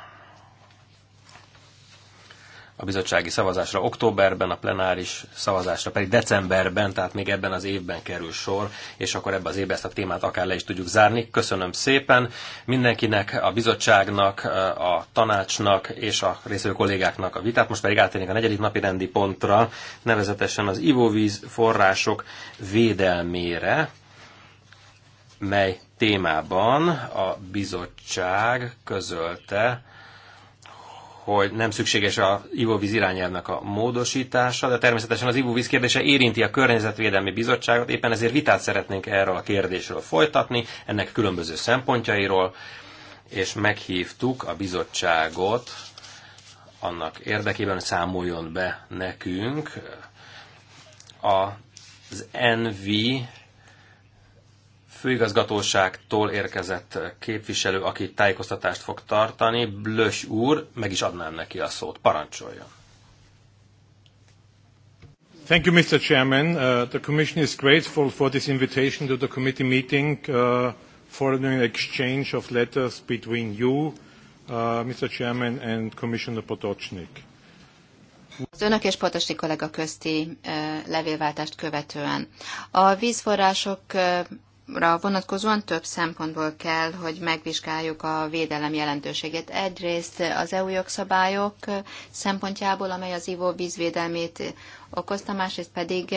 a bizottsági szavazásra októberben, a plenáris szavazásra pedig decemberben, tehát még ebben az évben kerül sor, és akkor ebben az évben ezt a témát akár le is tudjuk zárni. Köszönöm szépen mindenkinek, a bizottságnak, a tanácsnak és a részvevő kollégáknak a vitát. Most pedig átérnék a negyedik napi rendi pontra, nevezetesen az ivóvíz források védelmére, mely témában a bizottság közölte, hogy nem szükséges a ivóvíz irányelvnek a módosítása, de természetesen az ivóvíz kérdése érinti a Környezetvédelmi Bizottságot, éppen ezért vitát szeretnénk erről a kérdésről folytatni, ennek különböző szempontjairól, és meghívtuk a bizottságot annak érdekében, hogy számoljon be nekünk az NV főigazgatóságtól érkezett képviselő, aki tájékoztatást fog tartani. Blös úr, meg is adnám neki a szót. Parancsoljon. Thank you, Mr. Chairman. Uh, the Commission is grateful for this invitation to the committee meeting uh, following an exchange of letters between you, uh, Mr. Chairman, and Commissioner Potocnik. Az önök és Potosi kollega közti uh, levélváltást követően. A vízforrások uh, ra vonatkozóan több szempontból kell, hogy megvizsgáljuk a védelem jelentőségét. Egyrészt az EU jogszabályok szempontjából, amely az vízvédelmét okozta, másrészt pedig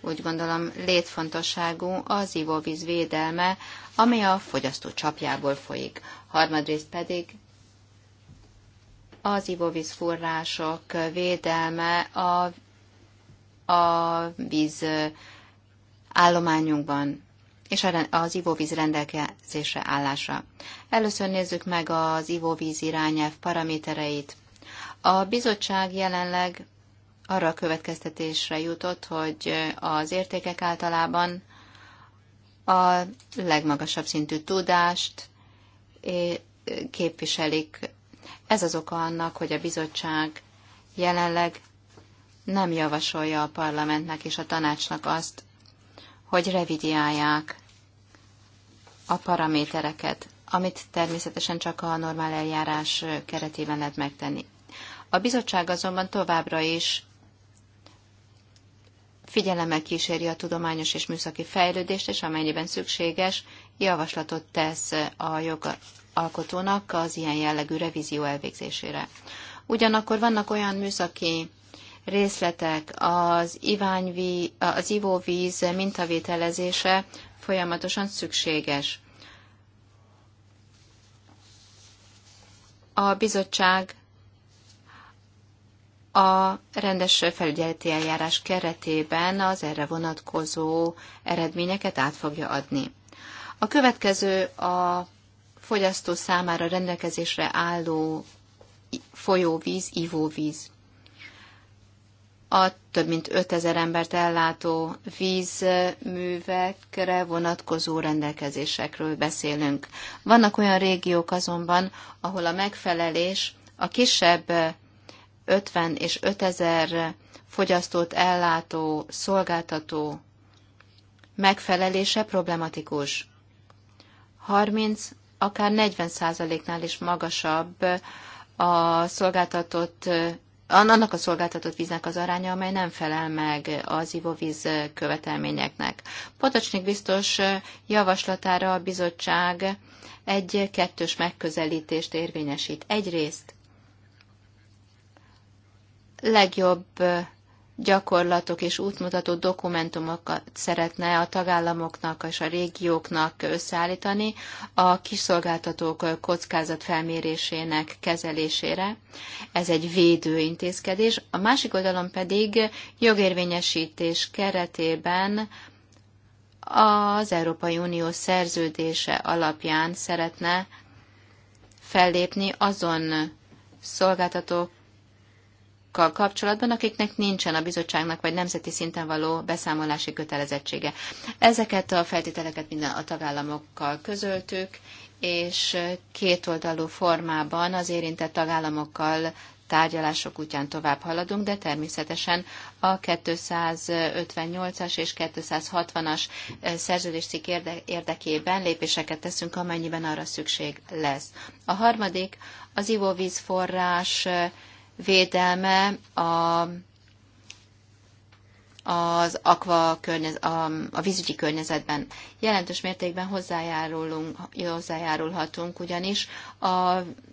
úgy gondolom létfontosságú az ivóvíz védelme, ami a fogyasztó csapjából folyik. Harmadrészt pedig az ivóvíz források védelme a, a víz állományunkban és az ivóvíz rendelkezésre állásra. Először nézzük meg az ivóvíz irányelv paramétereit. A bizottság jelenleg arra a következtetésre jutott, hogy az értékek általában a legmagasabb szintű tudást képviselik. Ez az oka annak, hogy a bizottság jelenleg nem javasolja a parlamentnek és a tanácsnak azt, hogy revidiálják a paramétereket, amit természetesen csak a normál eljárás keretében lehet megtenni. A bizottság azonban továbbra is figyelemmel kíséri a tudományos és műszaki fejlődést, és amennyiben szükséges, javaslatot tesz a jogalkotónak az ilyen jellegű revízió elvégzésére. Ugyanakkor vannak olyan műszaki részletek, az, iványvíz, az ivóvíz mintavételezése folyamatosan szükséges. A bizottság a rendes felügyeleti eljárás keretében az erre vonatkozó eredményeket át fogja adni. A következő a fogyasztó számára rendelkezésre álló folyóvíz, ivóvíz a több mint 5000 embert ellátó vízművekre vonatkozó rendelkezésekről beszélünk. Vannak olyan régiók azonban, ahol a megfelelés a kisebb 50 és 5000 fogyasztót ellátó szolgáltató megfelelése problematikus. 30, akár 40 százaléknál is magasabb a szolgáltatott annak a szolgáltatott víznek az aránya, amely nem felel meg az ivóvíz követelményeknek. Potocsnik biztos javaslatára a bizottság egy kettős megközelítést érvényesít. Egyrészt legjobb gyakorlatok és útmutató dokumentumokat szeretne a tagállamoknak és a régióknak összeállítani a kiszolgáltatók kockázat felmérésének kezelésére. Ez egy védő intézkedés. A másik oldalon pedig jogérvényesítés keretében az Európai Unió szerződése alapján szeretne fellépni azon szolgáltatók azokkal kapcsolatban, akiknek nincsen a bizottságnak vagy nemzeti szinten való beszámolási kötelezettsége. Ezeket a feltételeket minden a tagállamokkal közöltük, és kétoldalú formában az érintett tagállamokkal tárgyalások útján tovább haladunk, de természetesen a 258-as és 260-as szerződéscikk érdekében lépéseket teszünk, amennyiben arra szükség lesz. A harmadik az ivóvízforrás forrás védelme a az aqua környez, a, a vízügyi környezetben. Jelentős mértékben hozzájárulunk, hozzájárulhatunk, ugyanis a,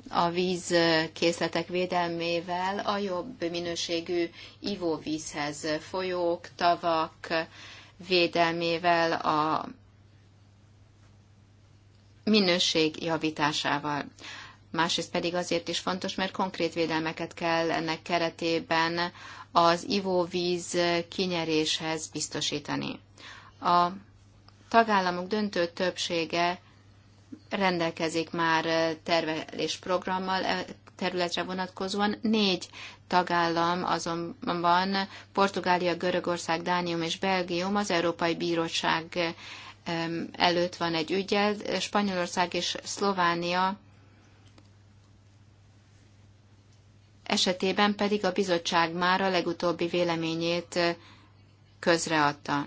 a vízkészletek védelmével a jobb minőségű ivóvízhez folyók, tavak védelmével, a minőség javításával másrészt pedig azért is fontos, mert konkrét védelmeket kell ennek keretében az ivóvíz kinyeréshez biztosítani. A tagállamok döntő többsége rendelkezik már tervelés programmal, e területre vonatkozóan négy tagállam azonban Portugália, Görögország, Dánium és Belgium az Európai Bíróság előtt van egy ügyel, Spanyolország és Szlovánia esetében pedig a bizottság már a legutóbbi véleményét közreadta.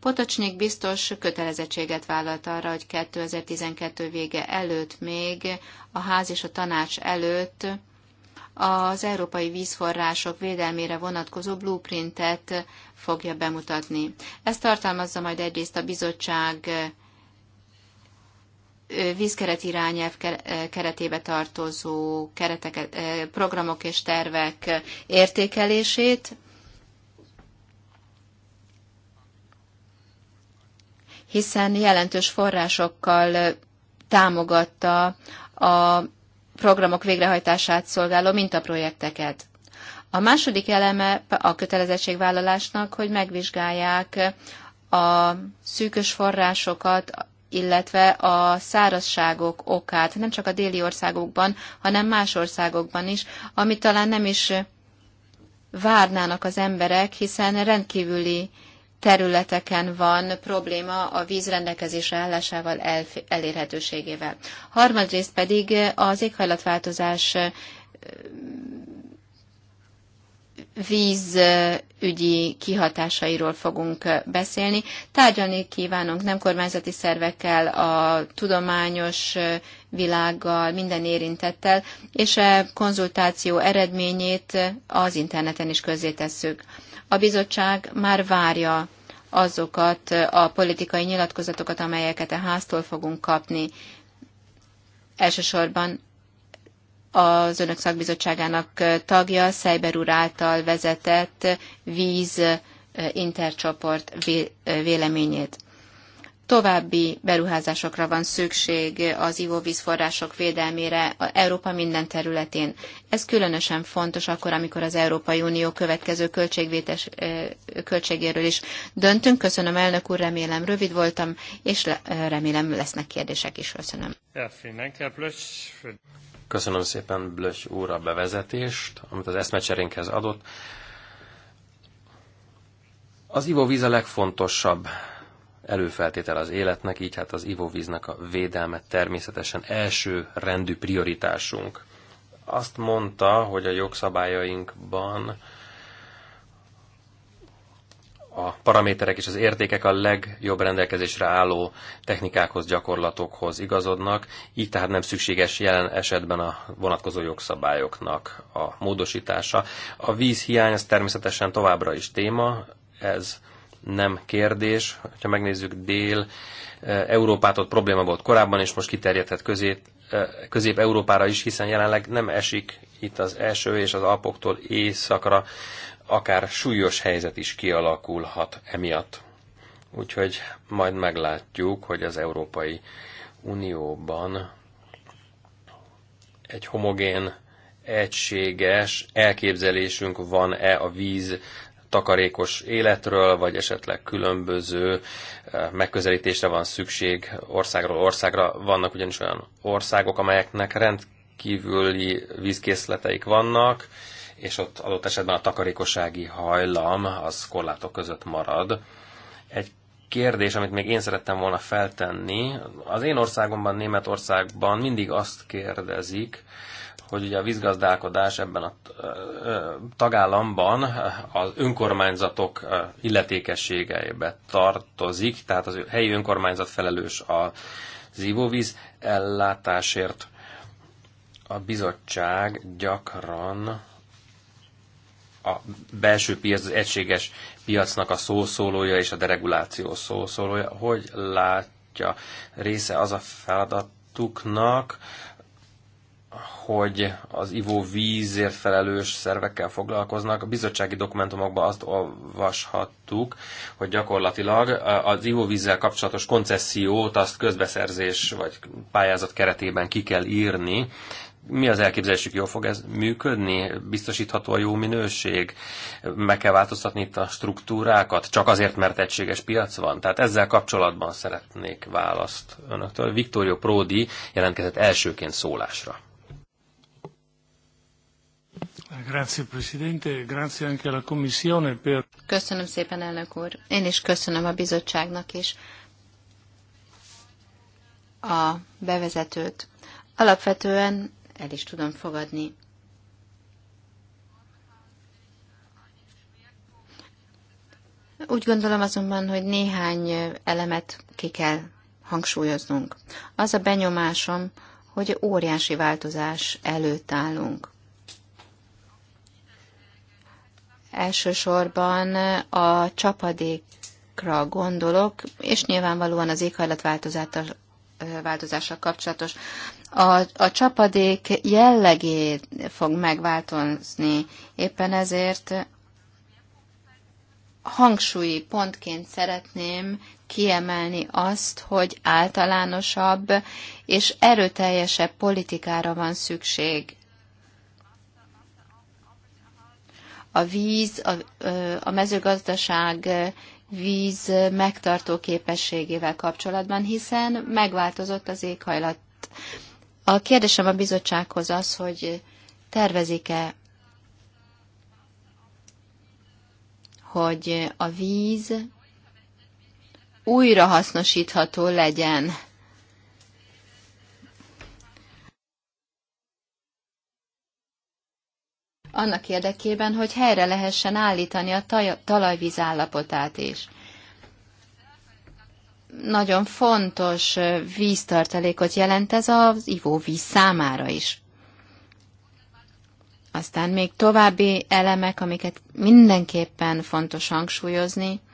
Potocsnyik biztos kötelezettséget vállalt arra, hogy 2012 vége előtt még a ház és a tanács előtt az európai vízforrások védelmére vonatkozó blueprintet fogja bemutatni. Ez tartalmazza majd egyrészt a bizottság vízkeret irányelv eh, keretébe tartozó keretek, eh, programok és tervek értékelését, hiszen jelentős forrásokkal támogatta a programok végrehajtását szolgáló mintaprojekteket. A második eleme a kötelezettségvállalásnak, hogy megvizsgálják a szűkös forrásokat, illetve a szárazságok okát, nem csak a déli országokban, hanem más országokban is, amit talán nem is várnának az emberek, hiszen rendkívüli területeken van probléma a víz rendelkezésre állásával elérhetőségével. Harmadrészt pedig az éghajlatváltozás vízügyi kihatásairól fogunk beszélni. Tárgyalni kívánunk nem kormányzati szervekkel, a tudományos világgal, minden érintettel, és a konzultáció eredményét az interneten is közzétesszük. A bizottság már várja azokat a politikai nyilatkozatokat, amelyeket a háztól fogunk kapni. Elsősorban az önök szakbizottságának tagja, Szejber úr által vezetett víz intercsoport véleményét. További beruházásokra van szükség az ivóvízforrások védelmére a Európa minden területén. Ez különösen fontos akkor, amikor az Európai Unió következő költségvétes, költségéről is döntünk. Köszönöm, elnök úr, remélem rövid voltam, és remélem lesznek kérdések is. Köszönöm. Köszönöm szépen Blöch úr a bevezetést, amit az eszmecserénkhez adott. Az ivóvíz a legfontosabb előfeltétel az életnek, így hát az ivóvíznek a védelme természetesen első rendű prioritásunk. Azt mondta, hogy a jogszabályainkban a paraméterek és az értékek a legjobb rendelkezésre álló technikákhoz, gyakorlatokhoz igazodnak, így tehát nem szükséges jelen esetben a vonatkozó jogszabályoknak a módosítása. A vízhiány az természetesen továbbra is téma, ez nem kérdés. Ha megnézzük dél, eh, Európát ott probléma volt korábban, és most kiterjedhet közép, eh, Közép-Európára is, hiszen jelenleg nem esik itt az eső, és az Alpoktól északra akár súlyos helyzet is kialakulhat emiatt. Úgyhogy majd meglátjuk, hogy az Európai Unióban egy homogén, egységes elképzelésünk van-e a víz takarékos életről, vagy esetleg különböző eh, megközelítésre van szükség országról országra. Vannak ugyanis olyan országok, amelyeknek rendkívüli vízkészleteik vannak, és ott adott esetben a takarékossági hajlam az korlátok között marad. Egy kérdés, amit még én szerettem volna feltenni, az én országomban, Németországban mindig azt kérdezik, hogy ugye a vízgazdálkodás ebben a tagállamban az önkormányzatok illetékességeibe tartozik, tehát az helyi önkormányzat felelős a zívóvíz ellátásért. A bizottság gyakran a belső piac, az egységes piacnak a szószólója és a dereguláció szószólója. Hogy látja része az a feladatuknak, hogy az ivóvízért felelős szervekkel foglalkoznak. A bizottsági dokumentumokban azt olvashattuk, hogy gyakorlatilag az ivóvízzel kapcsolatos koncesziót azt közbeszerzés vagy pályázat keretében ki kell írni, mi az elképzelésük, jól fog ez működni? Biztosítható a jó minőség? Meg kell változtatni itt a struktúrákat? Csak azért, mert egységes piac van? Tehát ezzel kapcsolatban szeretnék választ önöktől. Viktorio Pródi jelentkezett elsőként szólásra. Köszönöm szépen, elnök úr. Én is köszönöm a bizottságnak is a bevezetőt. Alapvetően el is tudom fogadni. Úgy gondolom azonban, hogy néhány elemet ki kell hangsúlyoznunk. Az a benyomásom, hogy óriási változás előtt állunk. Elsősorban a csapadékra gondolok, és nyilvánvalóan az éghajlatváltozással változással kapcsolatos. A, a csapadék jellegé fog megváltozni, éppen ezért hangsúlyi pontként szeretném kiemelni azt, hogy általánosabb és erőteljesebb politikára van szükség. A víz, a, a mezőgazdaság víz megtartó képességével kapcsolatban, hiszen megváltozott az éghajlat. A kérdésem a bizottsághoz az, hogy tervezik-e, hogy a víz újrahasznosítható legyen annak érdekében, hogy helyre lehessen állítani a talajvíz állapotát is. Nagyon fontos víztartalékot jelent ez az ivóvíz számára is. Aztán még további elemek, amiket mindenképpen fontos hangsúlyozni –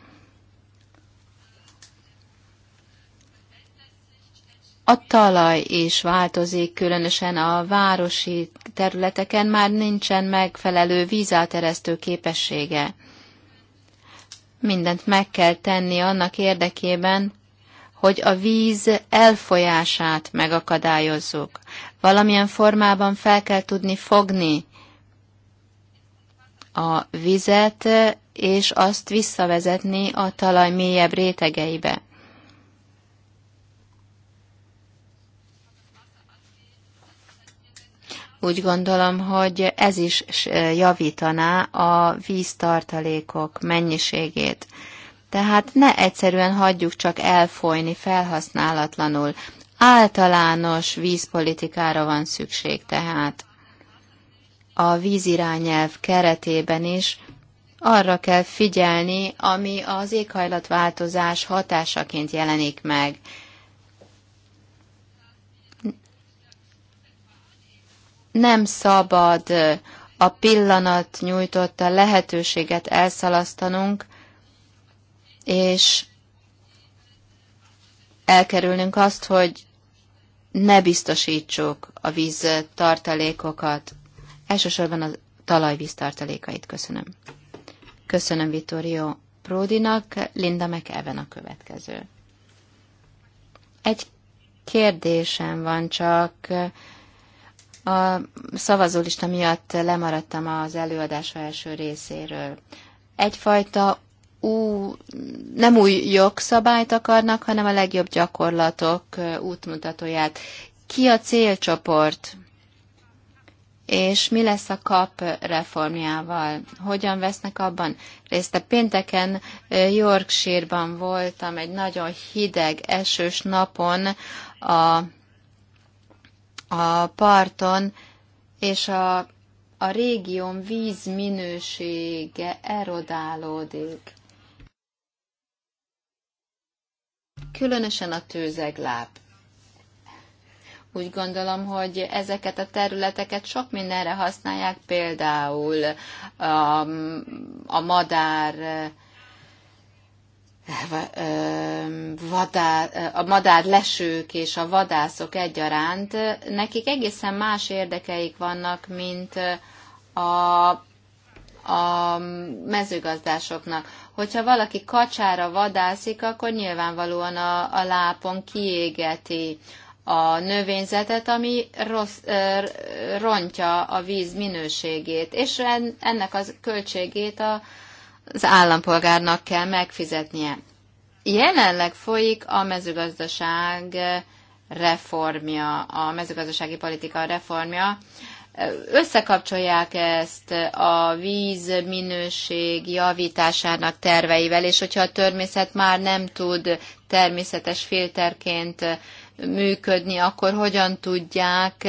A talaj is változik, különösen a városi területeken már nincsen megfelelő vízáteresztő képessége. Mindent meg kell tenni annak érdekében, hogy a víz elfolyását megakadályozzuk. Valamilyen formában fel kell tudni fogni a vizet, és azt visszavezetni a talaj mélyebb rétegeibe. Úgy gondolom, hogy ez is javítaná a víztartalékok mennyiségét. Tehát ne egyszerűen hagyjuk csak elfolyni felhasználatlanul. Általános vízpolitikára van szükség tehát. A vízirányelv keretében is arra kell figyelni, ami az éghajlatváltozás hatásaként jelenik meg. nem szabad a pillanat nyújtotta lehetőséget elszalasztanunk, és elkerülnünk azt, hogy ne biztosítsuk a víz tartalékokat, elsősorban a talajvíz tartalékait. Köszönöm. Köszönöm Vittorio Pródinak, Linda meg Even a következő. Egy kérdésem van csak, a szavazólista miatt lemaradtam az előadása első részéről. Egyfajta ú, nem új jogszabályt akarnak, hanem a legjobb gyakorlatok útmutatóját. Ki a célcsoport? És mi lesz a kap reformjával? Hogyan vesznek abban részt? A pénteken Yorkshire-ban voltam egy nagyon hideg, esős napon a a parton, és a, a régión víz minősége erodálódik. Különösen a tőzegláp. Úgy gondolom, hogy ezeket a területeket sok mindenre használják, például a, a madár, vadár, a madár lesők és a vadászok egyaránt, nekik egészen más érdekeik vannak, mint a, a mezőgazdásoknak. Hogyha valaki kacsára vadászik, akkor nyilvánvalóan a, a lápon kiégeti a növényzetet, ami rossz, rontja a víz minőségét, és ennek a költségét a, az állampolgárnak kell megfizetnie. Jelenleg folyik a mezőgazdaság reformja, a mezőgazdasági politika reformja. Összekapcsolják ezt a víz minőség javításának terveivel, és hogyha a természet már nem tud természetes filterként működni, akkor hogyan tudják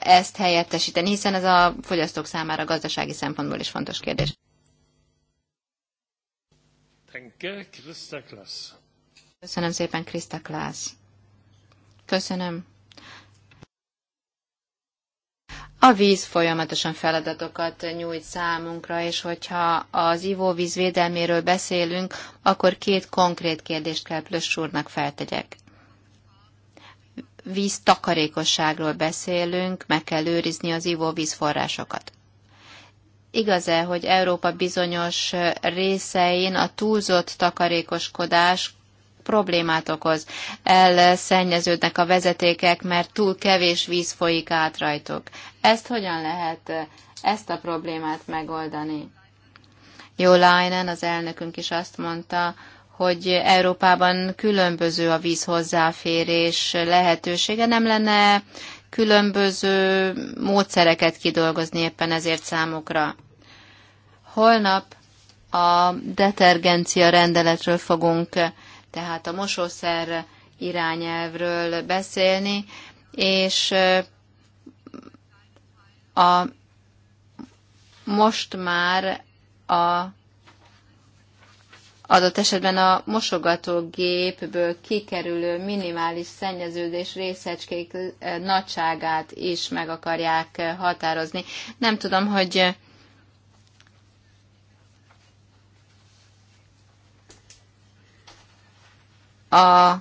ezt helyettesíteni, hiszen ez a fogyasztók számára gazdasági szempontból is fontos kérdés. Krista Klaas. Köszönöm szépen, Krista Klaas. Köszönöm. A víz folyamatosan feladatokat nyújt számunkra, és hogyha az ivóvíz védelméről beszélünk, akkor két konkrét kérdést kell Plöss úrnak feltegyek. Víz takarékosságról beszélünk, meg kell őrizni az ivóvíz forrásokat igaz-e, hogy Európa bizonyos részein a túlzott takarékoskodás problémát okoz. Elszennyeződnek a vezetékek, mert túl kevés víz folyik át rajtuk. Ezt hogyan lehet ezt a problémát megoldani? Jó Leinen, az elnökünk is azt mondta, hogy Európában különböző a víz hozzáférés lehetősége. Nem lenne különböző módszereket kidolgozni éppen ezért számukra. Holnap a detergencia rendeletről fogunk, tehát a mosószer irányelvről beszélni, és a most már a adott esetben a mosogatógépből kikerülő minimális szennyeződés részecskék eh, nagyságát is meg akarják eh, határozni. Nem tudom, hogy eh, a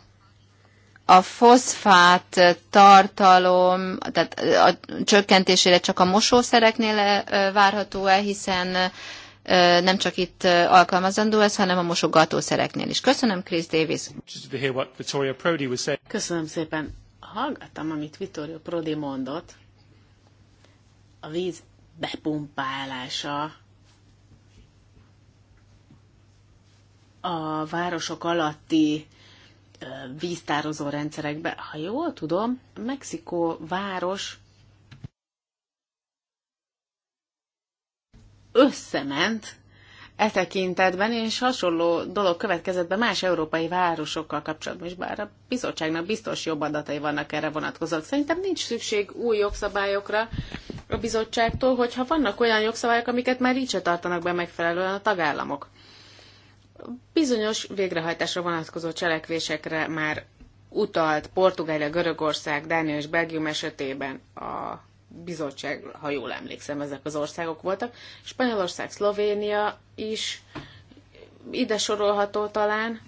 a foszfát tartalom, tehát a csökkentésére csak a mosószereknél várható el, hiszen nem csak itt alkalmazandó ez, hanem a mosogatószereknél is. Köszönöm, Chris Davis. Köszönöm szépen. Hallgattam, amit Vittorio Prodi mondott. A víz bepumpálása a városok alatti víztározó rendszerekbe. Ha jól tudom, Mexikó város összement e tekintetben, és hasonló dolog következett be más európai városokkal kapcsolatban is, bár a bizottságnak biztos jobb adatai vannak erre vonatkozók. Szerintem nincs szükség új jogszabályokra a bizottságtól, hogyha vannak olyan jogszabályok, amiket már így se tartanak be megfelelően a tagállamok. Bizonyos végrehajtásra vonatkozó cselekvésekre már utalt Portugália, Görögország, Dánia és Belgium esetében a bizottság, ha jól emlékszem, ezek az országok voltak. Spanyolország, Szlovénia is ide sorolható talán,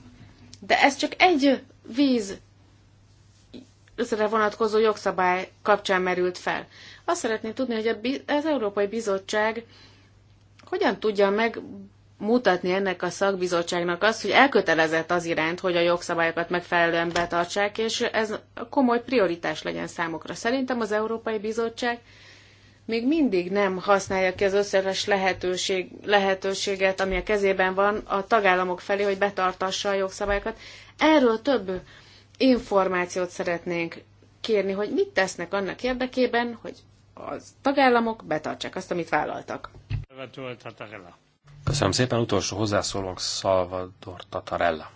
de ez csak egy víz összre vonatkozó jogszabály kapcsán merült fel. Azt szeretném tudni, hogy az Európai Bizottság hogyan tudja meg mutatni ennek a szakbizottságnak azt, hogy elkötelezett az iránt, hogy a jogszabályokat megfelelően betartsák, és ez komoly prioritás legyen számokra. Szerintem az Európai Bizottság még mindig nem használja ki az összes lehetőség, lehetőséget, ami a kezében van a tagállamok felé, hogy betartassa a jogszabályokat. Erről több információt szeretnénk kérni, hogy mit tesznek annak érdekében, hogy a tagállamok betartsák azt, amit vállaltak. Köszönöm szépen, utolsó hozzászólónk Salvador Tatarella.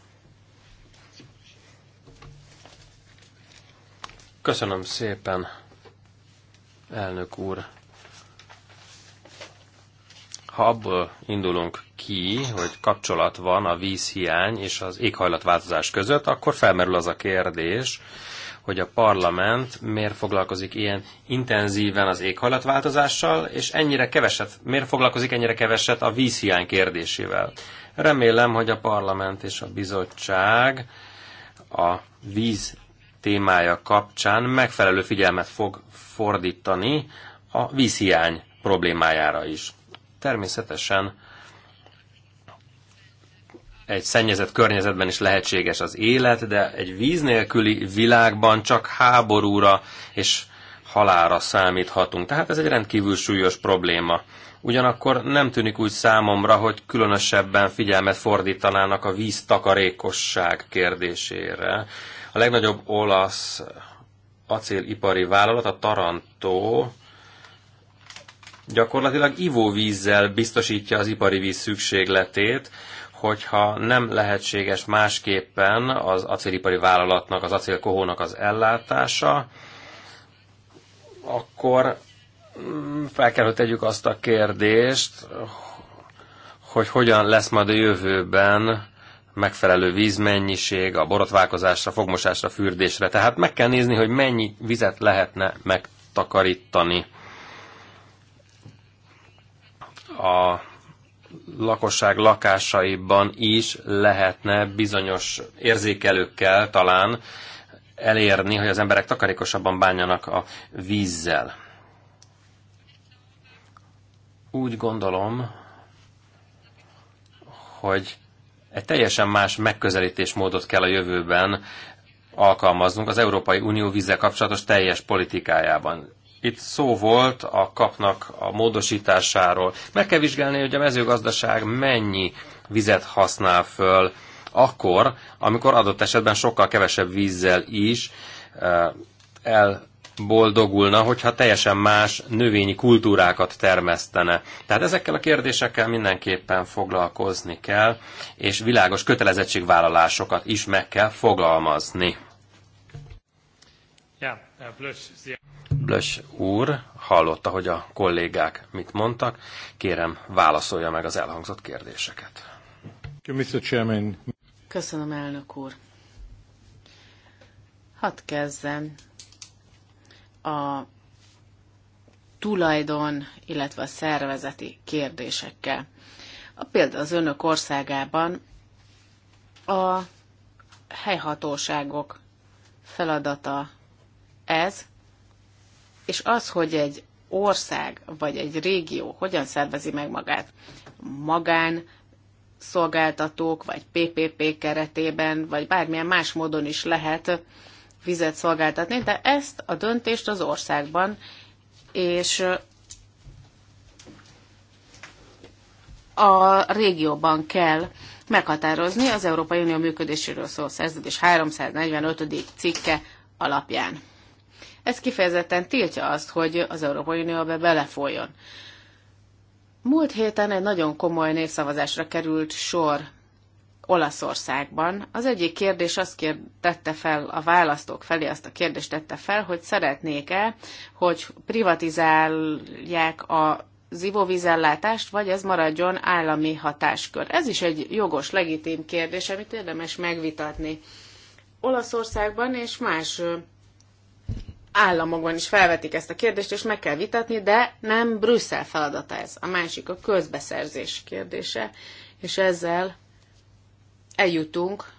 Köszönöm szépen, elnök úr. Ha abból indulunk ki, hogy kapcsolat van a vízhiány és az éghajlatváltozás között, akkor felmerül az a kérdés, hogy a parlament miért foglalkozik ilyen intenzíven az éghajlatváltozással, és ennyire keveset, miért foglalkozik ennyire keveset a vízhiány kérdésével. Remélem, hogy a parlament és a bizottság a víz témája kapcsán megfelelő figyelmet fog fordítani a vízhiány problémájára is. Természetesen egy szennyezett környezetben is lehetséges az élet, de egy víz nélküli világban csak háborúra és halára számíthatunk. Tehát ez egy rendkívül súlyos probléma. Ugyanakkor nem tűnik úgy számomra, hogy különösebben figyelmet fordítanának a víztakarékosság kérdésére. A legnagyobb olasz acélipari vállalat, a Taranto, gyakorlatilag ivóvízzel biztosítja az ipari víz szükségletét, hogyha nem lehetséges másképpen az acélipari vállalatnak, az acélkohónak az ellátása, akkor mm, fel kell, hogy tegyük azt a kérdést, hogy hogyan lesz majd a jövőben megfelelő vízmennyiség a borotválkozásra, fogmosásra, fürdésre. Tehát meg kell nézni, hogy mennyi vizet lehetne megtakarítani. A lakosság lakásaiban is lehetne bizonyos érzékelőkkel talán elérni, hogy az emberek takarékosabban bánjanak a vízzel. Úgy gondolom, hogy egy teljesen más megközelítésmódot kell a jövőben alkalmaznunk az Európai Unió vízzel kapcsolatos teljes politikájában. Itt szó volt a kapnak a módosításáról. Meg kell vizsgálni, hogy a mezőgazdaság mennyi vizet használ föl akkor, amikor adott esetben sokkal kevesebb vízzel is eh, el boldogulna, hogyha teljesen más növényi kultúrákat termesztene. Tehát ezekkel a kérdésekkel mindenképpen foglalkozni kell, és világos kötelezettségvállalásokat is meg kell fogalmazni. Eh, Blös úr hallotta, hogy a kollégák mit mondtak. Kérem, válaszolja meg az elhangzott kérdéseket. Köszönöm, elnök úr. Hadd kezdem a tulajdon, illetve a szervezeti kérdésekkel. A példa az önök országában a helyhatóságok feladata ez, és az, hogy egy ország vagy egy régió hogyan szervezi meg magát magán, szolgáltatók, vagy PPP keretében, vagy bármilyen más módon is lehet vizet szolgáltatni, de ezt a döntést az országban, és a régióban kell meghatározni az Európai Unió működéséről szóló szerződés 345. cikke alapján. Ez kifejezetten tiltja azt, hogy az Európai Unióbe belefoljon. Múlt héten egy nagyon komoly népszavazásra került sor Olaszországban. Az egyik kérdés azt kér, tette fel a választók felé, azt a kérdést tette fel, hogy szeretnék-e, hogy privatizálják a zivóvízellátást, vagy ez maradjon állami hatáskör? Ez is egy jogos, legitim kérdés, amit érdemes megvitatni. Olaszországban és más államokban is felvetik ezt a kérdést, és meg kell vitatni, de nem Brüsszel feladata ez. A másik a közbeszerzés kérdése, és ezzel eljutunk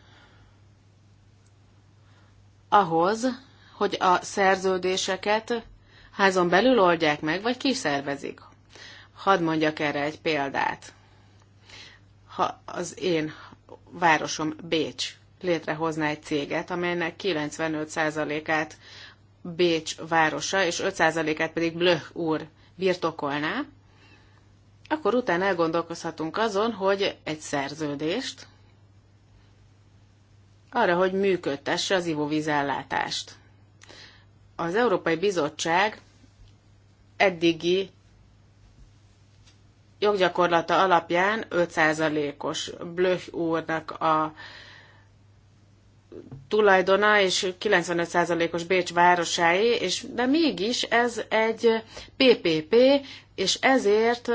ahhoz, hogy a szerződéseket házon belül oldják meg, vagy kiszervezik. Hadd mondjak erre egy példát. Ha az én városom Bécs létrehozna egy céget, amelynek 95%-át Bécs városa, és 5%-át pedig Blöch úr birtokolná, akkor utána elgondolkozhatunk azon, hogy egy szerződést arra, hogy működtesse az ivóvízellátást. Az Európai Bizottság eddigi joggyakorlata alapján 5%-os Blöch úrnak a tulajdona, és 95%-os Bécs városáé, és, de mégis ez egy PPP, és ezért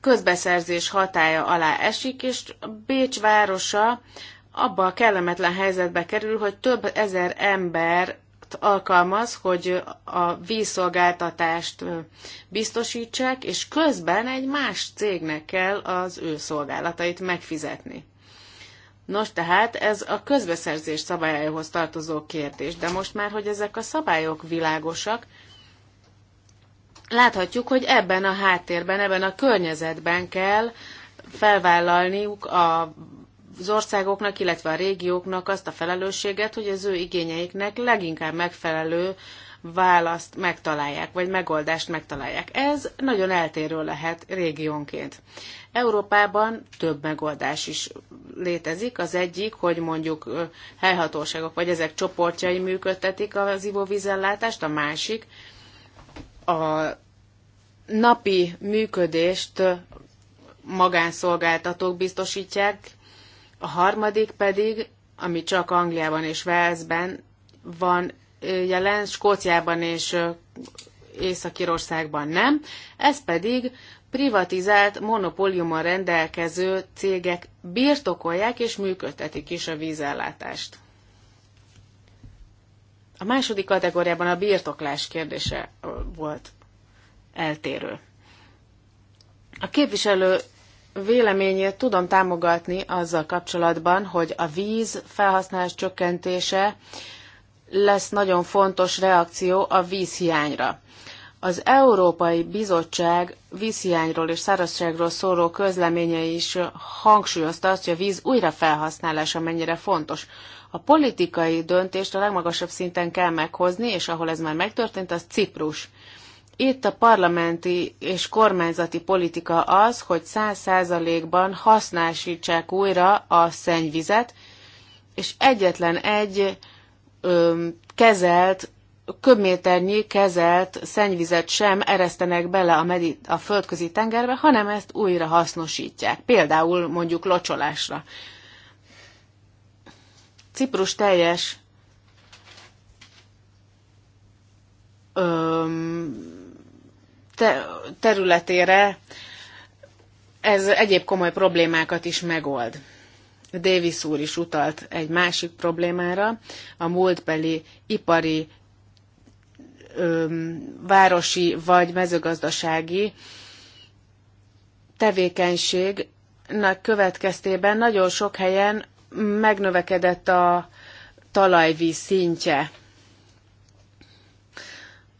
közbeszerzés hatája alá esik, és Bécs városa abba a kellemetlen helyzetbe kerül, hogy több ezer ember alkalmaz, hogy a vízszolgáltatást biztosítsák, és közben egy más cégnek kell az ő szolgálatait megfizetni. Nos, tehát ez a közbeszerzés szabályához tartozó kérdés, de most már, hogy ezek a szabályok világosak, láthatjuk, hogy ebben a háttérben, ebben a környezetben kell felvállalniuk a az országoknak, illetve a régióknak azt a felelősséget, hogy az ő igényeiknek leginkább megfelelő választ megtalálják, vagy megoldást megtalálják. Ez nagyon eltérő lehet régiónként. Európában több megoldás is létezik. Az egyik, hogy mondjuk helyhatóságok vagy ezek csoportjai működtetik az ivóvízellátást, a másik a napi működést magánszolgáltatók biztosítják, a harmadik pedig, ami csak Angliában és Walesben van, jelen, Skóciában és Észak-Írországban nem, ez pedig privatizált monopóliumon rendelkező cégek birtokolják és működtetik is a vízellátást. A második kategóriában a birtoklás kérdése volt eltérő. A képviselő véleményét tudom támogatni azzal kapcsolatban, hogy a víz felhasználás csökkentése lesz nagyon fontos reakció a vízhiányra. Az Európai Bizottság vízhiányról és szárazságról szóló közleménye is hangsúlyozta azt, hogy a víz újrafelhasználása mennyire fontos. A politikai döntést a legmagasabb szinten kell meghozni, és ahol ez már megtörtént, az Ciprus. Itt a parlamenti és kormányzati politika az, hogy száz százalékban használsítsák újra a szennyvizet, és egyetlen egy ö, kezelt, köbméternyi kezelt szennyvizet sem eresztenek bele a, medit- a földközi tengerbe, hanem ezt újra hasznosítják, például mondjuk locsolásra. Ciprus teljes te, területére ez egyéb komoly problémákat is megold. Davis úr is utalt egy másik problémára, a múltbeli ipari, öm, városi vagy mezőgazdasági tevékenységnek következtében nagyon sok helyen megnövekedett a talajvíz szintje.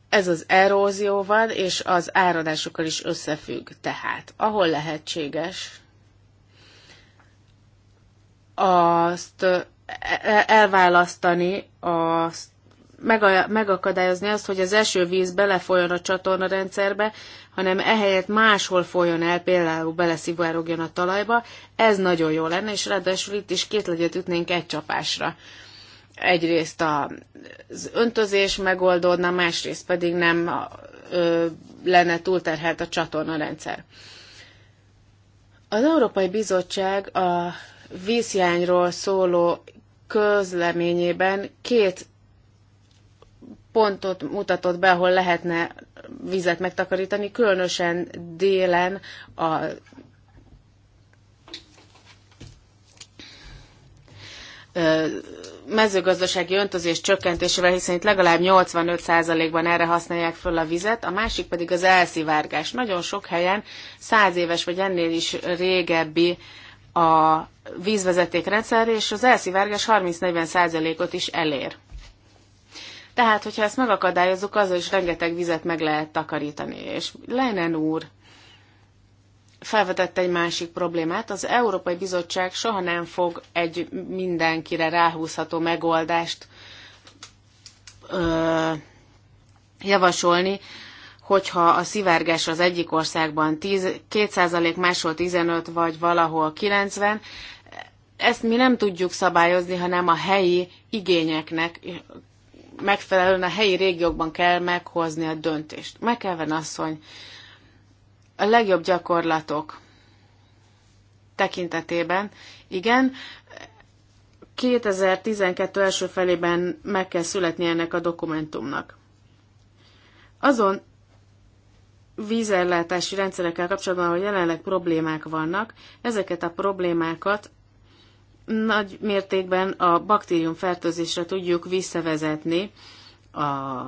Ez az erózióval és az áradásokkal is összefügg. Tehát, ahol lehetséges, azt e, e, elválasztani, azt megakadályozni azt, hogy az esővíz belefolyjon a csatorna rendszerbe, hanem ehelyett máshol folyjon el, például beleszivárogjon a talajba, ez nagyon jó lenne, és ráadásul itt is két legyet ütnénk egy csapásra. Egyrészt az öntözés megoldódna, másrészt pedig nem ö, lenne túlterhelt a csatorna rendszer. Az Európai Bizottság a vízhiányról szóló közleményében két pontot mutatott be, ahol lehetne vizet megtakarítani, különösen délen a mezőgazdasági öntözés csökkentésével, hiszen itt legalább 85%-ban erre használják föl a vizet, a másik pedig az elszivárgás. Nagyon sok helyen száz éves vagy ennél is régebbi a rendszer, és az elszivárgás 30-40%-ot is elér. Tehát, hogyha ezt megakadályozzuk, azzal is rengeteg vizet meg lehet takarítani. És Lenin úr felvetett egy másik problémát. Az Európai Bizottság soha nem fog egy mindenkire ráhúzható megoldást ö, javasolni, hogyha a szivárgás az egyik országban 10, 2%, máshol 15, vagy valahol 90, ezt mi nem tudjuk szabályozni, hanem a helyi igényeknek megfelelően a helyi régiókban kell meghozni a döntést. Meg Megkelven asszony, a legjobb gyakorlatok tekintetében, igen, 2012 első felében meg kell születni ennek a dokumentumnak. Azon vízellátási rendszerekkel kapcsolatban, hogy jelenleg problémák vannak, ezeket a problémákat nagy mértékben a baktériumfertőzésre tudjuk visszavezetni a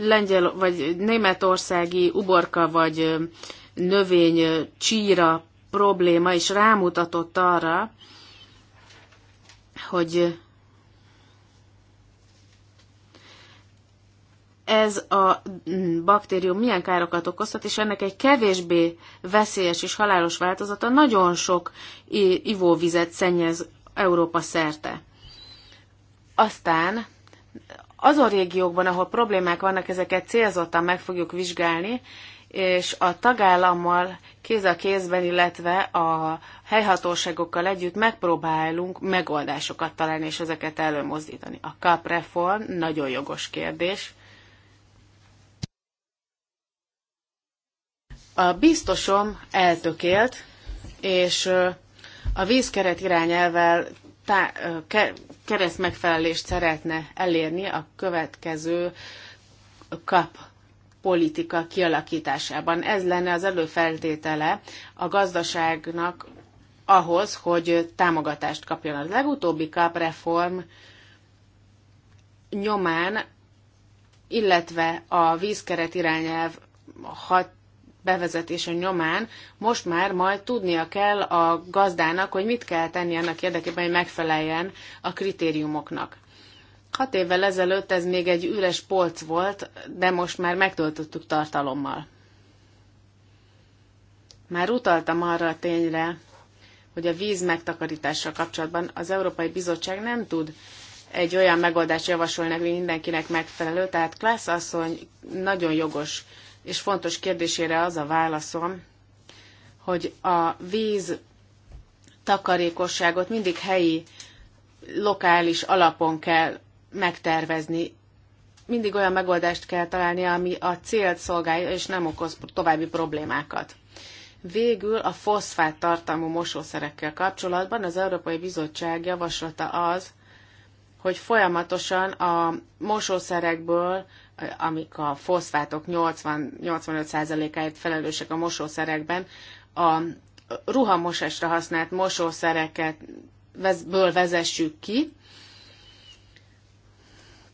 lengyel vagy németországi uborka vagy növény csíra probléma is rámutatott arra, hogy ez a mm, baktérium milyen károkat okozhat, és ennek egy kevésbé veszélyes és halálos változata nagyon sok ivóvizet szennyez Európa szerte. Aztán azon régiókban, ahol problémák vannak, ezeket célzottan meg fogjuk vizsgálni, és a tagállammal kéz a kézben, illetve a helyhatóságokkal együtt megpróbálunk megoldásokat találni és ezeket előmozdítani. A CAP reform nagyon jogos kérdés. A biztosom eltökélt, és a vízkeret irányelvel tá- kereszt megfelelést szeretne elérni a következő kap politika kialakításában. Ez lenne az előfeltétele a gazdaságnak ahhoz, hogy támogatást kapjon. A legutóbbi kap reform nyomán, illetve a vízkeret irányelv hat bevezetése nyomán most már majd tudnia kell a gazdának, hogy mit kell tenni annak érdekében, hogy megfeleljen a kritériumoknak. Hat évvel ezelőtt ez még egy üres polc volt, de most már megtöltöttük tartalommal. Már utaltam arra a tényre, hogy a víz megtakarítással kapcsolatban az Európai Bizottság nem tud egy olyan megoldást javasolni, ami mindenkinek megfelelő. Tehát Klász asszony nagyon jogos és fontos kérdésére az a válaszom, hogy a víz takarékosságot mindig helyi, lokális alapon kell megtervezni. Mindig olyan megoldást kell találni, ami a célt szolgálja, és nem okoz további problémákat. Végül a foszfát tartalmú mosószerekkel kapcsolatban az Európai Bizottság javaslata az, hogy folyamatosan a mosószerekből amik a foszfátok 80-85%-áért felelősek a mosószerekben, a ruhamosásra használt mosószereket ből vezessük ki,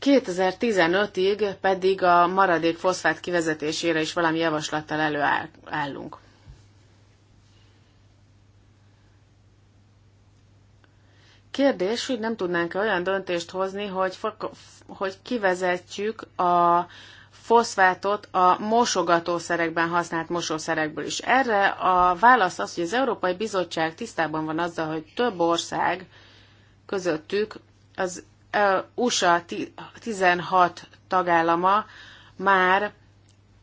2015-ig pedig a maradék foszfát kivezetésére is valami javaslattal előállunk. Kérdés, hogy nem tudnánk -e olyan döntést hozni, hogy, hogy kivezetjük a foszfátot a mosogatószerekben használt mosószerekből is. Erre a válasz az, hogy az Európai Bizottság tisztában van azzal, hogy több ország közöttük az USA 16 tagállama már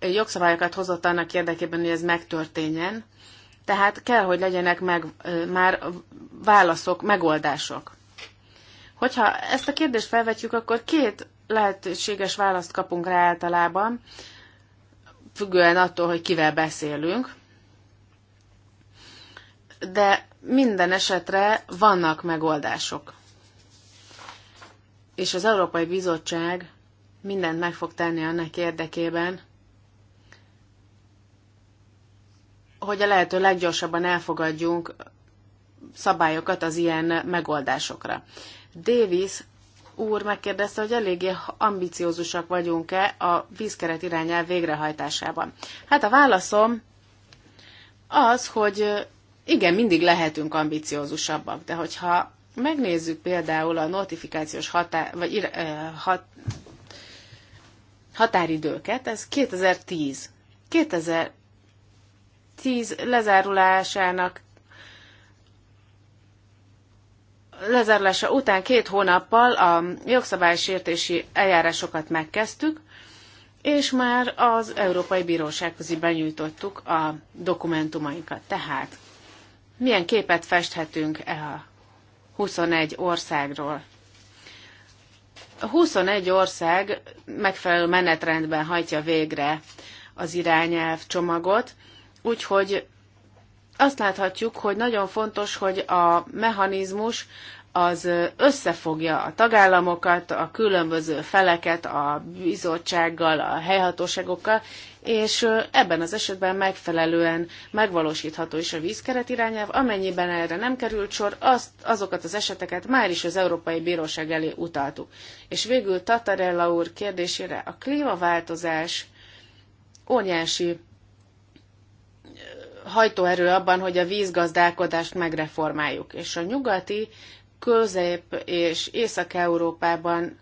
jogszabályokat hozott annak érdekében, hogy ez megtörténjen, tehát kell, hogy legyenek meg már válaszok, megoldások. Hogyha ezt a kérdést felvetjük, akkor két lehetséges választ kapunk rá általában, függően attól, hogy kivel beszélünk. De minden esetre vannak megoldások. És az Európai Bizottság mindent meg fog tenni annak érdekében, hogy a lehető leggyorsabban elfogadjunk szabályokat az ilyen megoldásokra. Davis úr megkérdezte, hogy eléggé ambiciózusak vagyunk-e a vízkeret irányel végrehajtásában. Hát a válaszom az, hogy igen, mindig lehetünk ambiciózusabbak, de hogyha megnézzük például a notifikációs hatá- vagy ir, hat, határidőket, ez 2010. 2000, 10 lezárulásának lezárulása után két hónappal a jogszabálysértési eljárásokat megkezdtük, és már az Európai Bírósághoz benyújtottuk a dokumentumainkat. Tehát milyen képet festhetünk e a 21 országról? 21 ország megfelelő menetrendben hajtja végre az irányelv csomagot, Úgyhogy azt láthatjuk, hogy nagyon fontos, hogy a mechanizmus az összefogja a tagállamokat, a különböző feleket, a bizottsággal, a helyhatóságokkal, és ebben az esetben megfelelően megvalósítható is a vízkeret irányelv. Amennyiben erre nem került sor, azt, azokat az eseteket már is az Európai Bíróság elé utaltuk. És végül Tatarella úr kérdésére a klímaváltozás óriási hajtóerő abban, hogy a vízgazdálkodást megreformáljuk. És a nyugati, közép és észak-európában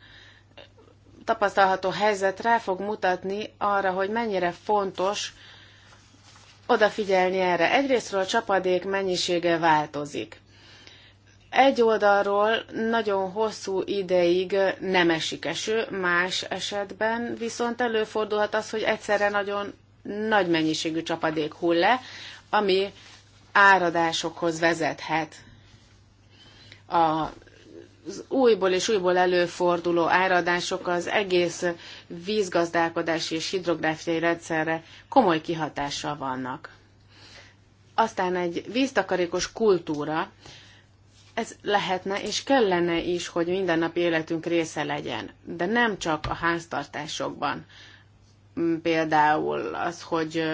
tapasztalható helyzet rá fog mutatni arra, hogy mennyire fontos odafigyelni erre. Egyrésztről a csapadék mennyisége változik. Egy oldalról nagyon hosszú ideig nem esik eső, más esetben viszont előfordulhat az, hogy egyszerre nagyon nagy mennyiségű csapadék hull le, ami áradásokhoz vezethet. A az újból és újból előforduló áradások az egész vízgazdálkodási és hidrográfiai rendszerre komoly kihatással vannak. Aztán egy víztakarékos kultúra, ez lehetne és kellene is, hogy mindennapi életünk része legyen, de nem csak a háztartásokban, például az, hogy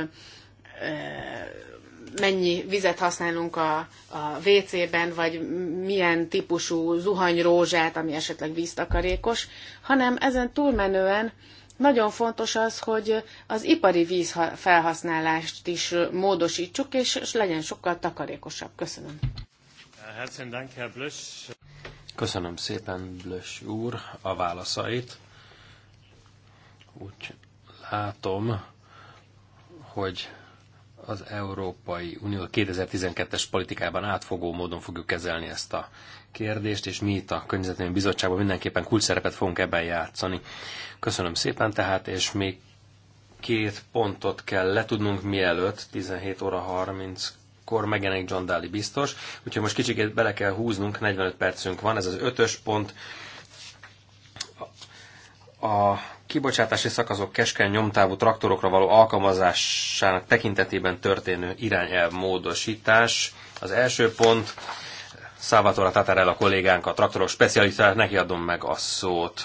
mennyi vizet használunk a, a WC-ben, vagy milyen típusú zuhanyrózsát, ami esetleg víztakarékos, hanem ezen túlmenően nagyon fontos az, hogy az ipari víz felhasználást is módosítsuk, és legyen sokkal takarékosabb. Köszönöm. Köszönöm szépen, Blös úr, a válaszait. Úgy átom, hogy az Európai Unió 2012-es politikában átfogó módon fogjuk kezelni ezt a kérdést, és mi itt a Környezetvédelmi Bizottságban mindenképpen szerepet fogunk ebben játszani. Köszönöm szépen tehát, és még két pontot kell letudnunk mielőtt, 17 óra 30 kor megjelenik John Daly biztos, úgyhogy most kicsit bele kell húznunk, 45 percünk van, ez az ötös pont, a kibocsátási szakaszok keskeny nyomtávú traktorokra való alkalmazásának tekintetében történő irányelv módosítás. Az első pont, Szávatora Tatarella kollégánk, a traktorok specialistáját, neki adom meg a szót.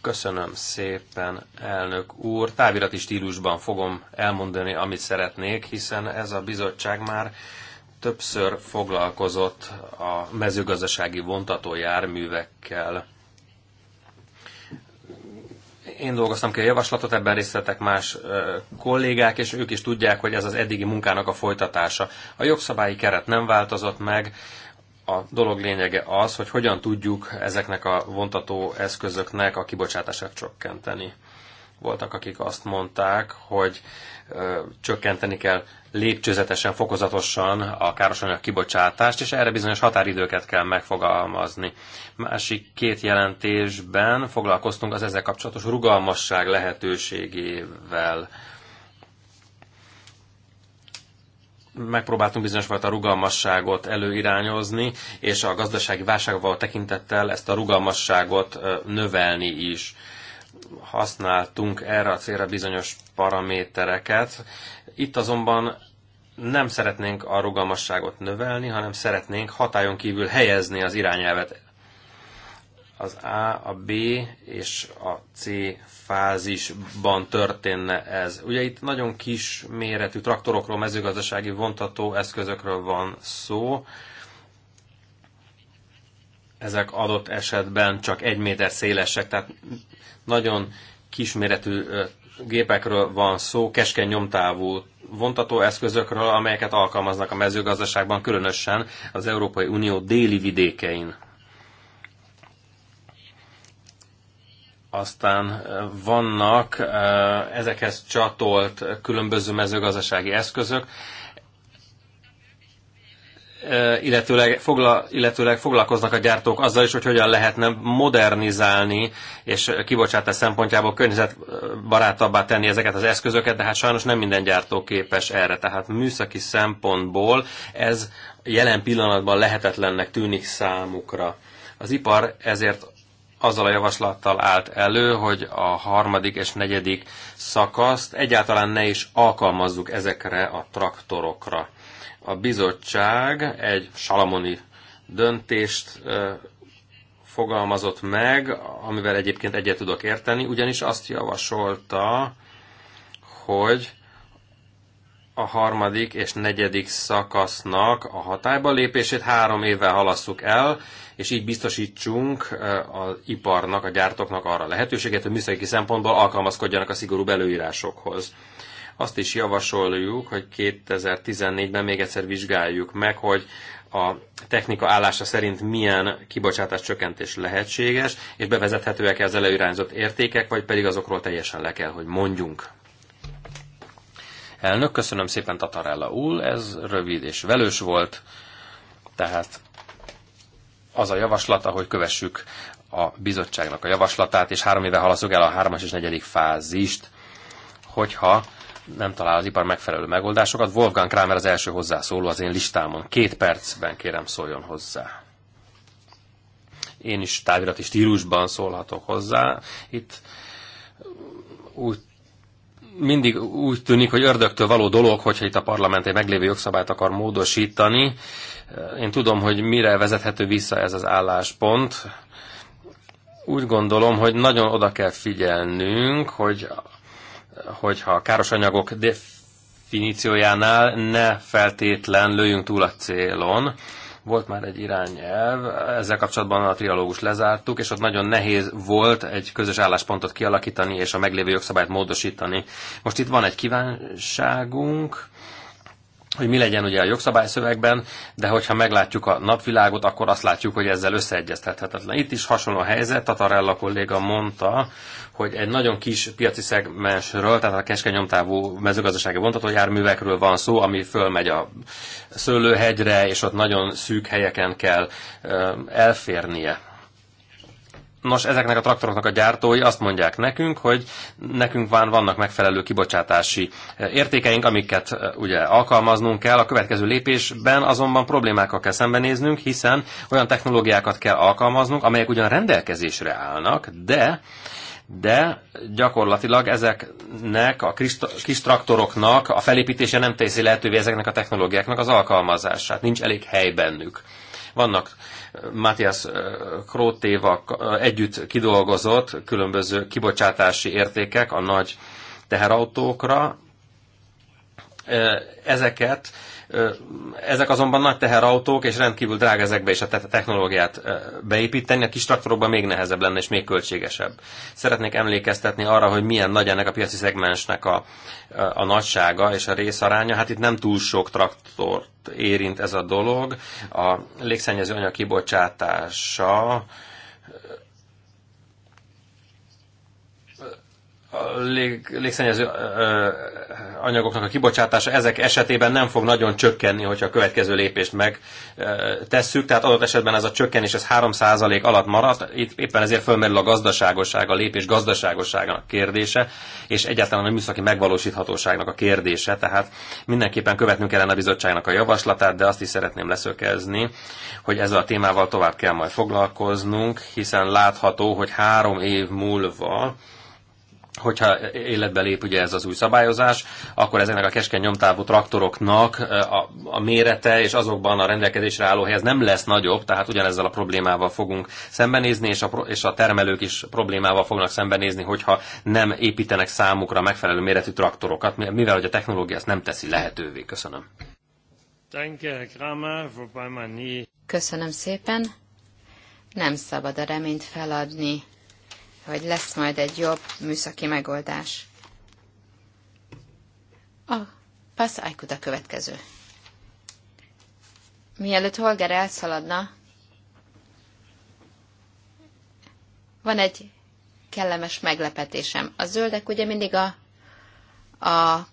Köszönöm szépen, elnök úr. Távirati stílusban fogom elmondani, amit szeretnék, hiszen ez a bizottság már többször foglalkozott a mezőgazdasági vontató járművekkel. Én dolgoztam ki a javaslatot, ebben részletek más kollégák, és ők is tudják, hogy ez az eddigi munkának a folytatása. A jogszabályi keret nem változott meg, a dolog lényege az, hogy hogyan tudjuk ezeknek a vontató eszközöknek a kibocsátását csökkenteni. Voltak, akik azt mondták, hogy ö, csökkenteni kell lépcsőzetesen, fokozatosan a károsanyag kibocsátást, és erre bizonyos határidőket kell megfogalmazni. Másik két jelentésben foglalkoztunk az ezzel kapcsolatos rugalmasság lehetőségével. Megpróbáltunk bizonyos fajta rugalmasságot előirányozni, és a gazdasági válságval tekintettel ezt a rugalmasságot növelni is használtunk erre a célra bizonyos paramétereket, itt azonban nem szeretnénk a rugalmasságot növelni, hanem szeretnénk hatályon kívül helyezni az irányelvet. Az A, a B és a C fázisban történne ez. Ugye itt nagyon kis méretű traktorokról, mezőgazdasági vontató eszközökről van szó. Ezek adott esetben csak egy méter szélesek, tehát nagyon kisméretű gépekről van szó, keskeny nyomtávú eszközökről, amelyeket alkalmaznak a mezőgazdaságban, különösen az Európai Unió déli vidékein. Aztán eh, vannak eh, ezekhez csatolt különböző mezőgazdasági eszközök, illetőleg, fogla, illetőleg foglalkoznak a gyártók azzal is, hogy hogyan lehetne modernizálni és kibocsátás szempontjából környezetbarátabbá tenni ezeket az eszközöket, de hát sajnos nem minden gyártó képes erre. Tehát műszaki szempontból ez jelen pillanatban lehetetlennek tűnik számukra. Az ipar ezért azzal a javaslattal állt elő, hogy a harmadik és negyedik szakaszt egyáltalán ne is alkalmazzuk ezekre a traktorokra a bizottság egy salamoni döntést fogalmazott meg, amivel egyébként egyet tudok érteni, ugyanis azt javasolta, hogy a harmadik és negyedik szakasznak a hatályba lépését három évvel halasszuk el, és így biztosítsunk az iparnak, a gyártóknak arra lehetőséget, hogy műszaki szempontból alkalmazkodjanak a szigorú előírásokhoz. Azt is javasoljuk, hogy 2014-ben még egyszer vizsgáljuk meg, hogy a technika állása szerint milyen kibocsátás csökkentés lehetséges, és bevezethetőek-e az előirányzott értékek, vagy pedig azokról teljesen le kell, hogy mondjunk. Elnök, köszönöm szépen Tatarella úr, ez rövid és velős volt, tehát az a javaslata, hogy kövessük a bizottságnak a javaslatát, és három éve halaszok el a hármas és negyedik fázist, hogyha nem talál az ipar megfelelő megoldásokat. Wolfgang Kramer az első hozzászóló az én listámon. Két percben kérem szóljon hozzá. Én is távirati stílusban szólhatok hozzá. Itt úgy mindig úgy tűnik, hogy ördögtől való dolog, hogyha itt a parlament egy meglévő jogszabályt akar módosítani. Én tudom, hogy mire vezethető vissza ez az álláspont. Úgy gondolom, hogy nagyon oda kell figyelnünk, hogy hogyha a káros anyagok definíciójánál ne feltétlen lőjünk túl a célon. Volt már egy irányelv, ezzel kapcsolatban a trialógus lezártuk, és ott nagyon nehéz volt egy közös álláspontot kialakítani és a meglévő jogszabályt módosítani. Most itt van egy kívánságunk, hogy mi legyen ugye a jogszabályszövegben, de hogyha meglátjuk a napvilágot, akkor azt látjuk, hogy ezzel összeegyeztethetetlen. Itt is hasonló a helyzet, Tatarella kolléga mondta, hogy egy nagyon kis piaci szegmensről, tehát a keskeny nyomtávú mezőgazdasági vontatójárművekről van szó, ami fölmegy a szőlőhegyre, és ott nagyon szűk helyeken kell elférnie Nos, ezeknek a traktoroknak a gyártói azt mondják nekünk, hogy nekünk van, vannak megfelelő kibocsátási eh, értékeink, amiket eh, ugye alkalmaznunk kell. A következő lépésben azonban problémákkal kell szembenéznünk, hiszen olyan technológiákat kell alkalmaznunk, amelyek ugyan rendelkezésre állnak, de de gyakorlatilag ezeknek a kis, kis traktoroknak a felépítése nem teszi lehetővé ezeknek a technológiáknak az alkalmazását. Nincs elég hely bennük. Vannak Matthias eh, Krótéval eh, együtt kidolgozott különböző kibocsátási értékek a nagy teherautókra. Eh, ezeket ezek azonban nagy teherautók, és rendkívül drága ezekbe is a technológiát beépíteni, a kis traktorokban még nehezebb lenne, és még költségesebb. Szeretnék emlékeztetni arra, hogy milyen nagy ennek a piaci szegmensnek a, a nagysága és a részaránya. Hát itt nem túl sok traktort érint ez a dolog. A légszennyező anyag kibocsátása a lég, légszennyező ö, anyagoknak a kibocsátása ezek esetében nem fog nagyon csökkenni, hogyha a következő lépést megtesszük. Tehát adott esetben ez a csökkenés ez 3% alatt marad, itt éppen ezért fölmerül a gazdaságosság, a lépés gazdaságosságának kérdése, és egyáltalán a műszaki megvalósíthatóságnak a kérdése. Tehát mindenképpen követnünk kellene a bizottságnak a javaslatát, de azt is szeretném leszökezni, hogy ezzel a témával tovább kell majd foglalkoznunk, hiszen látható, hogy három év múlva hogyha életbe lép ugye ez az új szabályozás, akkor ezeknek a keskeny nyomtávú traktoroknak a, a mérete és azokban a rendelkezésre álló helyez nem lesz nagyobb, tehát ugyanezzel a problémával fogunk szembenézni, és a, és a termelők is problémával fognak szembenézni, hogyha nem építenek számukra megfelelő méretű traktorokat, mivel hogy a technológia ezt nem teszi lehetővé. Köszönöm. Köszönöm szépen. Nem szabad a reményt feladni hogy lesz majd egy jobb műszaki megoldás. A Passz a következő. Mielőtt Holger elszaladna, van egy kellemes meglepetésem. A zöldek ugye mindig a, a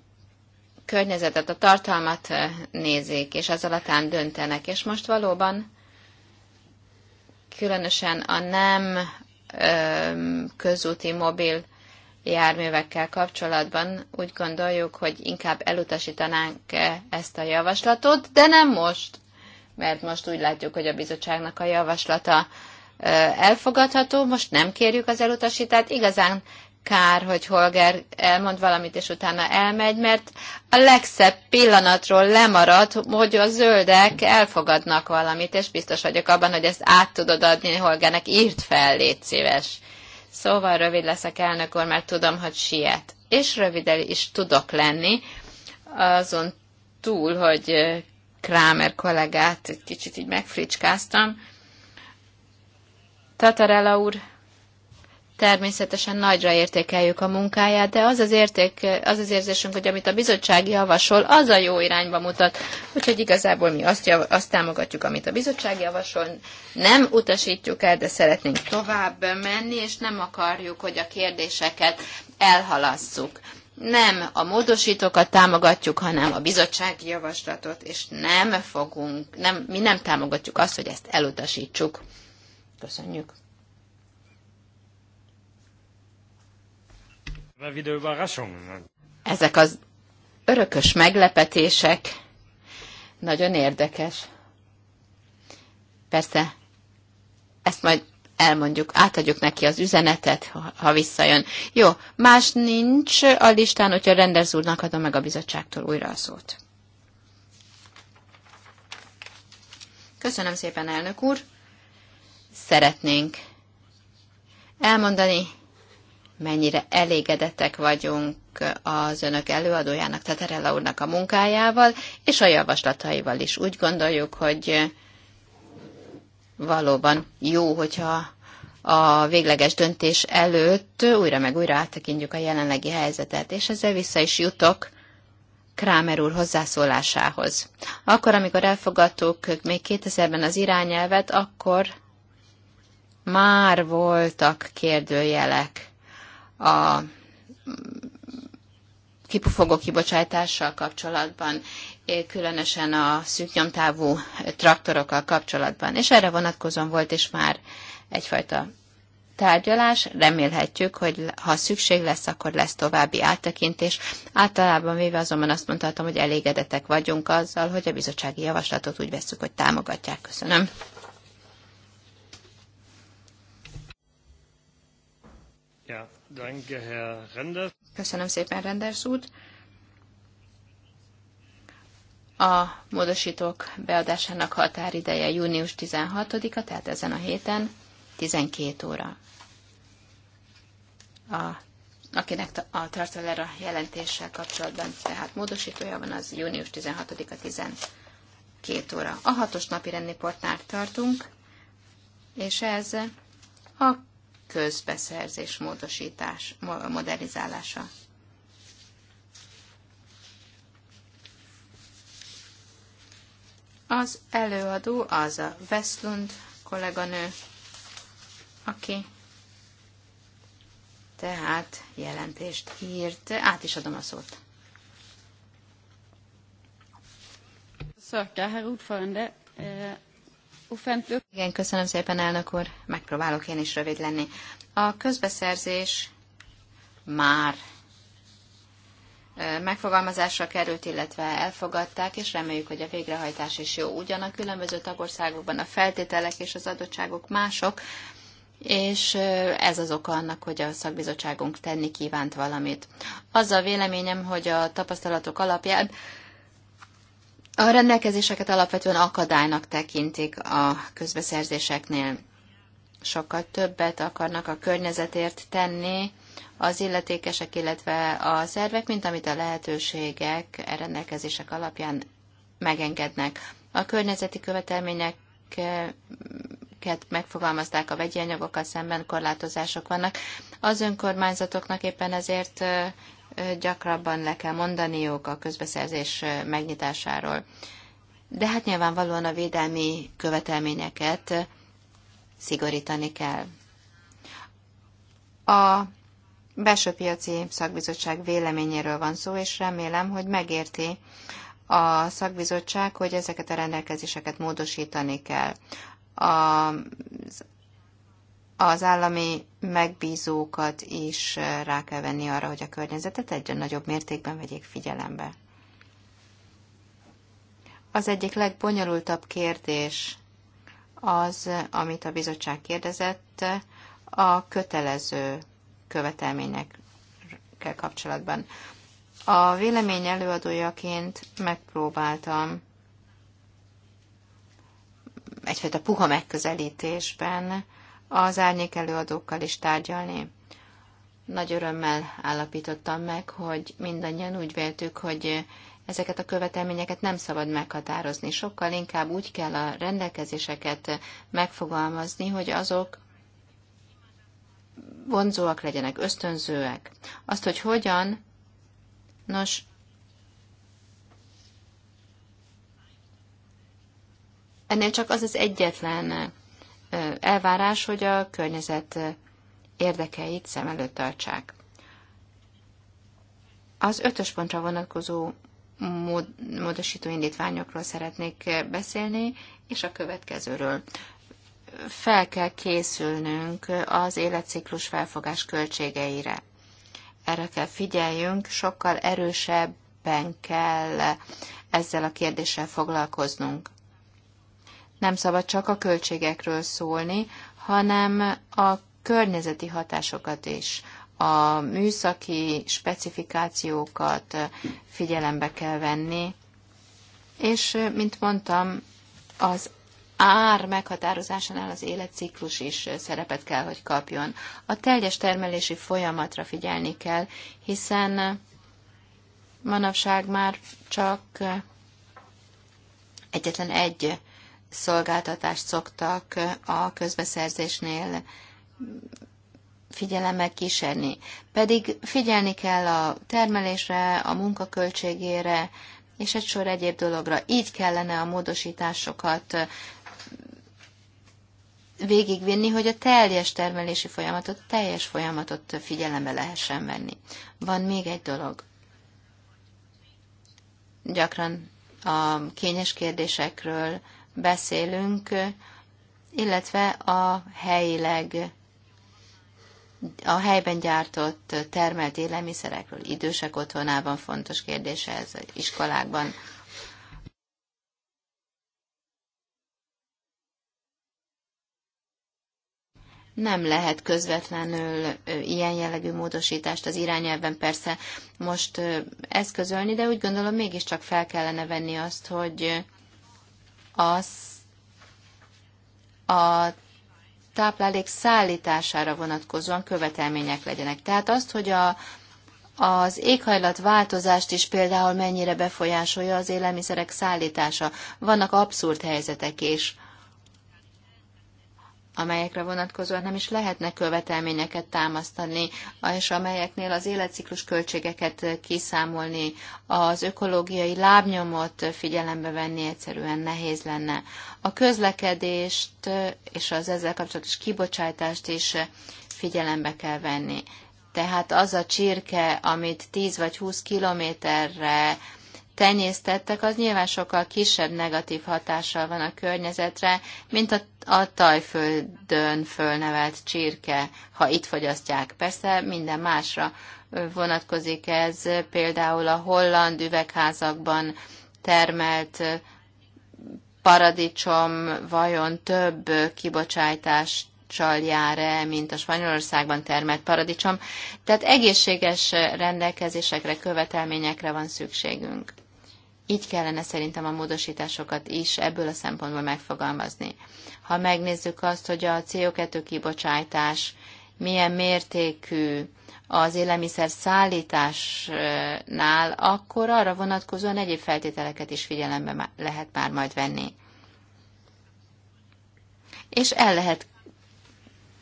környezetet, a tartalmat nézik, és az alatán döntenek. És most valóban különösen a nem közúti mobil járművekkel kapcsolatban úgy gondoljuk, hogy inkább elutasítanánk ezt a javaslatot, de nem most, mert most úgy látjuk, hogy a bizottságnak a javaslata elfogadható, most nem kérjük az elutasítást, igazán kár, hogy Holger elmond valamit, és utána elmegy, mert a legszebb pillanatról lemarad, hogy a zöldek elfogadnak valamit, és biztos vagyok abban, hogy ezt át tudod adni Holgernek, írt fel, légy szíves. Szóval rövid leszek elnök úr, mert tudom, hogy siet. És rövidel is tudok lenni, azon túl, hogy Kramer kollégát egy kicsit így megfricskáztam. Tatarella úr, Természetesen nagyra értékeljük a munkáját, de az az, érték, az az érzésünk, hogy amit a bizottság javasol, az a jó irányba mutat. Úgyhogy igazából mi azt, jav, azt támogatjuk, amit a bizottság javasol, nem utasítjuk el, de szeretnénk tovább menni, és nem akarjuk, hogy a kérdéseket elhalasszuk. Nem a módosítókat támogatjuk, hanem a bizottsági javaslatot, és nem fogunk, nem, mi nem támogatjuk azt, hogy ezt elutasítsuk. Köszönjük. Ezek az örökös meglepetések nagyon érdekes. Persze, ezt majd elmondjuk, átadjuk neki az üzenetet, ha, ha visszajön. Jó, más nincs a listán, hogyha rendez úrnak adom meg a bizottságtól újra a szót. Köszönöm szépen, elnök úr. Szeretnénk elmondani mennyire elégedettek vagyunk az önök előadójának, Tatarella úrnak a munkájával, és a javaslataival is. Úgy gondoljuk, hogy valóban jó, hogyha a végleges döntés előtt újra meg újra áttekintjük a jelenlegi helyzetet, és ezzel vissza is jutok Krámer úr hozzászólásához. Akkor, amikor elfogadtuk még 2000-ben az irányelvet, akkor már voltak kérdőjelek a kipufogó kibocsátással kapcsolatban, különösen a szűknyomtávú traktorokkal kapcsolatban. És erre vonatkozóan volt is már egyfajta tárgyalás, remélhetjük, hogy ha szükség lesz, akkor lesz további áttekintés. Általában véve azonban azt mondhatom, hogy elégedetek vagyunk azzal, hogy a bizottsági javaslatot úgy veszük, hogy támogatják. Köszönöm. Köszönöm szépen, Renders úr. A módosítók beadásának határideje június 16-a, tehát ezen a héten 12 óra. A, akinek a Tartalera jelentéssel kapcsolatban, tehát módosítója van, az június 16-a 12 óra. A hatos napi rendi portnál tartunk, és ez a közbeszerzés módosítás, modernizálása. Az előadó az a Westlund kolléganő, aki tehát jelentést írt. Át is adom a szót. Szöke, herr ordförande. Igen, köszönöm szépen, elnök úr. Megpróbálok én is rövid lenni. A közbeszerzés már megfogalmazásra került, illetve elfogadták, és reméljük, hogy a végrehajtás is jó. Ugyan a különböző tagországokban a feltételek és az adottságok mások, és ez az oka annak, hogy a szakbizottságunk tenni kívánt valamit. Az a véleményem, hogy a tapasztalatok alapján a rendelkezéseket alapvetően akadálynak tekintik a közbeszerzéseknél. Sokkal többet akarnak a környezetért tenni az illetékesek, illetve a szervek, mint amit a lehetőségek, a e rendelkezések alapján megengednek. A környezeti követelményeket megfogalmazták a vegyi anyagokkal szemben korlátozások vannak. Az önkormányzatoknak éppen ezért gyakrabban le kell mondaniuk a közbeszerzés megnyitásáról. De hát nyilvánvalóan a védelmi követelményeket szigorítani kell. A belső piaci szakbizottság véleményéről van szó, és remélem, hogy megérti a szakbizottság, hogy ezeket a rendelkezéseket módosítani kell. Az az állami megbízókat is rá kell venni arra, hogy a környezetet egyre nagyobb mértékben vegyék figyelembe. Az egyik legbonyolultabb kérdés az, amit a bizottság kérdezett, a kötelező követelményekkel kapcsolatban. A vélemény előadójaként megpróbáltam egyfajta puha megközelítésben az árnyék előadókkal is tárgyalni. Nagy örömmel állapítottam meg, hogy mindannyian úgy véltük, hogy ezeket a követelményeket nem szabad meghatározni. Sokkal inkább úgy kell a rendelkezéseket megfogalmazni, hogy azok vonzóak legyenek, ösztönzőek. Azt, hogy hogyan, nos, ennél csak az az egyetlen elvárás, hogy a környezet érdekeit szem előtt tartsák. Az ötös pontra vonatkozó mód, módosító indítványokról szeretnék beszélni, és a következőről. Fel kell készülnünk az életciklus felfogás költségeire. Erre kell figyeljünk, sokkal erősebben kell ezzel a kérdéssel foglalkoznunk nem szabad csak a költségekről szólni, hanem a környezeti hatásokat is, a műszaki specifikációkat figyelembe kell venni, és, mint mondtam, az ár meghatározásánál az életciklus is szerepet kell, hogy kapjon. A teljes termelési folyamatra figyelni kell, hiszen manapság már csak egyetlen egy szolgáltatást szoktak a közbeszerzésnél figyelemmel kísérni. Pedig figyelni kell a termelésre, a munkaköltségére, és egy sor egyéb dologra. Így kellene a módosításokat végigvinni, hogy a teljes termelési folyamatot, a teljes folyamatot figyelembe lehessen venni. Van még egy dolog. Gyakran a kényes kérdésekről beszélünk, illetve a helyileg a helyben gyártott, termelt élelmiszerekről, idősek otthonában fontos kérdése ez iskolákban. nem lehet közvetlenül ilyen jellegű módosítást az irányelven persze most eszközölni, de úgy gondolom mégiscsak fel kellene venni azt, hogy az a táplálék szállítására vonatkozóan követelmények legyenek. Tehát azt, hogy a, az éghajlatváltozást is például mennyire befolyásolja az élelmiszerek szállítása. Vannak abszurd helyzetek is amelyekre vonatkozóan nem is lehetne követelményeket támasztani, és amelyeknél az életciklus költségeket kiszámolni, az ökológiai lábnyomot figyelembe venni egyszerűen nehéz lenne. A közlekedést és az ezzel kapcsolatos kibocsátást is figyelembe kell venni. Tehát az a csirke, amit 10 vagy 20 kilométerre tenyésztettek, az nyilván sokkal kisebb negatív hatással van a környezetre, mint a, a tajföldön fölnevelt csirke, ha itt fogyasztják. Persze minden másra vonatkozik ez, például a holland üvegházakban termelt paradicsom vajon több kibocsátást csaljára, mint a Spanyolországban termelt paradicsom. Tehát egészséges rendelkezésekre, követelményekre van szükségünk. Így kellene szerintem a módosításokat is ebből a szempontból megfogalmazni. Ha megnézzük azt, hogy a CO2 kibocsátás milyen mértékű az élelmiszer szállításnál, akkor arra vonatkozóan egyéb feltételeket is figyelembe lehet már majd venni. És el lehet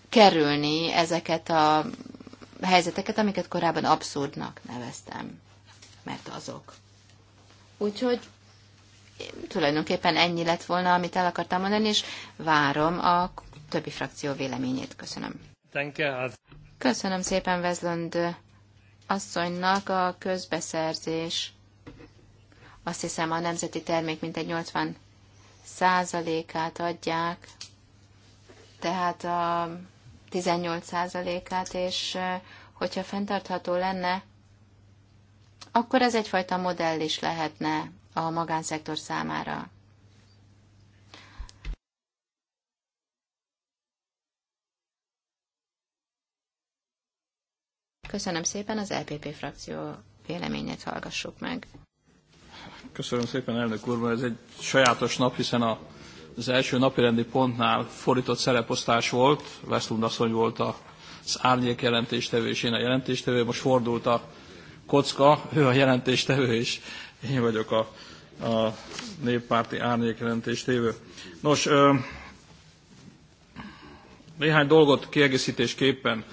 kerülni ezeket a helyzeteket, amiket korábban abszurdnak neveztem, mert azok. Úgyhogy tulajdonképpen ennyi lett volna, amit el akartam mondani, és várom a többi frakció véleményét. Köszönöm. Köszönöm szépen Vezlönd asszonynak a közbeszerzés. Azt hiszem a nemzeti termék mintegy 80 százalékát adják, tehát a 18 százalékát, és eh, hogyha fenntartható lenne, akkor ez egyfajta modell is lehetne a magánszektor számára. Köszönöm szépen, az LPP frakció véleményét hallgassuk meg. Köszönöm szépen, elnök úr, ez egy sajátos nap, hiszen a, az első napirendi pontnál fordított szereposztás volt, Veszlund asszony volt az árnyék jelentéstevő, és én a jelentéstevő, most fordult a kocka, ő a jelentéstevő, és én vagyok a, a néppárti árnyékjelentéstevő. Nos, néhány dolgot kiegészítésképpen.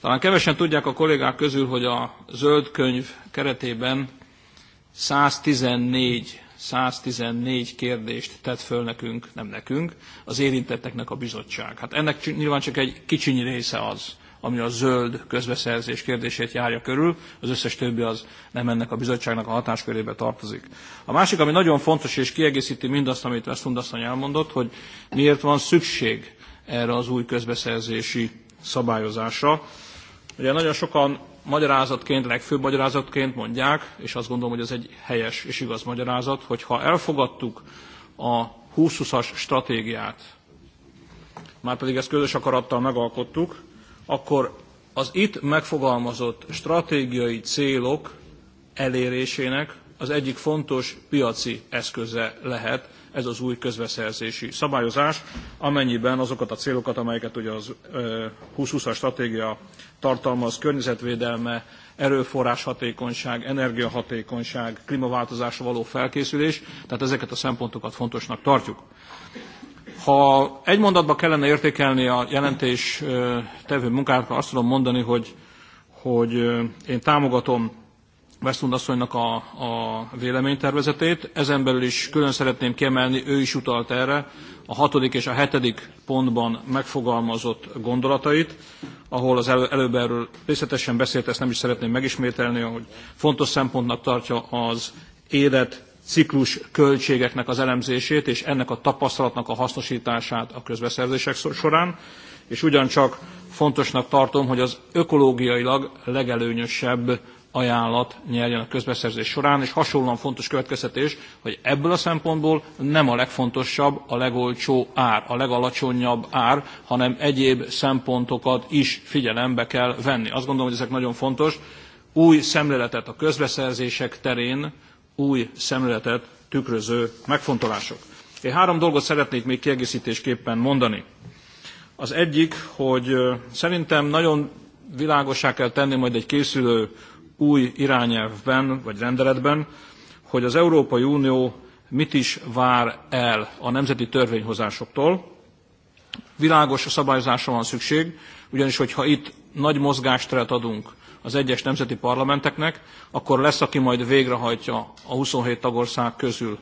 Talán kevesen tudják a kollégák közül, hogy a zöld könyv keretében 114 114 kérdést tett föl nekünk, nem nekünk, az érintetteknek a bizottság. Hát ennek nyilván csak egy kicsiny része az, ami a zöld közbeszerzés kérdését járja körül, az összes többi az nem ennek a bizottságnak a hatáskörébe tartozik. A másik, ami nagyon fontos és kiegészíti mindazt, amit Westlund elmondott, hogy miért van szükség erre az új közbeszerzési szabályozásra. Ugye nagyon sokan magyarázatként, legfőbb magyarázatként mondják, és azt gondolom, hogy ez egy helyes és igaz magyarázat, hogy ha elfogadtuk a 20 as stratégiát, már pedig ezt közös akarattal megalkottuk, akkor az itt megfogalmazott stratégiai célok elérésének az egyik fontos piaci eszköze lehet ez az új közbeszerzési szabályozás, amennyiben azokat a célokat, amelyeket ugye az 2020-as stratégia tartalmaz, környezetvédelme, erőforrás hatékonyság, energiahatékonyság, klímaváltozásra való felkészülés, tehát ezeket a szempontokat fontosnak tartjuk. Ha egy mondatba kellene értékelni a jelentés tevő munkát, azt tudom mondani, hogy, hogy én támogatom Westlund asszonynak a, a véleménytervezetét. Ezen belül is külön szeretném kiemelni, ő is utalt erre, a hatodik és a hetedik pontban megfogalmazott gondolatait, ahol az elő, előbb erről részletesen beszélt, ezt nem is szeretném megismételni, hogy fontos szempontnak tartja az élet ciklus költségeknek az elemzését és ennek a tapasztalatnak a hasznosítását a közbeszerzések során, és ugyancsak fontosnak tartom, hogy az ökológiailag legelőnyösebb ajánlat nyerjen a közbeszerzés során, és hasonlóan fontos következtetés, hogy ebből a szempontból nem a legfontosabb, a legolcsó ár, a legalacsonyabb ár, hanem egyéb szempontokat is figyelembe kell venni. Azt gondolom, hogy ezek nagyon fontos. Új szemléletet a közbeszerzések terén új szemléletet tükröző megfontolások. Én három dolgot szeretnék még kiegészítésképpen mondani. Az egyik, hogy szerintem nagyon világosá kell tenni majd egy készülő új irányelvben vagy rendeletben, hogy az Európai Unió mit is vár el a nemzeti törvényhozásoktól. Világos szabályozásra van szükség, ugyanis hogyha itt nagy mozgásteret adunk az egyes nemzeti parlamenteknek, akkor lesz, aki majd végrehajtja a 27 tagország közül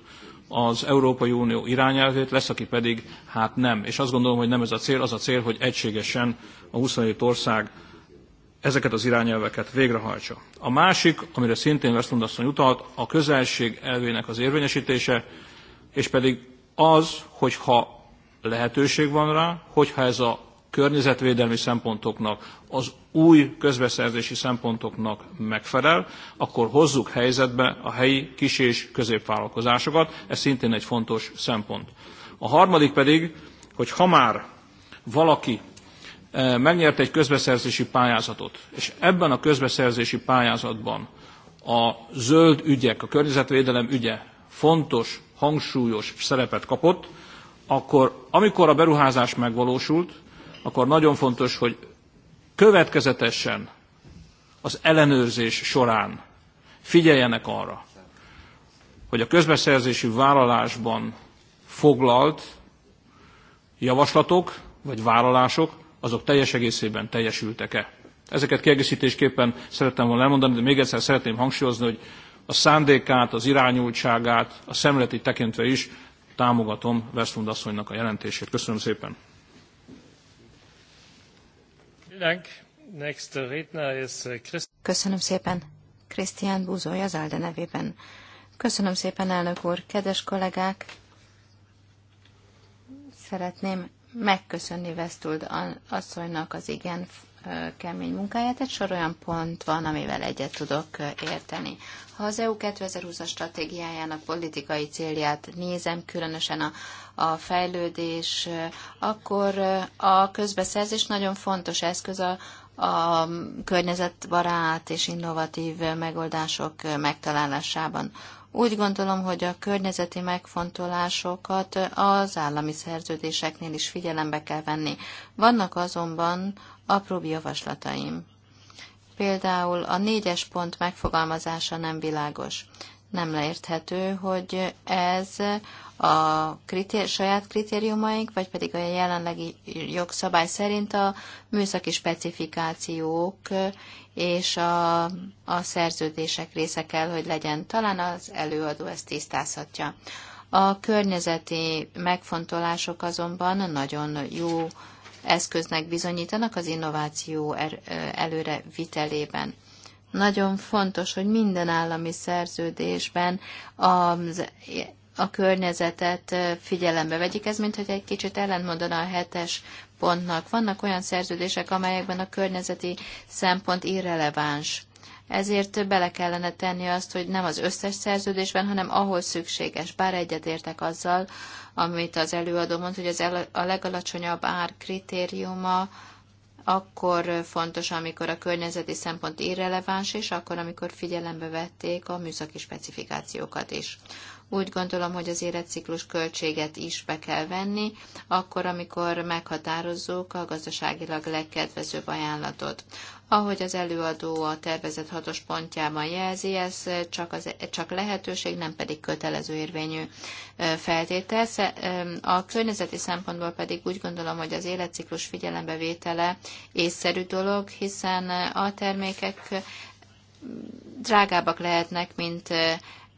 az Európai Unió irányelvét, lesz, aki pedig hát nem. És azt gondolom, hogy nem ez a cél, az a cél, hogy egységesen a 27 ország ezeket az irányelveket végrehajtsa. A másik, amire szintén Veszlund asszony utalt, a közelség elvének az érvényesítése, és pedig az, hogyha lehetőség van rá, hogyha ez a környezetvédelmi szempontoknak, az új közbeszerzési szempontoknak megfelel, akkor hozzuk helyzetbe a helyi kis- és középvállalkozásokat. Ez szintén egy fontos szempont. A harmadik pedig, hogy ha már valaki e, megnyert egy közbeszerzési pályázatot, és ebben a közbeszerzési pályázatban a zöld ügyek, a környezetvédelem ügye fontos, hangsúlyos szerepet kapott, akkor amikor a beruházás megvalósult, akkor nagyon fontos, hogy következetesen az ellenőrzés során figyeljenek arra, hogy a közbeszerzési vállalásban foglalt javaslatok vagy vállalások, azok teljes egészében teljesültek-e. Ezeket kiegészítésképpen szerettem volna elmondani, de még egyszer szeretném hangsúlyozni, hogy a szándékát, az irányultságát, a szemleti tekintve is támogatom Westlund asszonynak a jelentését. Köszönöm szépen! Äh, Köszönöm szépen. Krisztián Búzolja az Alde nevében. Köszönöm szépen, elnök úr. Kedves kollégák, szeretném megköszönni Vestuld asszonynak az igen kemény munkáját. Egy sor olyan pont van, amivel egyet tudok érteni. Ha az EU 2020-as stratégiájának politikai célját nézem, különösen a, a fejlődés, akkor a közbeszerzés nagyon fontos eszköz a, a környezetbarát és innovatív megoldások megtalálásában. Úgy gondolom, hogy a környezeti megfontolásokat az állami szerződéseknél is figyelembe kell venni. Vannak azonban apróbb javaslataim. Például a négyes pont megfogalmazása nem világos. Nem leérthető, hogy ez a kritér, saját kritériumaink, vagy pedig a jelenlegi jogszabály szerint a műszaki specifikációk és a, a szerződések része kell, hogy legyen. Talán az előadó ezt tisztázhatja. A környezeti megfontolások azonban nagyon jó eszköznek bizonyítanak az innováció er-, előre vitelében. Nagyon fontos, hogy minden állami szerződésben az a környezetet figyelembe vegyik. Ez mintha egy kicsit ellentmondana a hetes pontnak. Vannak olyan szerződések, amelyekben a környezeti szempont irreleváns. Ezért bele kellene tenni azt, hogy nem az összes szerződésben, hanem ahol szükséges. Bár egyetértek azzal, amit az előadó mond, hogy az a legalacsonyabb ár kritériuma akkor fontos, amikor a környezeti szempont irreleváns, és akkor, amikor figyelembe vették a műszaki specifikációkat is. Úgy gondolom, hogy az életciklus költséget is be kell venni, akkor, amikor meghatározzuk a gazdaságilag legkedvezőbb ajánlatot. Ahogy az előadó a tervezett hatos pontjában jelzi, ez csak, az, csak lehetőség, nem pedig kötelező érvényű feltétel. A környezeti szempontból pedig úgy gondolom, hogy az életciklus vétele észszerű dolog, hiszen a termékek drágábbak lehetnek, mint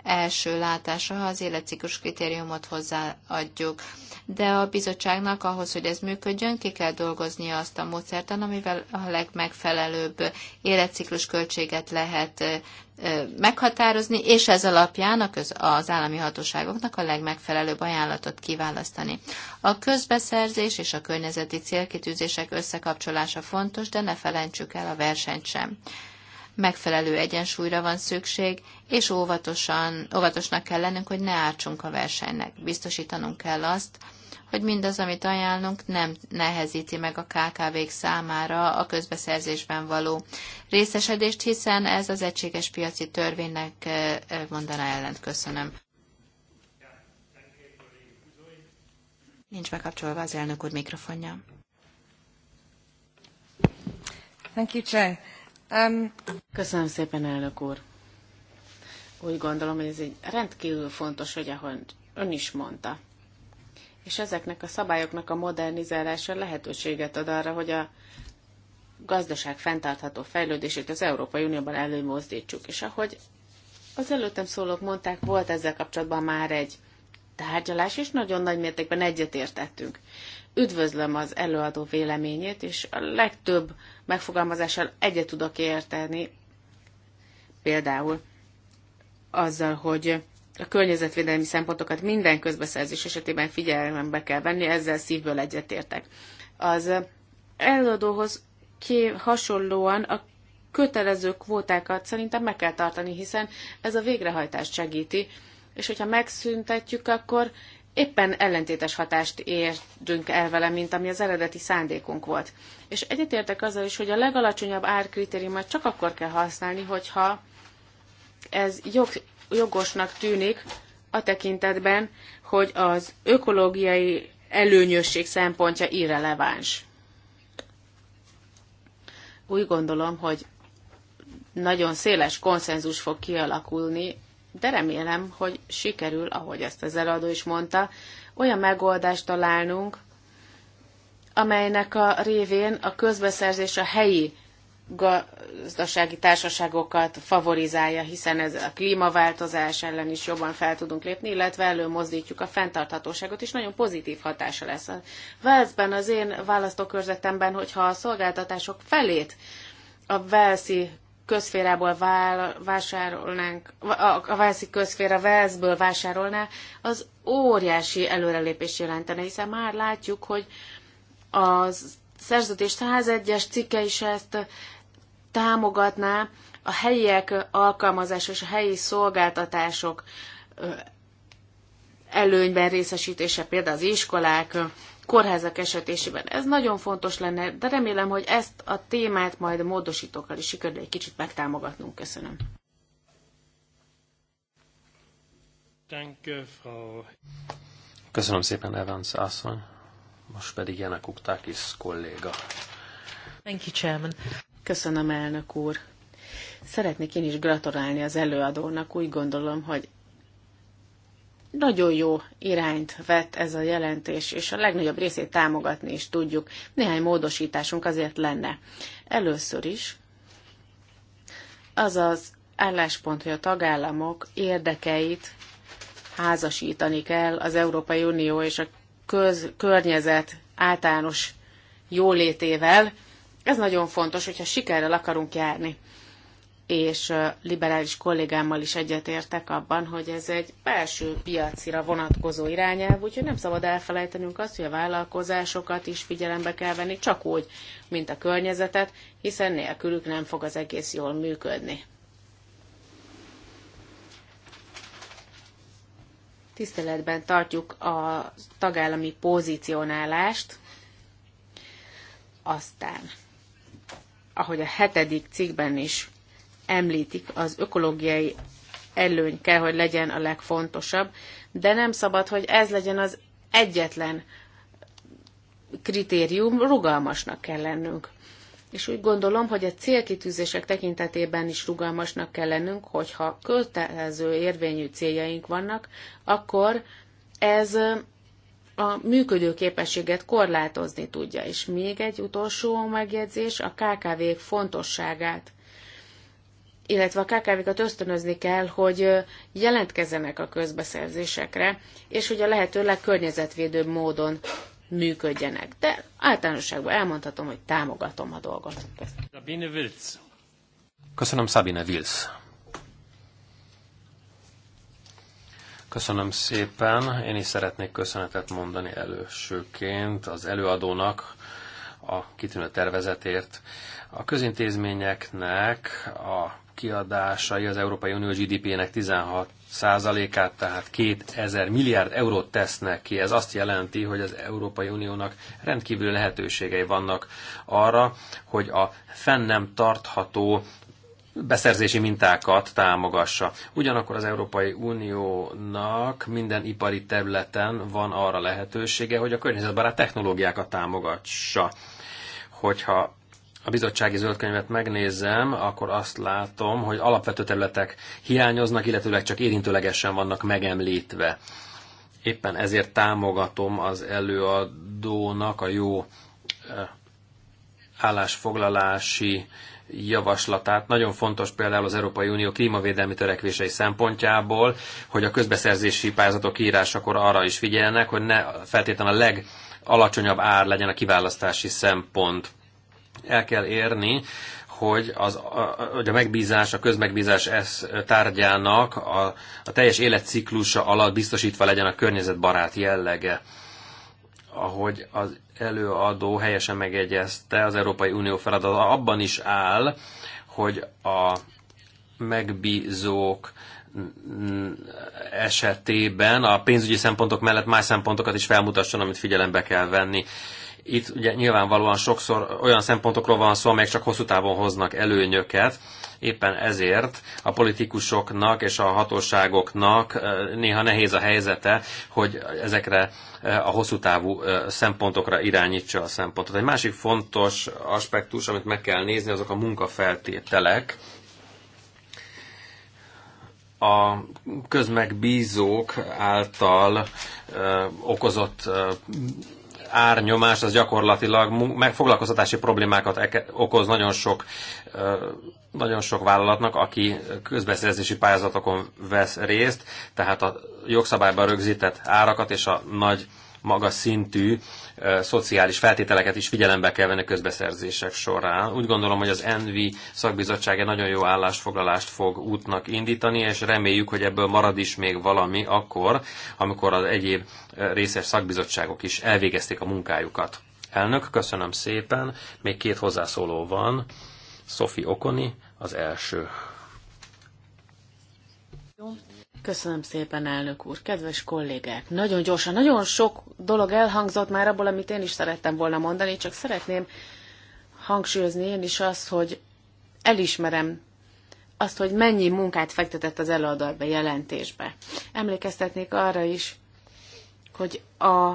első látásra, ha az életciklus kritériumot hozzáadjuk. De a bizottságnak ahhoz, hogy ez működjön, ki kell dolgoznia azt a módszertan, amivel a legmegfelelőbb életciklus költséget lehet meghatározni, és ez alapján a az állami hatóságoknak a legmegfelelőbb ajánlatot kiválasztani. A közbeszerzés és a környezeti célkitűzések összekapcsolása fontos, de ne felejtsük el a versenyt sem megfelelő egyensúlyra van szükség, és óvatosan, óvatosnak kell lennünk, hogy ne ártsunk a versenynek. Biztosítanunk kell azt, hogy mindaz, amit ajánlunk, nem nehezíti meg a KKV-k számára a közbeszerzésben való részesedést, hiszen ez az egységes piaci törvénynek mondaná ellent. Köszönöm. Nincs bekapcsolva az elnök úr mikrofonja. Thank you, Chair. Um, Köszönöm szépen, elnök úr. Úgy gondolom, hogy ez egy rendkívül fontos, hogy ahol ön is mondta. És ezeknek a szabályoknak a modernizálása lehetőséget ad arra, hogy a gazdaság fenntartható fejlődését az Európai Unióban előmozdítsuk. És ahogy az előttem szólók mondták, volt ezzel kapcsolatban már egy tárgyalás, és nagyon nagy mértékben egyetértettünk. Üdvözlöm az előadó véleményét, és a legtöbb megfogalmazással egyet tudok érteni, például azzal, hogy a környezetvédelmi szempontokat minden közbeszerzés esetében figyelembe kell venni, ezzel szívből egyetértek. Az előadóhoz ké hasonlóan a kötelező kvótákat szerintem meg kell tartani, hiszen ez a végrehajtást segíti, és hogyha megszüntetjük, akkor éppen ellentétes hatást értünk el vele, mint ami az eredeti szándékunk volt. És egyetértek azzal is, hogy a legalacsonyabb árkritériumot csak akkor kell használni, hogyha ez jog, jogosnak tűnik a tekintetben, hogy az ökológiai előnyösség szempontja irreleváns. Úgy gondolom, hogy nagyon széles konszenzus fog kialakulni de remélem, hogy sikerül, ahogy ezt az eladó is mondta, olyan megoldást találnunk, amelynek a révén a közbeszerzés a helyi gazdasági társaságokat favorizálja, hiszen ez a klímaváltozás ellen is jobban fel tudunk lépni, illetve előmozdítjuk a fenntarthatóságot, és nagyon pozitív hatása lesz. A Velszben, az én választókörzetemben, hogyha a szolgáltatások felét a Velszi közférából vál, vásárolnánk, a, a Velszi közféra Velszből vásárolná, az óriási előrelépés jelentene, hiszen már látjuk, hogy a szerződés 101-es cikke is ezt támogatná, a helyiek alkalmazása és a helyi szolgáltatások előnyben részesítése, például az iskolák, kórházak esetésében. Ez nagyon fontos lenne, de remélem, hogy ezt a témát majd a módosítókkal is sikerül egy kicsit megtámogatnunk. Köszönöm. Köszönöm szépen, Evans asszony. Most pedig Jenek Uktákis kolléga. Thank you, Chairman. Köszönöm, elnök úr. Szeretnék én is gratulálni az előadónak. Úgy gondolom, hogy nagyon jó irányt vett ez a jelentés, és a legnagyobb részét támogatni is tudjuk. Néhány módosításunk azért lenne. Először is az az álláspont, hogy a tagállamok érdekeit házasítani kell az Európai Unió és a köz, környezet általános jólétével. Ez nagyon fontos, hogyha sikerrel akarunk járni és liberális kollégámmal is egyetértek abban, hogy ez egy belső piacira vonatkozó irányelv, úgyhogy nem szabad elfelejtenünk azt, hogy a vállalkozásokat is figyelembe kell venni, csak úgy, mint a környezetet, hiszen nélkülük nem fog az egész jól működni. Tiszteletben tartjuk a tagállami pozícionálást, aztán, ahogy a hetedik cikkben is említik, az ökológiai előny kell, hogy legyen a legfontosabb, de nem szabad, hogy ez legyen az egyetlen kritérium, rugalmasnak kell lennünk. És úgy gondolom, hogy a célkitűzések tekintetében is rugalmasnak kell lennünk, hogyha kötelező érvényű céljaink vannak, akkor ez a működőképességet korlátozni tudja. És még egy utolsó megjegyzés, a KKV-k fontosságát illetve a KKV-kat ösztönözni kell, hogy jelentkezzenek a közbeszerzésekre, és hogy a lehető legkörnyezetvédőbb módon működjenek. De általánosságban elmondhatom, hogy támogatom a dolgot. Sabine Wils. Köszönöm, Sabine Wils. Köszönöm szépen. Én is szeretnék köszönetet mondani elősőként az előadónak a kitűnő tervezetért. A közintézményeknek a kiadásai az Európai Unió GDP-nek 16 százalékát, tehát 2000 milliárd eurót tesznek ki. Ez azt jelenti, hogy az Európai Uniónak rendkívül lehetőségei vannak arra, hogy a fenn nem tartható beszerzési mintákat támogassa. Ugyanakkor az Európai Uniónak minden ipari területen van arra lehetősége, hogy a környezetbarát technológiákat támogassa. Hogyha a bizottsági zöldkönyvet megnézem, akkor azt látom, hogy alapvető területek hiányoznak, illetőleg csak érintőlegesen vannak megemlítve. Éppen ezért támogatom az előadónak a jó állásfoglalási javaslatát. Nagyon fontos például az Európai Unió klímavédelmi törekvései szempontjából, hogy a közbeszerzési pályázatok írásakor arra is figyelnek, hogy ne feltétlenül a legalacsonyabb ár legyen a kiválasztási szempont el kell érni, hogy, az, a, hogy a megbízás, a közmegbízás ez tárgyának a, a teljes életciklusa alatt biztosítva legyen a környezetbarát jellege. Ahogy az előadó helyesen megegyezte, az Európai Unió feladata abban is áll, hogy a megbízók esetében a pénzügyi szempontok mellett más szempontokat is felmutasson, amit figyelembe kell venni. Itt ugye nyilvánvalóan sokszor olyan szempontokról van szó, amelyek csak hosszú távon hoznak előnyöket, éppen ezért a politikusoknak és a hatóságoknak néha nehéz a helyzete, hogy ezekre a hosszú távú szempontokra irányítsa a szempontot. Egy másik fontos aspektus, amit meg kell nézni, azok a munkafeltételek, a közmegbízók által ö, okozott ö, árnyomás az gyakorlatilag megfoglalkoztatási problémákat okoz nagyon sok, nagyon sok vállalatnak, aki közbeszerzési pályázatokon vesz részt, tehát a jogszabályban rögzített árakat és a nagy magas szintű szociális feltételeket is figyelembe kell venni közbeszerzések során. Úgy gondolom, hogy az ENVI szakbizottság egy nagyon jó állásfoglalást fog útnak indítani, és reméljük, hogy ebből marad is még valami akkor, amikor az egyéb részes szakbizottságok is elvégezték a munkájukat. Elnök, köszönöm szépen. Még két hozzászóló van. Sophie Okoni az első. Köszönöm szépen, elnök úr. Kedves kollégák, nagyon gyorsan, nagyon sok dolog elhangzott már abból, amit én is szerettem volna mondani, csak szeretném hangsúlyozni én is azt, hogy elismerem azt, hogy mennyi munkát fektetett az előadó jelentésbe. Emlékeztetnék arra is, hogy a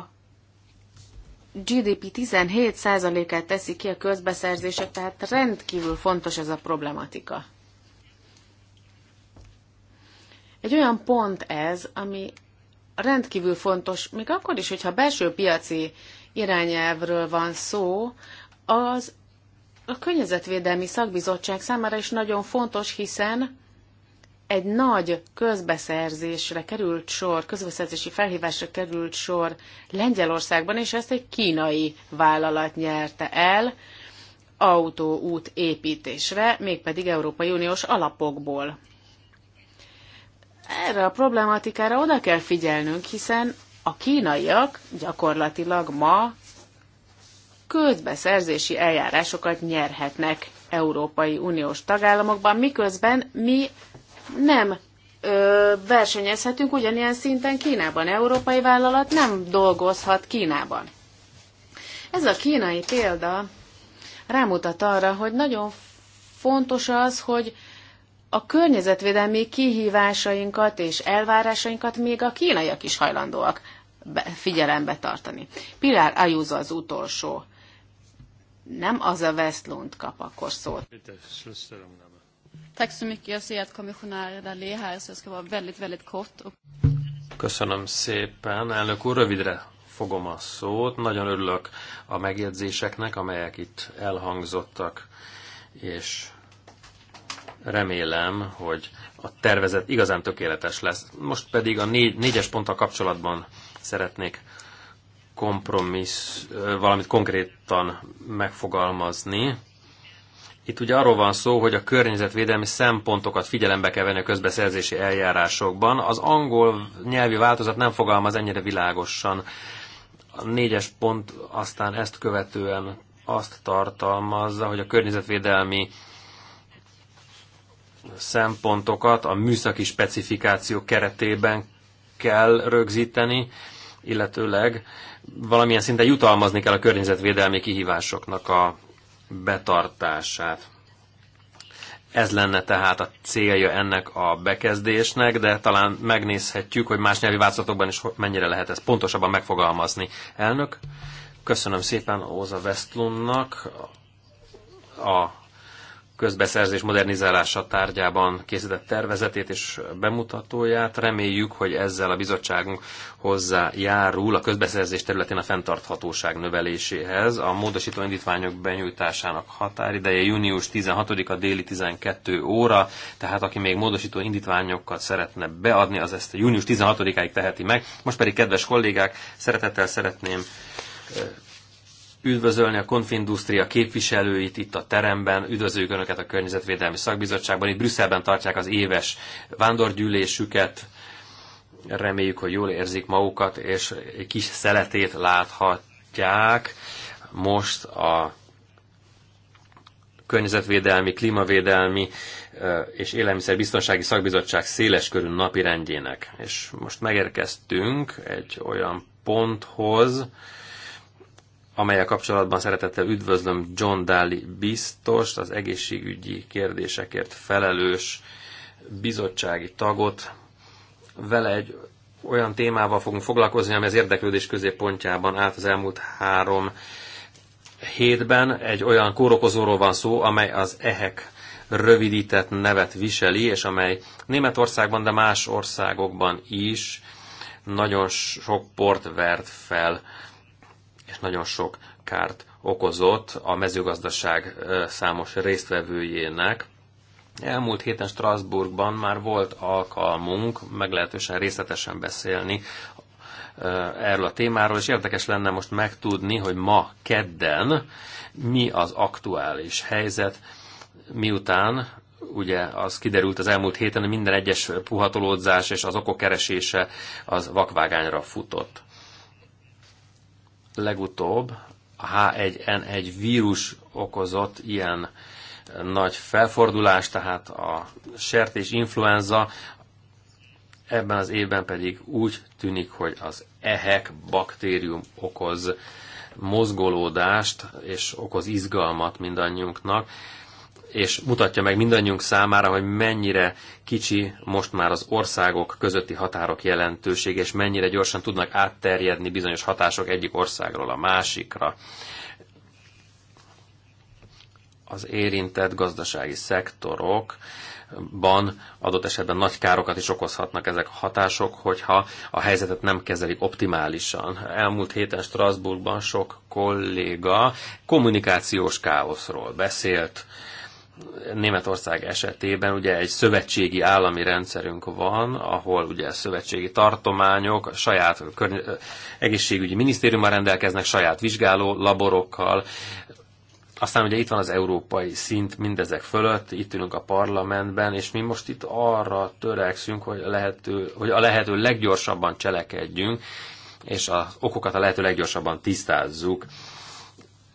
GDP 17%-át teszi ki a közbeszerzések, tehát rendkívül fontos ez a problematika. Egy olyan pont ez, ami rendkívül fontos, még akkor is, hogyha belső piaci irányelvről van szó, az a Környezetvédelmi Szakbizottság számára is nagyon fontos, hiszen egy nagy közbeszerzésre került sor, közbeszerzési felhívásra került sor Lengyelországban, és ezt egy kínai vállalat nyerte el autóút építésre, mégpedig Európai Uniós alapokból erre a problematikára oda kell figyelnünk, hiszen a kínaiak gyakorlatilag ma közbeszerzési eljárásokat nyerhetnek Európai Uniós tagállamokban, miközben mi nem ö, versenyezhetünk ugyanilyen szinten Kínában. Európai vállalat nem dolgozhat Kínában. Ez a kínai példa rámutat arra, hogy nagyon fontos az, hogy a környezetvédelmi kihívásainkat és elvárásainkat még a kínaiak is hajlandóak figyelembe tartani. Pilar Ayuso az utolsó. Nem az a Westlund kap akkor szót. Köszönöm szépen. Elnök úr, rövidre fogom a szót. Nagyon örülök a megjegyzéseknek, amelyek itt elhangzottak, és Remélem, hogy a tervezet igazán tökéletes lesz. Most pedig a négy, négyes ponttal kapcsolatban szeretnék kompromissz, valamit konkrétan megfogalmazni. Itt ugye arról van szó, hogy a környezetvédelmi szempontokat figyelembe kell venni a közbeszerzési eljárásokban. Az angol nyelvi változat nem fogalmaz ennyire világosan. A négyes pont aztán ezt követően azt tartalmazza, hogy a környezetvédelmi szempontokat a műszaki specifikáció keretében kell rögzíteni, illetőleg valamilyen szinten jutalmazni kell a környezetvédelmi kihívásoknak a betartását. Ez lenne tehát a célja ennek a bekezdésnek, de talán megnézhetjük, hogy más nyelvi változatokban is mennyire lehet ezt pontosabban megfogalmazni. Elnök, köszönöm szépen Óza Westlundnak a közbeszerzés modernizálása tárgyában készített tervezetét és bemutatóját. Reméljük, hogy ezzel a bizottságunk hozzájárul a közbeszerzés területén a fenntarthatóság növeléséhez. A módosító indítványok benyújtásának határideje június 16-a déli 12 óra, tehát aki még módosító indítványokat szeretne beadni, az ezt június 16-áig teheti meg. Most pedig, kedves kollégák, szeretettel szeretném üdvözölni a konfindusztria képviselőit itt a teremben, üdvözöljük Önöket a Környezetvédelmi Szakbizottságban, itt Brüsszelben tartják az éves vándorgyűlésüket, reméljük, hogy jól érzik magukat, és egy kis szeletét láthatják most a környezetvédelmi, klímavédelmi és élelmiszerbiztonsági szakbizottság széles körű rendjének. És most megérkeztünk egy olyan ponthoz, amelyek kapcsolatban szeretettel üdvözlöm John Daly biztost, az egészségügyi kérdésekért felelős bizottsági tagot. Vele egy olyan témával fogunk foglalkozni, ami az érdeklődés középpontjában állt az elmúlt három hétben. Egy olyan kórokozóról van szó, amely az EHEK rövidített nevet viseli, és amely Németországban, de más országokban is nagyon sok port vert fel nagyon sok kárt okozott a mezőgazdaság számos résztvevőjének. Elmúlt héten Strasbourgban már volt alkalmunk meglehetősen részletesen beszélni erről a témáról, és érdekes lenne most megtudni, hogy ma kedden mi az aktuális helyzet, miután ugye az kiderült az elmúlt héten, hogy minden egyes puhatolódzás és az okok keresése az vakvágányra futott legutóbb a H1N1 vírus okozott ilyen nagy felfordulás, tehát a sertés influenza, ebben az évben pedig úgy tűnik, hogy az ehek baktérium okoz mozgolódást és okoz izgalmat mindannyiunknak és mutatja meg mindannyiunk számára, hogy mennyire kicsi most már az országok közötti határok jelentősége, és mennyire gyorsan tudnak átterjedni bizonyos hatások egyik országról a másikra. Az érintett gazdasági szektorok ban adott esetben nagy károkat is okozhatnak ezek a hatások, hogyha a helyzetet nem kezelik optimálisan. Elmúlt héten Strasbourgban sok kolléga kommunikációs káoszról beszélt, Németország esetében ugye egy szövetségi állami rendszerünk van, ahol ugye szövetségi tartományok a saját egészségügyi minisztériummal rendelkeznek, saját vizsgáló laborokkal. Aztán ugye itt van az európai szint mindezek fölött, itt ülünk a parlamentben, és mi most itt arra törekszünk, hogy a lehető, hogy a lehető leggyorsabban cselekedjünk, és az okokat a lehető leggyorsabban tisztázzuk.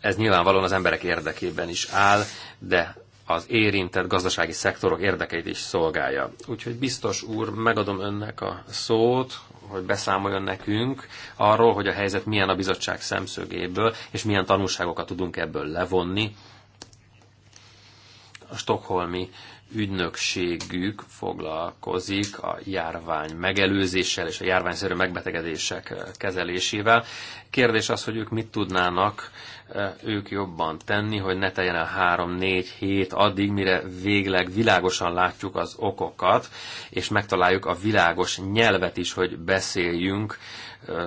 Ez nyilvánvalóan az emberek érdekében is áll, de az érintett gazdasági szektorok érdekeit is szolgálja. Úgyhogy biztos úr, megadom önnek a szót, hogy beszámoljon nekünk arról, hogy a helyzet milyen a bizottság szemszögéből, és milyen tanulságokat tudunk ebből levonni a stokholmi ügynökségük foglalkozik a járvány megelőzéssel és a járványszerű megbetegedések kezelésével. Kérdés az, hogy ők mit tudnának e, ők jobban tenni, hogy ne teljen el három-négy hét addig, mire végleg világosan látjuk az okokat, és megtaláljuk a világos nyelvet is, hogy beszéljünk e,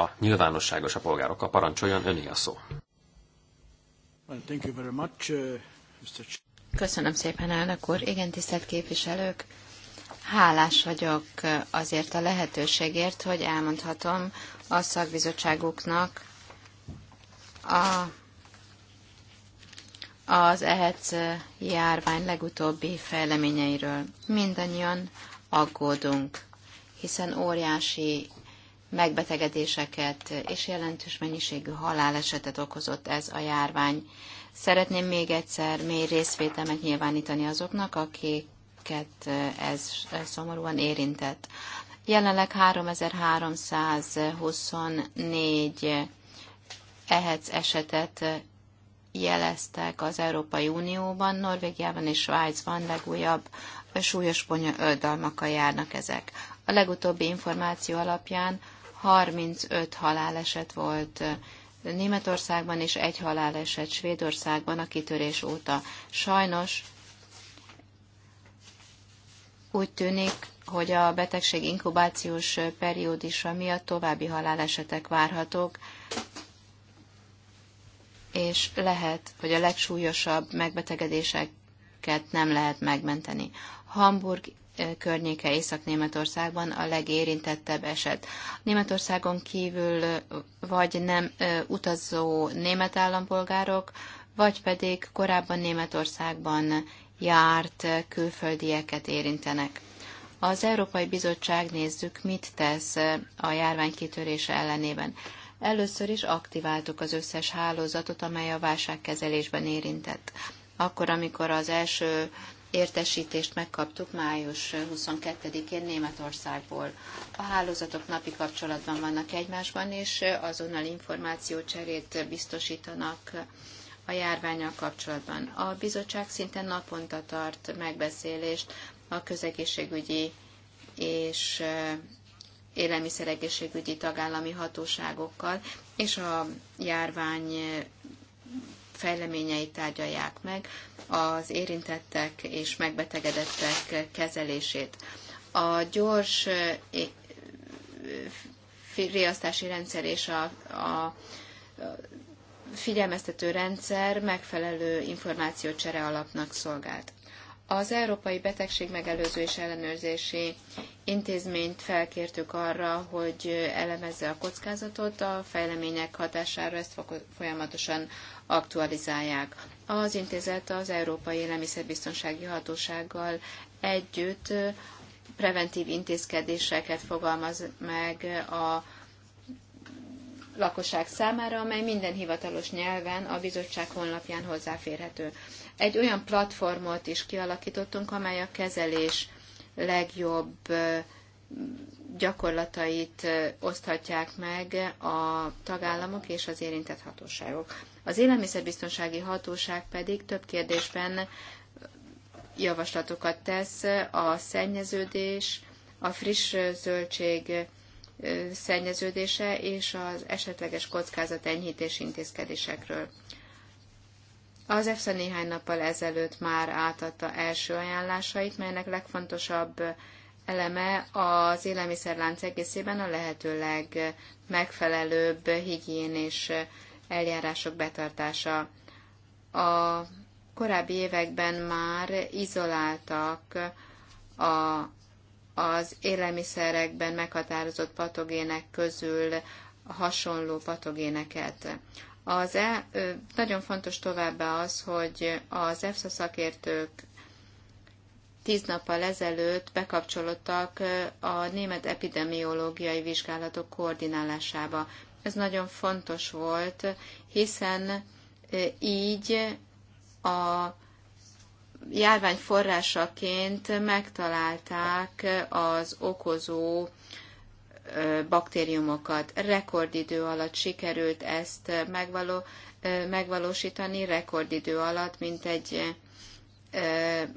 a nyilvánosságos a polgárokkal. Parancsoljon, öné a szó. Well, thank you very much, uh, Mr. Köszönöm szépen, elnök úr. Igen, tisztelt képviselők. Hálás vagyok azért a lehetőségért, hogy elmondhatom a szakbizottságuknak a, az ehhez járvány legutóbbi fejleményeiről. Mindannyian aggódunk, hiszen óriási megbetegedéseket és jelentős mennyiségű halálesetet okozott ez a járvány. Szeretném még egyszer mély részvételmet nyilvánítani azoknak, akiket ez szomorúan érintett. Jelenleg 3324 ehhez esetet jeleztek az Európai Unióban, Norvégiában és Svájcban legújabb súlyos bonyodalmakkal járnak ezek. A legutóbbi információ alapján 35 haláleset volt Németországban és egy haláleset Svédországban a kitörés óta. Sajnos úgy tűnik, hogy a betegség inkubációs periódusa miatt további halálesetek várhatók, és lehet, hogy a legsúlyosabb megbetegedéseket nem lehet megmenteni. Hamburg környéke Észak-Németországban a legérintettebb eset. Németországon kívül vagy nem utazó német állampolgárok, vagy pedig korábban Németországban járt külföldieket érintenek. Az Európai Bizottság nézzük, mit tesz a járvány kitörése ellenében. Először is aktiváltuk az összes hálózatot, amely a válságkezelésben érintett. Akkor, amikor az első értesítést megkaptuk május 22-én Németországból. A hálózatok napi kapcsolatban vannak egymásban, és azonnal információcserét biztosítanak a járványal kapcsolatban. A bizottság szinte naponta tart megbeszélést a közegészségügyi és eh, élelmiszeregészségügyi tagállami hatóságokkal és a járvány fejleményeit tárgyalják meg, az érintettek és megbetegedettek kezelését. A gyors riasztási rendszer és a, a figyelmeztető rendszer megfelelő információcsere alapnak szolgált. Az Európai Betegség Megelőző és Ellenőrzési Intézményt felkértük arra, hogy elemezze a kockázatot, a fejlemények hatására ezt folyamatosan aktualizálják. Az intézet az Európai Élelmiszerbiztonsági Hatósággal együtt preventív intézkedéseket fogalmaz meg a lakosság számára, amely minden hivatalos nyelven a bizottság honlapján hozzáférhető. Egy olyan platformot is kialakítottunk, amely a kezelés legjobb gyakorlatait oszthatják meg a tagállamok és az érintett hatóságok. Az élelmiszerbiztonsági hatóság pedig több kérdésben javaslatokat tesz a szennyeződés, a friss zöldség szennyeződése és az esetleges enyhítés intézkedésekről. Az EFSA néhány nappal ezelőtt már átadta első ajánlásait, melynek legfontosabb eleme az élelmiszerlánc egészében a lehető legmegfelelőbb higién és eljárások betartása. A korábbi években már izoláltak a, az élelmiszerekben meghatározott patogének közül hasonló patogéneket. Az e, nagyon fontos továbbá az, hogy az EFSA szakértők tíz nappal ezelőtt bekapcsolódtak a német epidemiológiai vizsgálatok koordinálásába. Ez nagyon fontos volt, hiszen így a járvány forrásaként megtalálták az okozó baktériumokat. Rekordidő alatt sikerült ezt megvaló, megvalósítani, rekordidő alatt, mint egy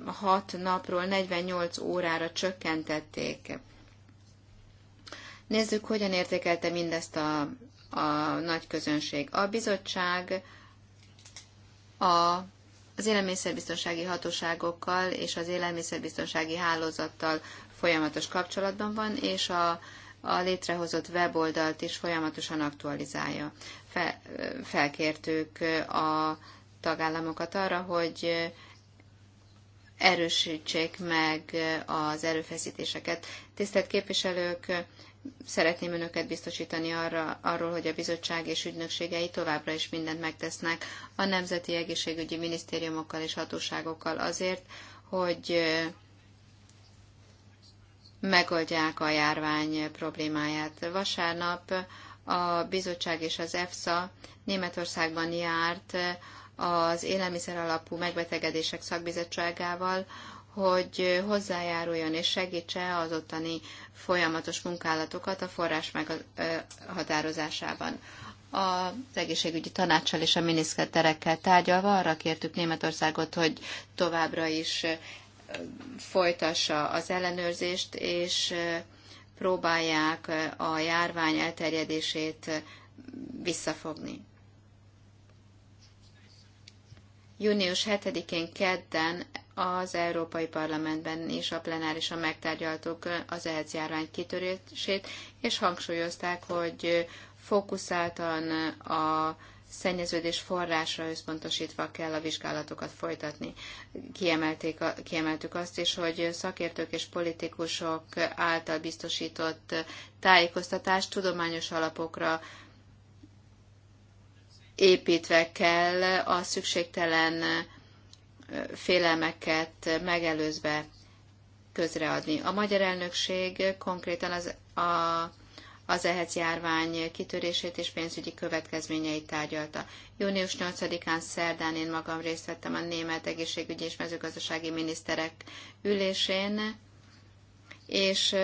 6 napról 48 órára csökkentették. Nézzük, hogyan értékelte mindezt a, a nagy közönség. A bizottság a, az élelmiszerbiztonsági hatóságokkal és az élelmiszerbiztonsági hálózattal folyamatos kapcsolatban van, és a a létrehozott weboldalt is folyamatosan aktualizálja. felkértük a tagállamokat arra, hogy erősítsék meg az erőfeszítéseket. Tisztelt képviselők, szeretném önöket biztosítani arra, arról, hogy a bizottság és ügynökségei továbbra is mindent megtesznek a nemzeti egészségügyi minisztériumokkal és hatóságokkal azért, hogy megoldják a járvány problémáját. Vasárnap a bizottság és az EFSA Németországban járt az élelmiszer alapú megbetegedések szakbizottságával, hogy hozzájáruljon és segítse az ottani folyamatos munkálatokat a forrás meghatározásában. Az egészségügyi tanácssal és a miniszterekkel tárgyalva arra kértük Németországot, hogy továbbra is folytassa az ellenőrzést, és próbálják a járvány elterjedését visszafogni. Június 7-én kedden az Európai Parlamentben is a plenárisan megtárgyaltuk az ehhez járvány kitörését, és hangsúlyozták, hogy fókuszáltan a szennyeződés forrásra összpontosítva kell a vizsgálatokat folytatni. Kiemelték a, kiemeltük azt is, hogy szakértők és politikusok által biztosított tájékoztatást tudományos alapokra építve kell a szükségtelen félelmeket megelőzve közreadni. A magyar elnökség konkrétan az, a az ehhez járvány kitörését és pénzügyi következményeit tárgyalta. Június 8-án szerdán én magam részt vettem a német egészségügyi és mezőgazdasági miniszterek ülésén, és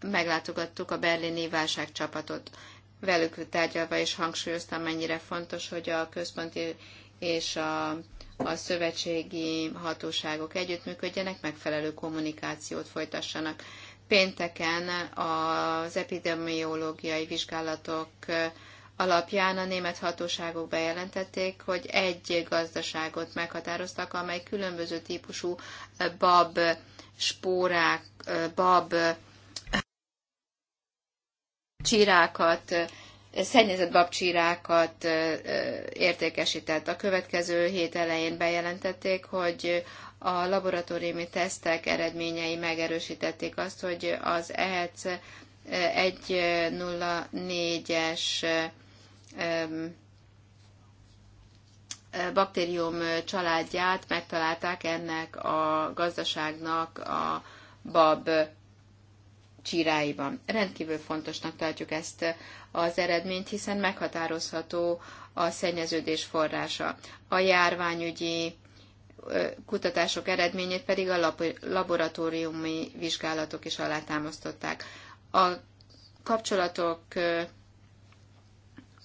meglátogattuk a berlini válságcsapatot. Velük tárgyalva és hangsúlyoztam, mennyire fontos, hogy a központi és a, a szövetségi hatóságok együttműködjenek, megfelelő kommunikációt folytassanak Pénteken az epidemiológiai vizsgálatok alapján a német hatóságok bejelentették, hogy egy gazdaságot meghatároztak, amely különböző típusú bab spórák, bab csirákat, szennyezett babcsírákat értékesített. A következő hét elején bejelentették, hogy a laboratóriumi tesztek eredményei megerősítették azt, hogy az EHC 104-es baktérium családját megtalálták ennek a gazdaságnak a bab csíráiban. Rendkívül fontosnak tartjuk ezt az eredményt, hiszen meghatározható a szennyeződés forrása. A járványügyi kutatások eredményét pedig a laboratóriumi vizsgálatok is alátámasztották. A kapcsolatok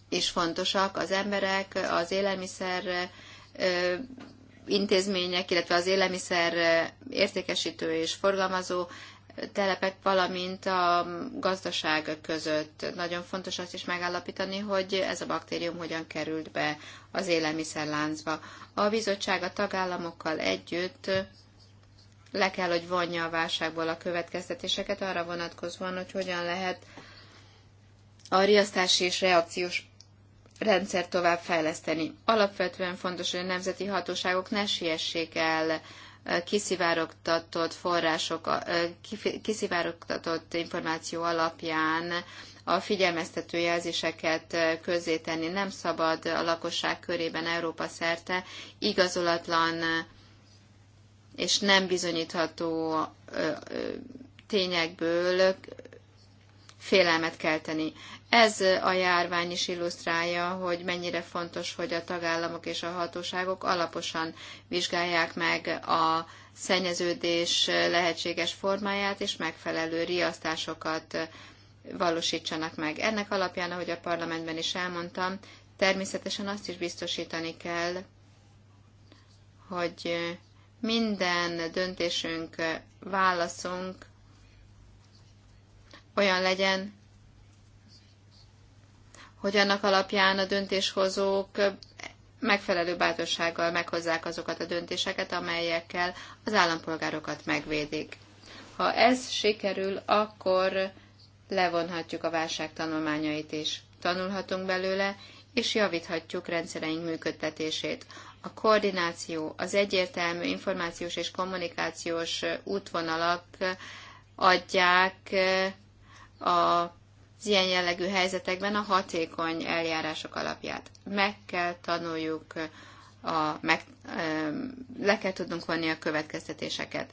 is fontosak, az emberek, az élelmiszer intézmények, illetve az élelmiszer értékesítő és forgalmazó telepek, valamint a gazdaság között. Nagyon fontos azt is megállapítani, hogy ez a baktérium hogyan került be az élelmiszerláncba. A bizottság a tagállamokkal együtt le kell, hogy vonja a válságból a következtetéseket arra vonatkozóan, hogy hogyan lehet a riasztási és reakciós rendszer tovább fejleszteni. Alapvetően fontos, hogy a nemzeti hatóságok ne siessék el kiszivárogtatott források, kiszivárogtatott információ alapján a figyelmeztető jelzéseket közzétenni. Nem szabad a lakosság körében Európa szerte igazolatlan és nem bizonyítható tényekből félelmet kelteni. Ez a járvány is illusztrálja, hogy mennyire fontos, hogy a tagállamok és a hatóságok alaposan vizsgálják meg a szennyeződés lehetséges formáját, és megfelelő riasztásokat valósítsanak meg. Ennek alapján, ahogy a parlamentben is elmondtam, természetesen azt is biztosítani kell, hogy minden döntésünk, válaszunk olyan legyen, hogy annak alapján a döntéshozók megfelelő bátorsággal meghozzák azokat a döntéseket, amelyekkel az állampolgárokat megvédik. Ha ez sikerül, akkor levonhatjuk a válság tanulmányait is. Tanulhatunk belőle, és javíthatjuk rendszereink működtetését. A koordináció, az egyértelmű információs és kommunikációs útvonalak adják a az ilyen jellegű helyzetekben a hatékony eljárások alapját. Meg kell tanuljuk, a, meg, le kell tudnunk vonni a következtetéseket.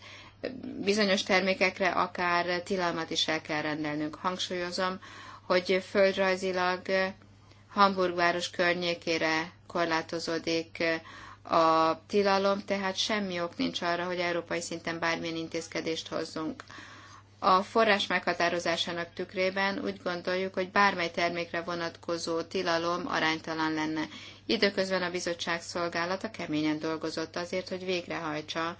Bizonyos termékekre akár tilalmat is el kell rendelnünk. Hangsúlyozom, hogy földrajzilag Hamburg város környékére korlátozódik a tilalom, tehát semmi ok nincs arra, hogy európai szinten bármilyen intézkedést hozzunk. A forrás meghatározásának tükrében úgy gondoljuk, hogy bármely termékre vonatkozó tilalom aránytalan lenne. Időközben a bizottság szolgálata keményen dolgozott azért, hogy végrehajtsa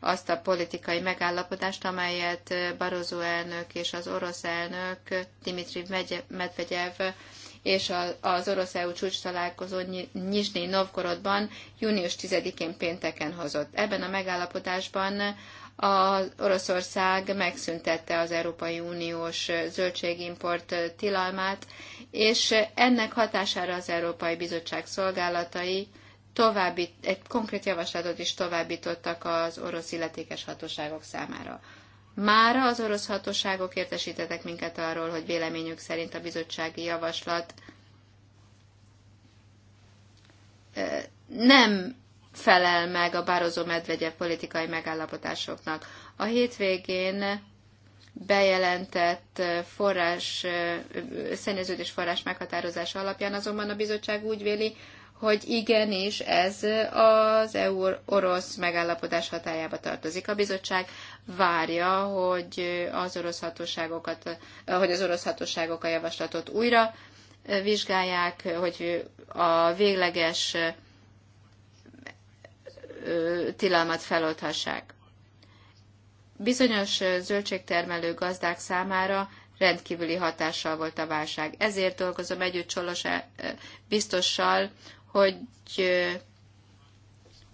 azt a politikai megállapodást, amelyet Barozó elnök és az orosz elnök Dimitri Medvegyev és az orosz EU csúcs találkozó Nyizsnyi Novgorodban június 10-én pénteken hozott. Ebben a megállapodásban az Oroszország megszüntette az Európai Uniós zöldségimport tilalmát, és ennek hatására az Európai Bizottság szolgálatai további, egy konkrét javaslatot is továbbítottak az orosz illetékes hatóságok számára. Mára az orosz hatóságok értesítettek minket arról, hogy véleményük szerint a bizottsági javaslat nem felel meg a bározó Medvegyev politikai megállapodásoknak. A hétvégén bejelentett forrás, szennyeződés forrás meghatározása alapján azonban a bizottság úgy véli, hogy igenis ez az EU-orosz megállapodás hatájába tartozik. A bizottság várja, hogy az orosz hatóságokat, hogy az orosz hatóságok a javaslatot újra vizsgálják, hogy a végleges tilalmat feloldhassák. Bizonyos zöldségtermelő gazdák számára rendkívüli hatással volt a válság. Ezért dolgozom együtt Csolos biztossal, hogy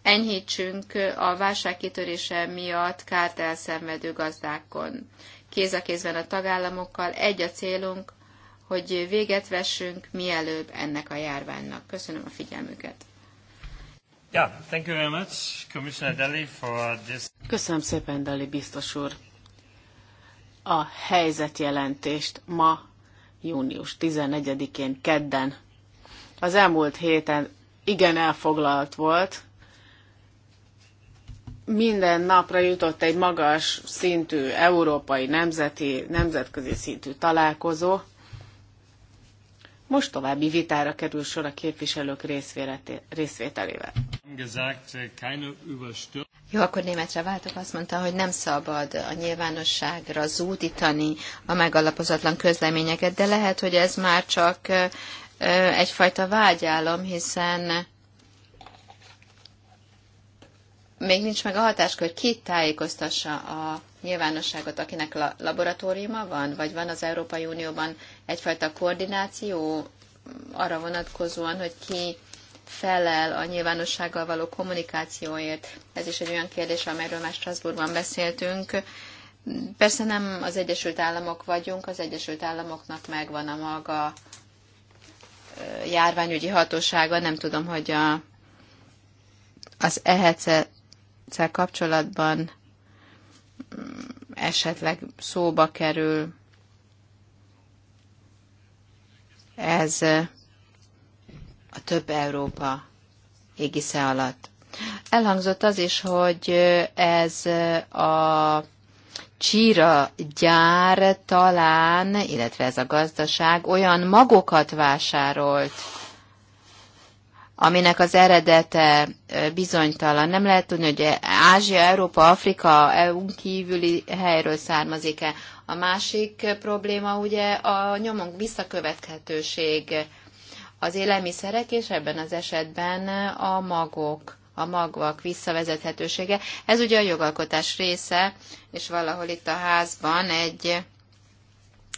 enyhítsünk a válság kitörése miatt kárt elszenvedő gazdákon. Kéz a kézben a tagállamokkal egy a célunk, hogy véget vessünk mielőbb ennek a járványnak. Köszönöm a figyelmüket! Köszönöm szépen, Deli biztos úr. A helyzetjelentést ma, június 14-én, kedden. Az elmúlt héten igen elfoglalt volt, minden napra jutott egy magas szintű európai nemzeti, nemzetközi szintű találkozó, most további vitára kerül sor a képviselők részvételével. Jó, akkor németre váltok, azt mondta, hogy nem szabad a nyilvánosságra zúdítani a megalapozatlan közleményeket, de lehet, hogy ez már csak egyfajta vágyálom, hiszen még nincs meg a hatáskör, ki tájékoztassa a nyilvánosságot, akinek la- laboratóriuma van, vagy van az Európai Unióban egyfajta koordináció arra vonatkozóan, hogy ki felel a nyilvánossággal való kommunikációért. Ez is egy olyan kérdés, amelyről már Strasbourgban beszéltünk. Persze nem az Egyesült Államok vagyunk, az Egyesült Államoknak megvan a maga járványügyi hatósága, nem tudom, hogy a, az ehc kapcsolatban esetleg szóba kerül ez a több Európa égisze alatt. Elhangzott az is, hogy ez a csíra gyár talán, illetve ez a gazdaság olyan magokat vásárolt, aminek az eredete bizonytalan. Nem lehet tudni, hogy Ázsia, Európa, Afrika, EU kívüli helyről származik-e. A másik probléma ugye a nyomon visszakövethetőség az élelmiszerek, és ebben az esetben a magok a magvak visszavezethetősége. Ez ugye a jogalkotás része, és valahol itt a házban egy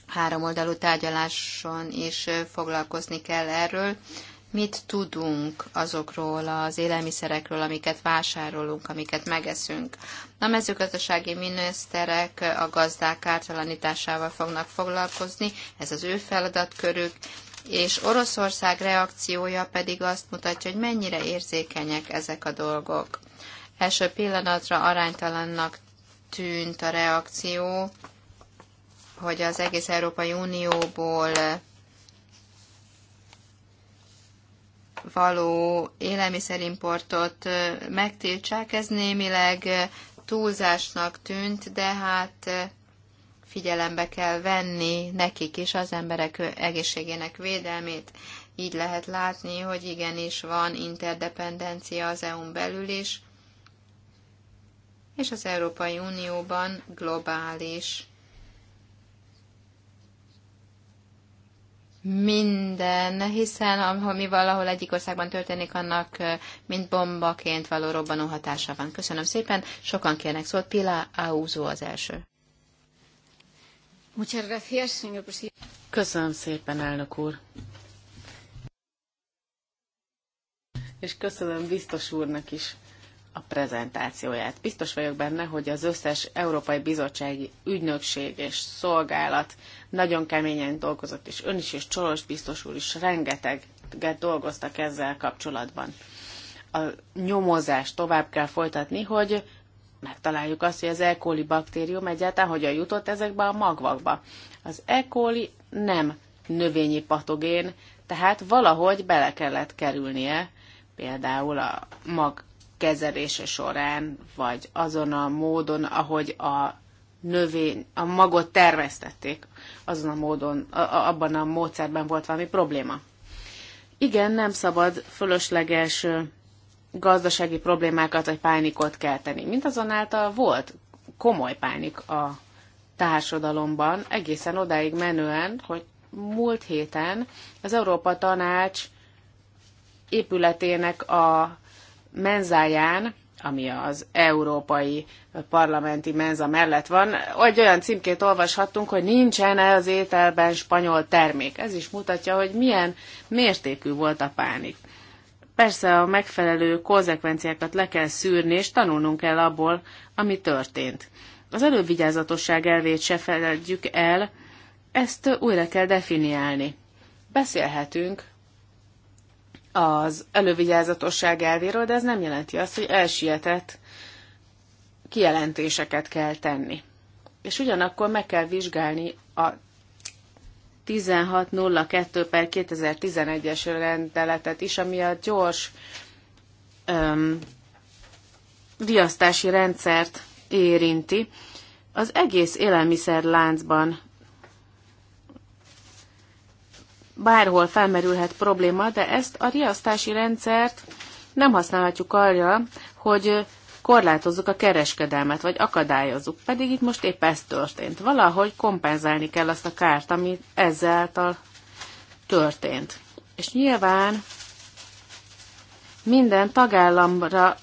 háromoldalú tárgyaláson is foglalkozni kell erről, mit tudunk azokról az élelmiszerekről, amiket vásárolunk, amiket megeszünk. A mezőgazdasági miniszterek a gazdák ártalanításával fognak foglalkozni, ez az ő feladatkörük, és Oroszország reakciója pedig azt mutatja, hogy mennyire érzékenyek ezek a dolgok. Első pillanatra aránytalannak tűnt a reakció, hogy az egész Európai Unióból való élelmiszerimportot megtiltsák, ez némileg túlzásnak tűnt, de hát figyelembe kell venni nekik is az emberek egészségének védelmét. Így lehet látni, hogy igenis van interdependencia az EU-n belül is, és az Európai Unióban globális minden, hiszen ahol mi valahol egyik országban történik, annak mint bombaként való robbanó hatása van. Köszönöm szépen, sokan kérnek szót. Pila Aúzó az első. Köszönöm szépen, elnök úr. És köszönöm biztos úrnak is a prezentációját. Biztos vagyok benne, hogy az összes Európai Bizottsági Ügynökség és Szolgálat nagyon keményen dolgozott, és ön is, és Csolos biztos úr is rengeteget dolgoztak ezzel kapcsolatban. A nyomozást tovább kell folytatni, hogy megtaláljuk azt, hogy az E. coli baktérium egyáltalán hogyan jutott ezekbe a magvakba. Az E. coli nem növényi patogén, tehát valahogy bele kellett kerülnie, például a mag kezelése során, vagy azon a módon, ahogy a növény, a magot terveztették azon a módon, a, abban a módszerben volt valami probléma. Igen, nem szabad fölösleges gazdasági problémákat vagy pánikot kelteni. Mint azonáltal volt komoly pánik a társadalomban, egészen odáig menően, hogy múlt héten az Európa Tanács épületének a menzáján ami az európai parlamenti menza mellett van. Egy olyan címkét olvashattunk, hogy nincsen -e az ételben spanyol termék. Ez is mutatja, hogy milyen mértékű volt a pánik. Persze a megfelelő konzekvenciákat le kell szűrni, és tanulnunk kell abból, ami történt. Az elővigyázatosság elvét se feledjük el, ezt újra kell definiálni. Beszélhetünk az elővigyázatosság elvéről, de ez nem jelenti azt, hogy elsietett kijelentéseket kell tenni. És ugyanakkor meg kell vizsgálni a 1602 per 2011-es rendeletet is, ami a gyors öm, riasztási rendszert érinti. Az egész élelmiszer láncban bárhol felmerülhet probléma, de ezt a riasztási rendszert nem használhatjuk arra, hogy korlátozzuk a kereskedelmet, vagy akadályozzuk. Pedig itt most épp ez történt. Valahogy kompenzálni kell azt a kárt, ami ezáltal történt. És nyilván minden tagállamra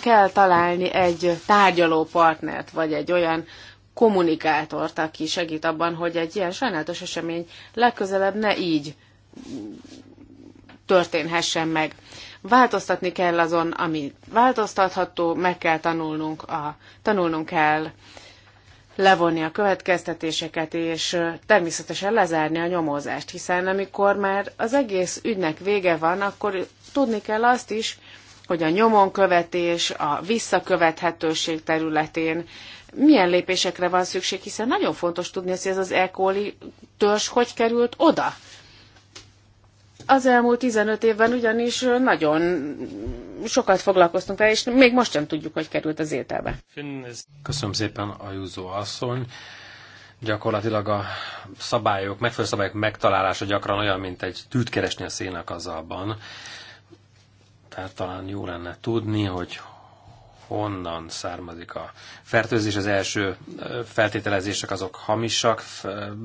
kell találni egy tárgyaló partnert, vagy egy olyan kommunikátort, aki segít abban, hogy egy ilyen sajnálatos esemény legközelebb ne így történhessen meg. Változtatni kell azon, ami változtatható, meg kell tanulnunk, a, tanulnunk kell levonni a következtetéseket, és természetesen lezárni a nyomozást, hiszen amikor már az egész ügynek vége van, akkor tudni kell azt is, hogy a nyomonkövetés, a visszakövethetőség területén milyen lépésekre van szükség, hiszen nagyon fontos tudni, hogy ez az E. coli törzs hogy került oda. Az elmúlt 15 évben ugyanis nagyon sokat foglalkoztunk vele, és még most sem tudjuk, hogy került az ételbe. Köszönöm szépen, Júzó asszony gyakorlatilag a szabályok, megfelelő szabályok megtalálása gyakran olyan, mint egy tűt keresni a szénakazalban. Tehát talán jó lenne tudni, hogy honnan származik a fertőzés. Az első feltételezések azok hamisak,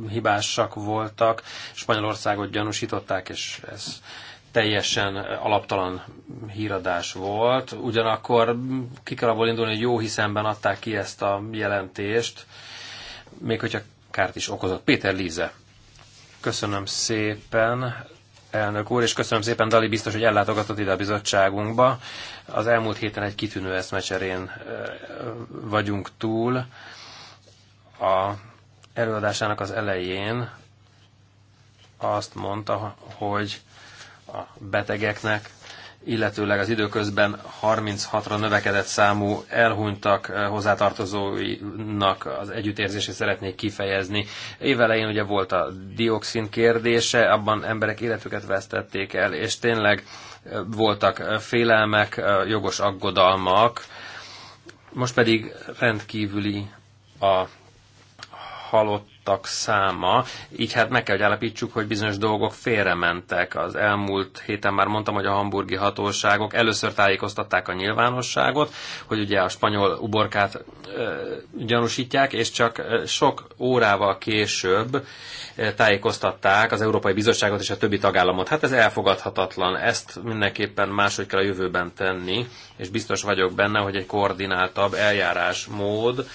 hibásak voltak. Spanyolországot gyanúsították, és ez teljesen alaptalan híradás volt. Ugyanakkor ki kell abból indulni, hogy jó hiszemben adták ki ezt a jelentést, még hogyha kárt is okozott. Péter Líze. Köszönöm szépen elnök úr, és köszönöm szépen Dali biztos, hogy ellátogatott ide a bizottságunkba. Az elmúlt héten egy kitűnő eszmecserén vagyunk túl. A előadásának az elején azt mondta, hogy a betegeknek illetőleg az időközben 36-ra növekedett számú elhunytak eh, hozzátartozóinak az együttérzését szeretnék kifejezni. Évelején ugye volt a dioxin kérdése, abban emberek életüket vesztették el, és tényleg eh, voltak eh, félelmek, jogos aggodalmak, most pedig rendkívüli a halott halottak száma, így hát meg kell, hogy állapítsuk, hogy bizonyos dolgok félrementek. Az elmúlt héten már mondtam, hogy a hamburgi hatóságok először tájékoztatták a nyilvánosságot, hogy ugye a spanyol uborkát ö, gyanúsítják, és csak sok órával később tájékoztatták az Európai Bizottságot és a többi tagállamot. Hát ez elfogadhatatlan, ezt mindenképpen máshogy kell a jövőben tenni, és biztos vagyok benne, hogy egy koordináltabb eljárásmód,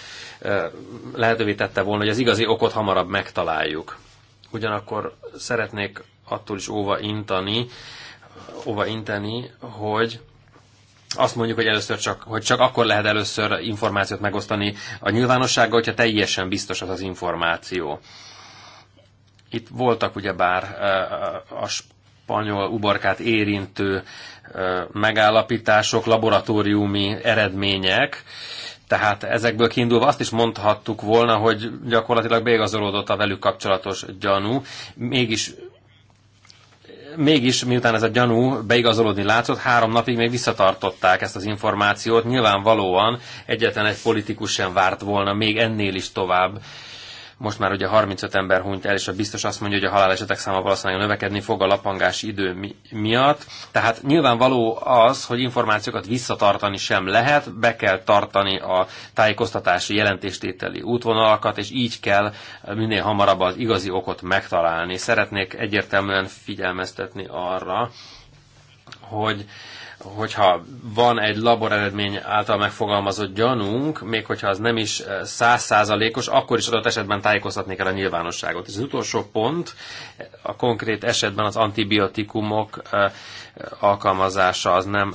lehetővé tette volna, hogy az igazi okot hamarabb megtaláljuk. Ugyanakkor szeretnék attól is óva intani, óva inteni, hogy azt mondjuk, hogy először csak, hogy csak akkor lehet először információt megosztani a nyilvánossággal, hogyha teljesen biztos az az információ. Itt voltak ugyebár a spanyol uborkát érintő megállapítások, laboratóriumi eredmények, tehát ezekből kiindulva azt is mondhattuk volna, hogy gyakorlatilag beigazolódott a velük kapcsolatos gyanú, mégis mégis, miután ez a gyanú beigazolódni látszott, három napig még visszatartották ezt az információt. Nyilvánvalóan egyetlen egy politikus sem várt volna még ennél is tovább most már ugye 35 ember hunyt el, és a biztos azt mondja, hogy a halálesetek száma valószínűleg növekedni fog a lapangás idő mi- miatt. Tehát nyilvánvaló az, hogy információkat visszatartani sem lehet, be kell tartani a tájékoztatási jelentéstételi útvonalakat, és így kell minél hamarabb az igazi okot megtalálni. Szeretnék egyértelműen figyelmeztetni arra, hogy hogyha van egy labor eredmény által megfogalmazott gyanunk, még hogyha az nem is eh, százszázalékos, akkor is adott esetben tájékoztatni kell a nyilvánosságot. Ez az utolsó pont, a konkrét esetben az antibiotikumok eh, alkalmazása az nem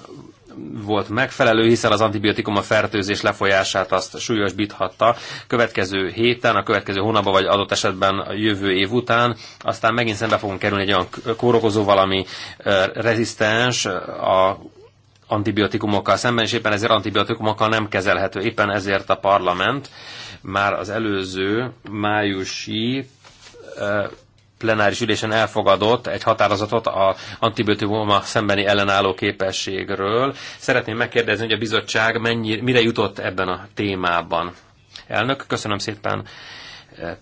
volt megfelelő, hiszen az antibiotikum a fertőzés lefolyását azt súlyosbíthatta. Következő héten, a következő hónapban, vagy adott esetben a jövő év után, aztán megint szembe fogunk kerülni egy olyan kórokozóval, ami eh, rezisztens a antibiotikumokkal szemben, és éppen ezért antibiotikumokkal nem kezelhető. Éppen ezért a parlament már az előző májusi plenáris ülésen elfogadott egy határozatot a antibiotikuma szembeni ellenálló képességről. Szeretném megkérdezni, hogy a bizottság mennyi, mire jutott ebben a témában. Elnök, köszönöm szépen.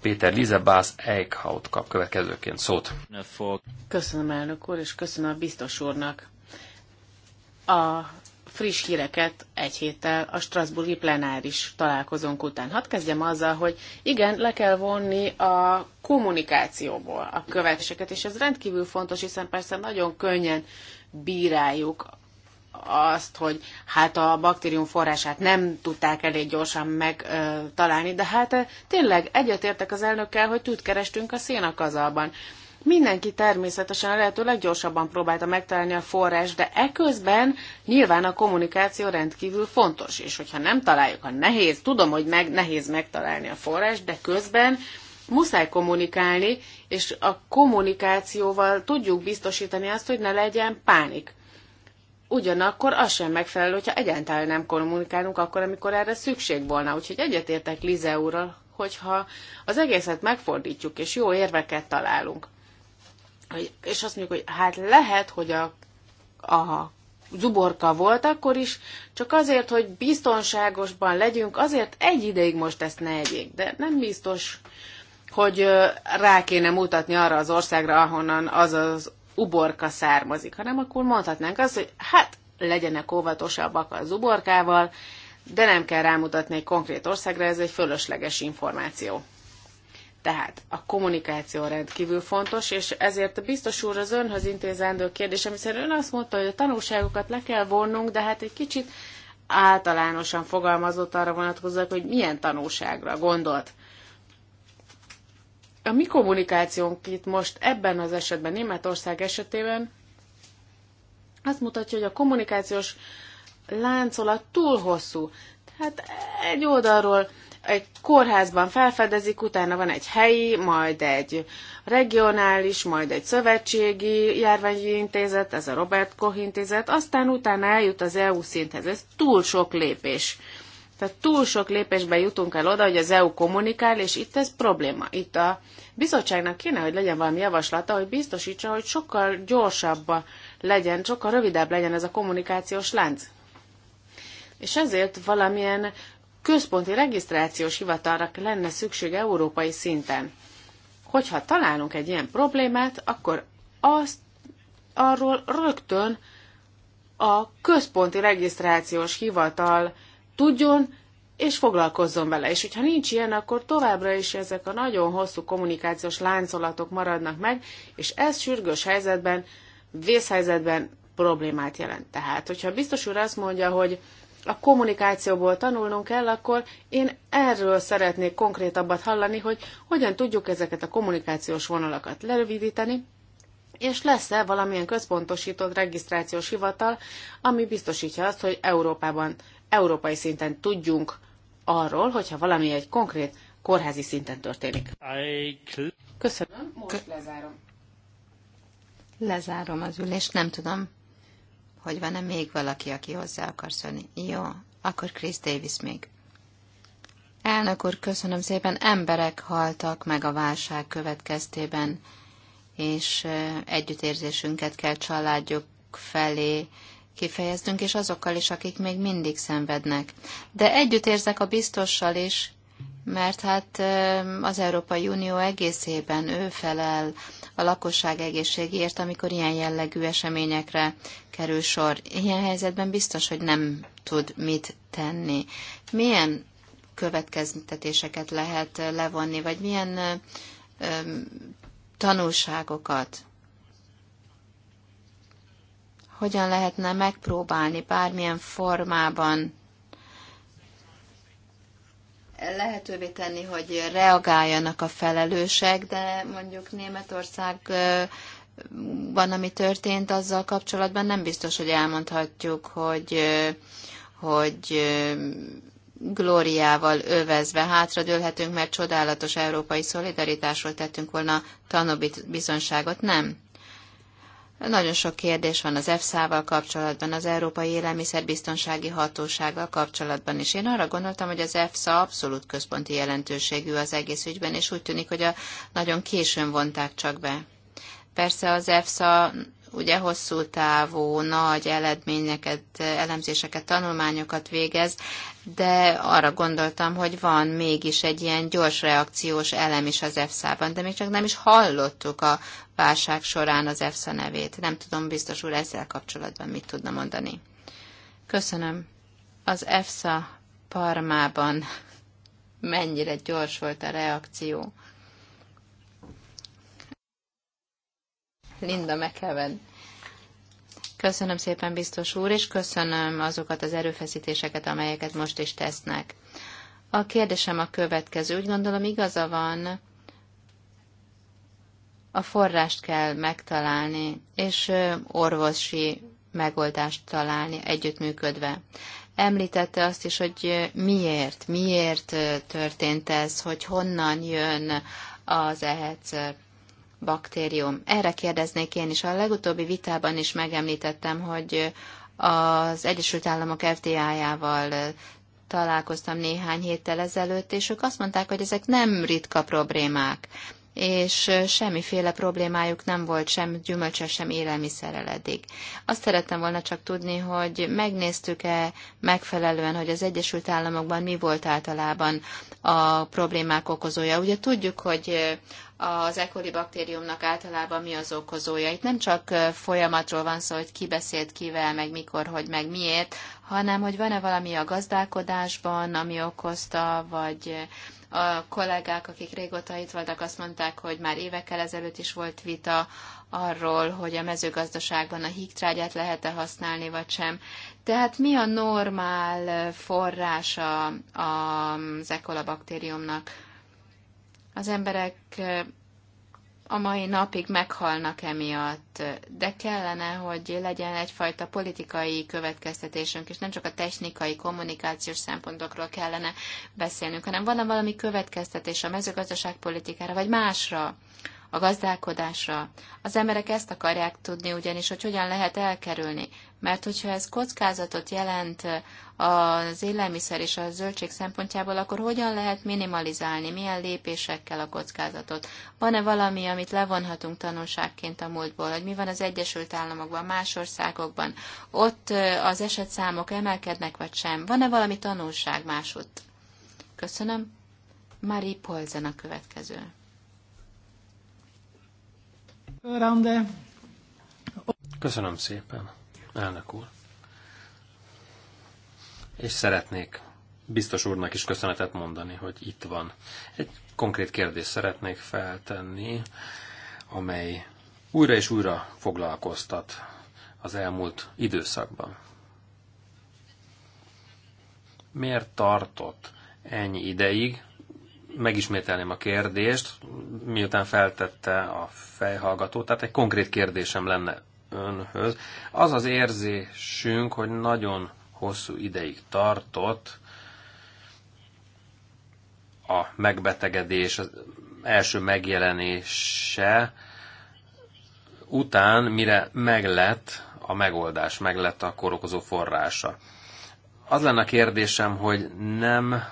Péter Lizebász Eichhaut kap következőként szót. Köszönöm elnök úr, és köszönöm a biztos úrnak a friss híreket egy héttel a Strasburgi plenáris találkozónk után. Hadd kezdjem azzal, hogy igen, le kell vonni a kommunikációból a követéseket, és ez rendkívül fontos, hiszen persze nagyon könnyen bíráljuk azt, hogy hát a baktérium forrását nem tudták elég gyorsan megtalálni, de hát tényleg egyetértek az elnökkel, hogy tűt kerestünk a szénakazalban. Mindenki természetesen a lehető leggyorsabban próbálta megtalálni a forrás, de eközben nyilván a kommunikáció rendkívül fontos, és hogyha nem találjuk, ha nehéz, tudom, hogy meg, nehéz megtalálni a forrás, de közben muszáj kommunikálni, és a kommunikációval tudjuk biztosítani azt, hogy ne legyen pánik. Ugyanakkor az sem megfelelő, hogyha egyáltalán nem kommunikálunk akkor, amikor erre szükség volna. Úgyhogy egyetértek Lize úrral, hogyha az egészet megfordítjuk, és jó érveket találunk és azt mondjuk, hogy hát lehet, hogy a, a zuborka volt akkor is, csak azért, hogy biztonságosban legyünk, azért egy ideig most ezt ne egyék. De nem biztos, hogy rá kéne mutatni arra az országra, ahonnan az az uborka származik, hanem akkor mondhatnánk azt, hogy hát legyenek óvatosabbak az uborkával, de nem kell rámutatni egy konkrét országra, ez egy fölösleges információ. Tehát a kommunikáció rendkívül fontos, és ezért a biztos úr az önhöz intézendő kérdés, amiszer ön azt mondta, hogy a tanulságokat le kell vonnunk, de hát egy kicsit általánosan fogalmazott arra vonatkozóak, hogy milyen tanulságra gondolt. A mi kommunikációnk itt most ebben az esetben, Németország esetében azt mutatja, hogy a kommunikációs láncolat túl hosszú. Tehát egy oldalról egy kórházban felfedezik, utána van egy helyi, majd egy regionális, majd egy szövetségi járványi intézet, ez a Robert Koch intézet, aztán utána eljut az EU szinthez. Ez túl sok lépés. Tehát túl sok lépésben jutunk el oda, hogy az EU kommunikál, és itt ez probléma. Itt a bizottságnak kéne, hogy legyen valami javaslata, hogy biztosítsa, hogy sokkal gyorsabb legyen, sokkal rövidebb legyen ez a kommunikációs lánc. És ezért valamilyen központi regisztrációs hivatalra lenne szükség európai szinten. Hogyha találunk egy ilyen problémát, akkor azt arról rögtön a központi regisztrációs hivatal tudjon és foglalkozzon vele. És hogyha nincs ilyen, akkor továbbra is ezek a nagyon hosszú kommunikációs láncolatok maradnak meg, és ez sürgős helyzetben, vészhelyzetben problémát jelent. Tehát, hogyha biztos úr azt mondja, hogy a kommunikációból tanulnunk kell, akkor én erről szeretnék konkrétabbat hallani, hogy hogyan tudjuk ezeket a kommunikációs vonalakat lerövidíteni, és lesz-e valamilyen központosított regisztrációs hivatal, ami biztosítja azt, hogy Európában, európai szinten tudjunk arról, hogyha valami egy konkrét kórházi szinten történik. Köszönöm, most lezárom. Lezárom az ülést, nem tudom hogy van-e még valaki, aki hozzá akar szólni. Jó, akkor Chris Davis még. Elnök úr, köszönöm szépen. Emberek haltak meg a válság következtében, és együttérzésünket kell családjuk felé kifejeznünk, és azokkal is, akik még mindig szenvednek. De együtt érzek a biztossal is, mert hát az Európai Unió egészében ő felel a lakosság egészségéért, amikor ilyen jellegű eseményekre kerül sor. Ilyen helyzetben biztos, hogy nem tud mit tenni. Milyen következtetéseket lehet levonni, vagy milyen tanulságokat? Hogyan lehetne megpróbálni bármilyen formában lehetővé tenni, hogy reagáljanak a felelősek, de mondjuk Németország van, ami történt azzal kapcsolatban, nem biztos, hogy elmondhatjuk, hogy, hogy glóriával övezve hátradőlhetünk, mert csodálatos európai szolidaritásról tettünk volna tanúbizonságot, nem. Nagyon sok kérdés van az EFSA-val kapcsolatban, az Európai Élelmiszerbiztonsági Hatósággal kapcsolatban is. Én arra gondoltam, hogy az EFSA abszolút központi jelentőségű az egész ügyben, és úgy tűnik, hogy a nagyon későn vonták csak be. Persze az EFSA ugye hosszú távú, nagy eledményeket, elemzéseket, tanulmányokat végez, de arra gondoltam, hogy van mégis egy ilyen gyors reakciós elem is az EFSA-ban, de még csak nem is hallottuk a válság során az EFSA nevét. Nem tudom, biztos úr ezzel kapcsolatban mit tudna mondani. Köszönöm. Az EFSA Parmában mennyire gyors volt a reakció. Linda McEwen. Köszönöm szépen, biztos úr, és köszönöm azokat az erőfeszítéseket, amelyeket most is tesznek. A kérdésem a következő. Úgy gondolom igaza van, a forrást kell megtalálni, és orvosi megoldást találni együttműködve. Említette azt is, hogy miért, miért történt ez, hogy honnan jön az ehhez baktérium. Erre kérdeznék én is. A legutóbbi vitában is megemlítettem, hogy az Egyesült Államok FDA-jával találkoztam néhány héttel ezelőtt, és ők azt mondták, hogy ezek nem ritka problémák, és semmiféle problémájuk nem volt sem gyümölcsel, sem élelmiszerrel eddig. Azt szerettem volna csak tudni, hogy megnéztük-e megfelelően, hogy az Egyesült Államokban mi volt általában a problémák okozója. Ugye tudjuk, hogy az E. coli baktériumnak általában mi az okozója. Itt nem csak folyamatról van szó, hogy ki beszélt kivel, meg mikor, hogy meg miért, hanem hogy van-e valami a gazdálkodásban, ami okozta, vagy a kollégák, akik régóta itt voltak, azt mondták, hogy már évekkel ezelőtt is volt vita arról, hogy a mezőgazdaságban a hígtrágyát lehet-e használni, vagy sem. Tehát mi a normál forrása az ekolabaktériumnak? Az emberek a mai napig meghalnak emiatt, de kellene, hogy legyen egyfajta politikai következtetésünk, és nem csak a technikai, kommunikációs szempontokról kellene beszélnünk, hanem van -e valami következtetés a mezőgazdaságpolitikára, vagy másra, a gazdálkodásra. Az emberek ezt akarják tudni ugyanis, hogy hogyan lehet elkerülni. Mert hogyha ez kockázatot jelent az élelmiszer és a zöldség szempontjából, akkor hogyan lehet minimalizálni, milyen lépésekkel a kockázatot? Van-e valami, amit levonhatunk tanulságként a múltból, hogy mi van az Egyesült Államokban, más országokban? Ott az esetszámok emelkednek, vagy sem? Van-e valami tanulság másutt? Köszönöm. Marie Polzen a következő. Rande. Köszönöm szépen elnök úr. És szeretnék biztos úrnak is köszönetet mondani, hogy itt van. Egy konkrét kérdést szeretnék feltenni, amely újra és újra foglalkoztat az elmúlt időszakban. Miért tartott ennyi ideig? Megismételném a kérdést, miután feltette a fejhallgató, tehát egy konkrét kérdésem lenne önhöz. Az az érzésünk, hogy nagyon hosszú ideig tartott a megbetegedés, az első megjelenése után, mire meglett a megoldás, meglett a korokozó forrása. Az lenne a kérdésem, hogy nem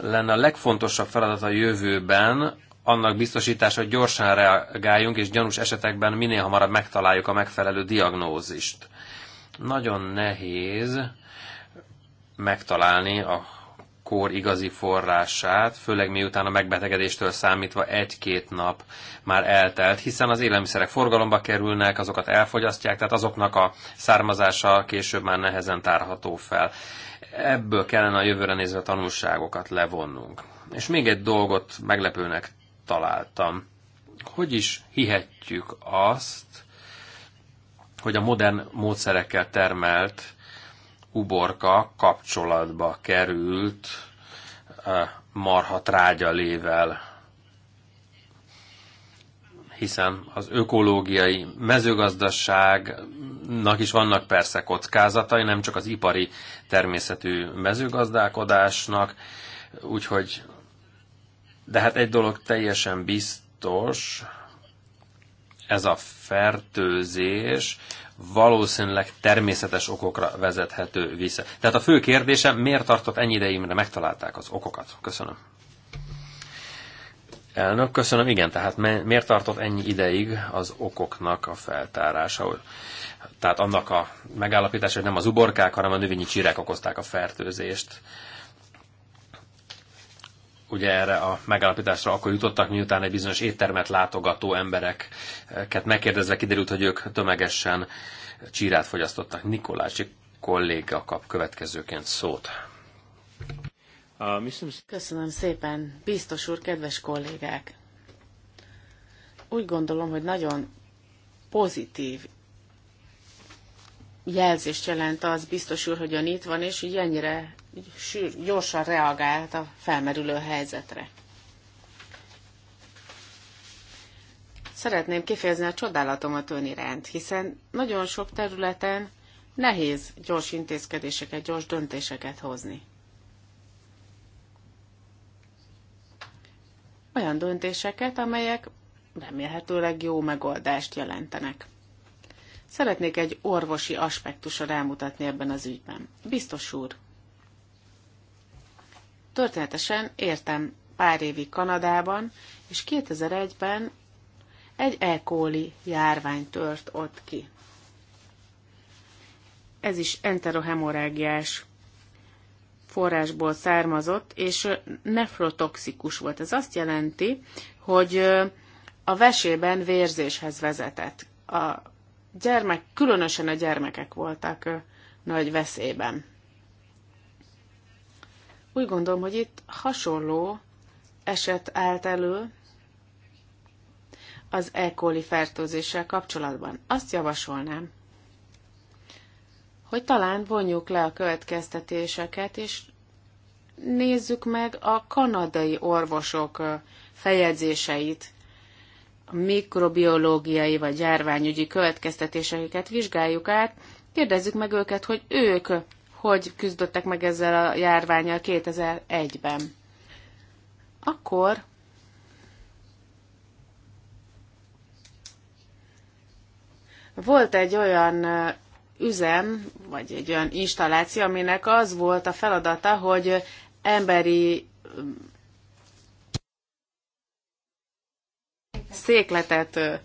lenne a legfontosabb feladat a jövőben annak biztosítása, hogy gyorsan reagáljunk, és gyanús esetekben minél hamarabb megtaláljuk a megfelelő diagnózist. Nagyon nehéz megtalálni a kór igazi forrását, főleg miután a megbetegedéstől számítva egy-két nap már eltelt, hiszen az élelmiszerek forgalomba kerülnek, azokat elfogyasztják, tehát azoknak a származása később már nehezen tárható fel. Ebből kellene a jövőre nézve tanulságokat levonnunk. És még egy dolgot meglepőnek találtam. Hogy is hihetjük azt, hogy a modern módszerekkel termelt uborka kapcsolatba került marha trágyalével, hiszen az ökológiai mezőgazdaságnak is vannak persze kockázatai, nem csak az ipari természetű mezőgazdálkodásnak, úgyhogy de hát egy dolog teljesen biztos, ez a fertőzés valószínűleg természetes okokra vezethető vissza. Tehát a fő kérdésem, miért tartott ennyi ideig, mire megtalálták az okokat? Köszönöm. Elnök, köszönöm. Igen, tehát miért tartott ennyi ideig az okoknak a feltárása? Tehát annak a megállapítása, hogy nem az uborkák, hanem a növényi csirek okozták a fertőzést ugye erre a megállapításra akkor jutottak, miután egy bizonyos éttermet látogató embereket megkérdezve kiderült, hogy ők tömegesen csírát fogyasztottak. Nikolási kolléga kap következőként szót. Uh, Köszönöm szépen, biztos úr, kedves kollégák! Úgy gondolom, hogy nagyon pozitív jelzést jelent az biztos úr, hogy ön itt van, és hogy ennyire sűr, gyorsan reagált a felmerülő helyzetre. Szeretném kifejezni a csodálatomat ön iránt, hiszen nagyon sok területen nehéz gyors intézkedéseket, gyors döntéseket hozni. Olyan döntéseket, amelyek remélhetőleg jó megoldást jelentenek. Szeretnék egy orvosi aspektusra rámutatni ebben az ügyben. Biztos úr, Történetesen értem pár évig Kanadában, és 2001-ben egy E. coli járvány tört ott ki. Ez is enterohemorágiás forrásból származott, és nefrotoxikus volt. Ez azt jelenti, hogy a vesében vérzéshez vezetett. A gyermek, különösen a gyermekek voltak nagy veszélyben. Úgy gondolom, hogy itt hasonló eset állt elő az E. coli fertőzéssel kapcsolatban. Azt javasolnám, hogy talán vonjuk le a következtetéseket, és nézzük meg a kanadai orvosok feljegyzéseit, a mikrobiológiai vagy járványügyi következtetéseiket vizsgáljuk át, kérdezzük meg őket, hogy ők hogy küzdöttek meg ezzel a járványal 2001-ben. Akkor volt egy olyan üzem, vagy egy olyan installáció, aminek az volt a feladata, hogy emberi székletet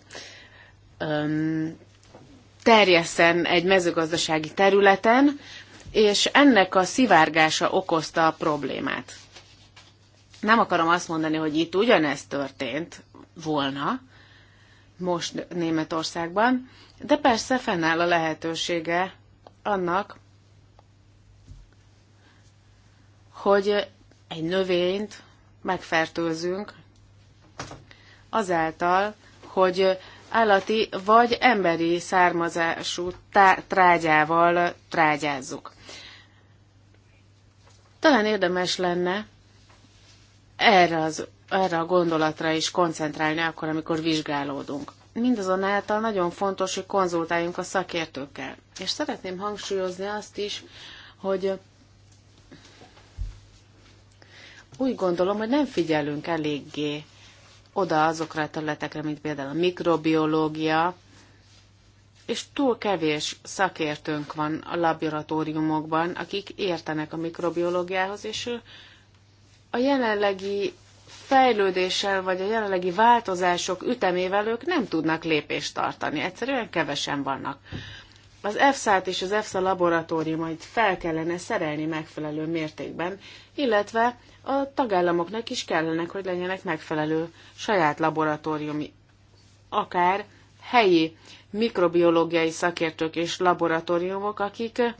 terjeszen egy mezőgazdasági területen, és ennek a szivárgása okozta a problémát. Nem akarom azt mondani, hogy itt ugyanezt történt volna, most Németországban, de persze fennáll a lehetősége annak, hogy egy növényt megfertőzünk azáltal, hogy állati vagy emberi származású trágyával trágyázzuk. Talán érdemes lenne erre, az, erre a gondolatra is koncentrálni akkor, amikor vizsgálódunk. Mindazonáltal nagyon fontos, hogy konzultáljunk a szakértőkkel. És szeretném hangsúlyozni azt is, hogy úgy gondolom, hogy nem figyelünk eléggé oda azokra a területekre, mint például a mikrobiológia, és túl kevés szakértőnk van a laboratóriumokban, akik értenek a mikrobiológiához, és a jelenlegi fejlődéssel, vagy a jelenlegi változások ütemével ők nem tudnak lépést tartani. Egyszerűen kevesen vannak. Az EFSA-t és az EFSA laboratóriumait fel kellene szerelni megfelelő mértékben, illetve a tagállamoknak is kellene, hogy legyenek megfelelő saját laboratóriumi, akár helyi mikrobiológiai szakértők és laboratóriumok, akik eh,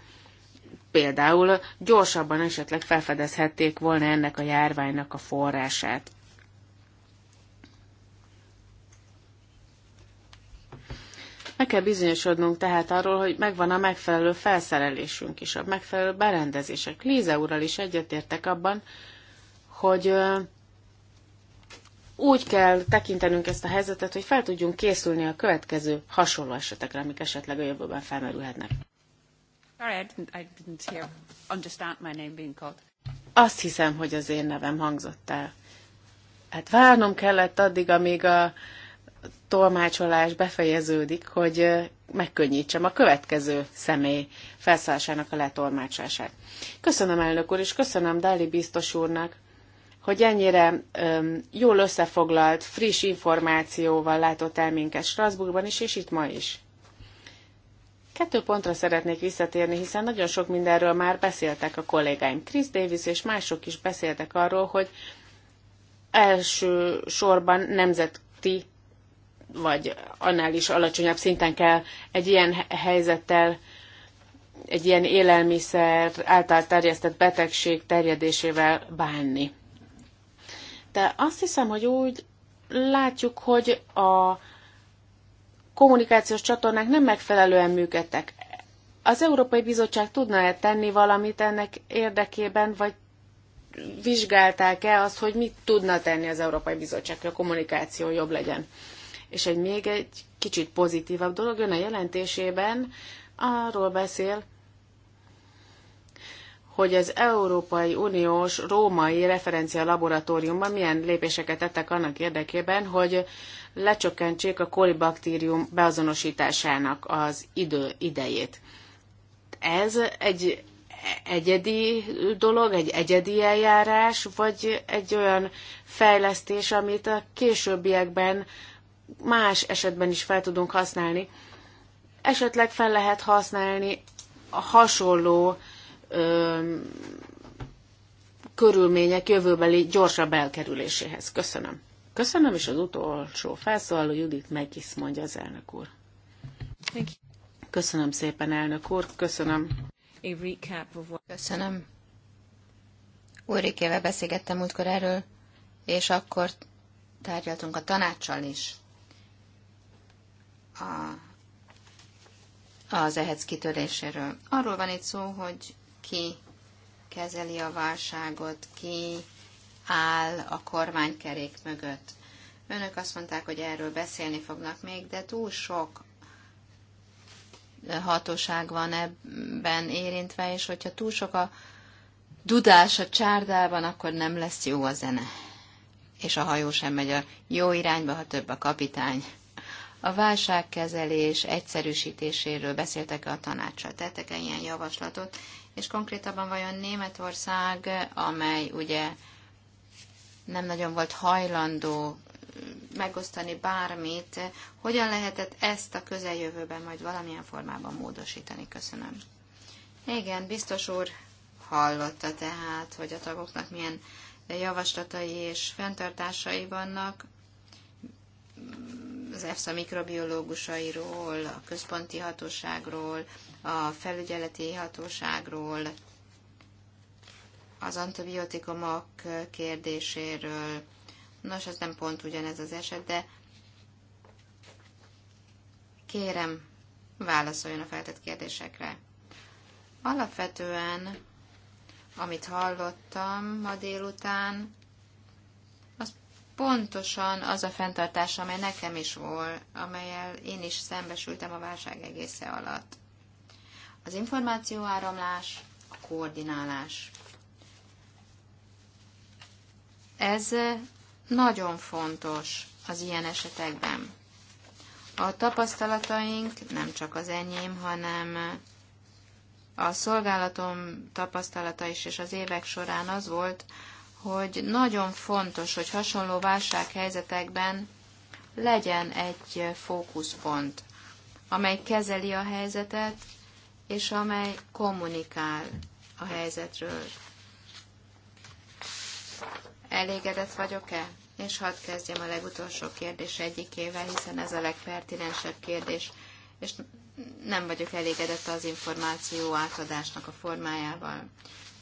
például gyorsabban esetleg felfedezhették volna ennek a járványnak a forrását. Meg kell bizonyosodnunk tehát arról, hogy megvan a megfelelő felszerelésünk is, a megfelelő berendezések. Líze úrral is egyetértek abban, hogy eh, úgy kell tekintenünk ezt a helyzetet, hogy fel tudjunk készülni a következő hasonló esetekre, amik esetleg a jövőben felmerülhetnek. Azt hiszem, hogy az én nevem hangzott el. Hát várnom kellett addig, amíg a tolmácsolás befejeződik, hogy megkönnyítsem a következő személy felszállásának a letolmácsását. Köszönöm elnök úr, és köszönöm Dáli biztos úrnak, hogy ennyire öm, jól összefoglalt, friss információval látott el minket Strasbourgban is, és itt ma is. Kettő pontra szeretnék visszatérni, hiszen nagyon sok mindenről már beszéltek a kollégáim. Chris Davis és mások is beszéltek arról, hogy első sorban nemzeti vagy annál is alacsonyabb szinten kell egy ilyen helyzettel, egy ilyen élelmiszer által terjesztett betegség terjedésével bánni de azt hiszem, hogy úgy látjuk, hogy a kommunikációs csatornák nem megfelelően működtek. Az Európai Bizottság tudna-e tenni valamit ennek érdekében, vagy vizsgálták-e azt, hogy mit tudna tenni az Európai Bizottság, hogy a kommunikáció jobb legyen? És egy még egy kicsit pozitívabb dolog jön a jelentésében, arról beszél, hogy az Európai Uniós Római Referencia Laboratóriumban milyen lépéseket tettek annak érdekében, hogy lecsökkentsék a kolibaktérium beazonosításának az idő idejét. Ez egy egyedi dolog, egy egyedi eljárás, vagy egy olyan fejlesztés, amit a későbbiekben más esetben is fel tudunk használni. Esetleg fel lehet használni a hasonló öm, körülmények jövőbeli gyorsabb elkerüléséhez. Köszönöm. Köszönöm, és az utolsó felszólaló Judit Megisz mondja az elnök úr. Köszönöm szépen, elnök úr. Köszönöm. Köszönöm. Úrikével beszélgettem múltkor erről, és akkor tárgyaltunk a tanácssal is. A, az ehhez kitöréséről. Arról van itt szó, hogy ki kezeli a válságot, ki áll a kormánykerék mögött. Önök azt mondták, hogy erről beszélni fognak még, de túl sok hatóság van ebben érintve, és hogyha túl sok a dudás a csárdában, akkor nem lesz jó a zene. És a hajó sem megy a jó irányba, ha több a kapitány. A válságkezelés egyszerűsítéséről beszéltek -e a tanácsra, tettek-e ilyen javaslatot, és konkrétabban vajon Németország, amely ugye nem nagyon volt hajlandó megosztani bármit, hogyan lehetett ezt a közeljövőben majd valamilyen formában módosítani? Köszönöm. Igen, biztos úr hallotta tehát, hogy a tagoknak milyen javaslatai és fenntartásai vannak az EFSA mikrobiológusairól, a központi hatóságról, a felügyeleti hatóságról, az antibiotikumok kérdéséről. Nos, ez nem pont ugyanez az eset, de kérem, válaszoljon a feltett kérdésekre. Alapvetően, amit hallottam ma délután, az pontosan az a fenntartás, amely nekem is volt, amelyel én is szembesültem a válság egésze alatt az információáramlás, a koordinálás. Ez nagyon fontos az ilyen esetekben. A tapasztalataink nem csak az enyém, hanem a szolgálatom tapasztalata is, és az évek során az volt, hogy nagyon fontos, hogy hasonló válsághelyzetekben legyen egy fókuszpont, amely kezeli a helyzetet, és amely kommunikál a helyzetről. Elégedett vagyok-e? És hadd kezdjem a legutolsó kérdés egyikével, hiszen ez a legpertinensebb kérdés, és nem vagyok elégedett az információ átadásnak a formájával,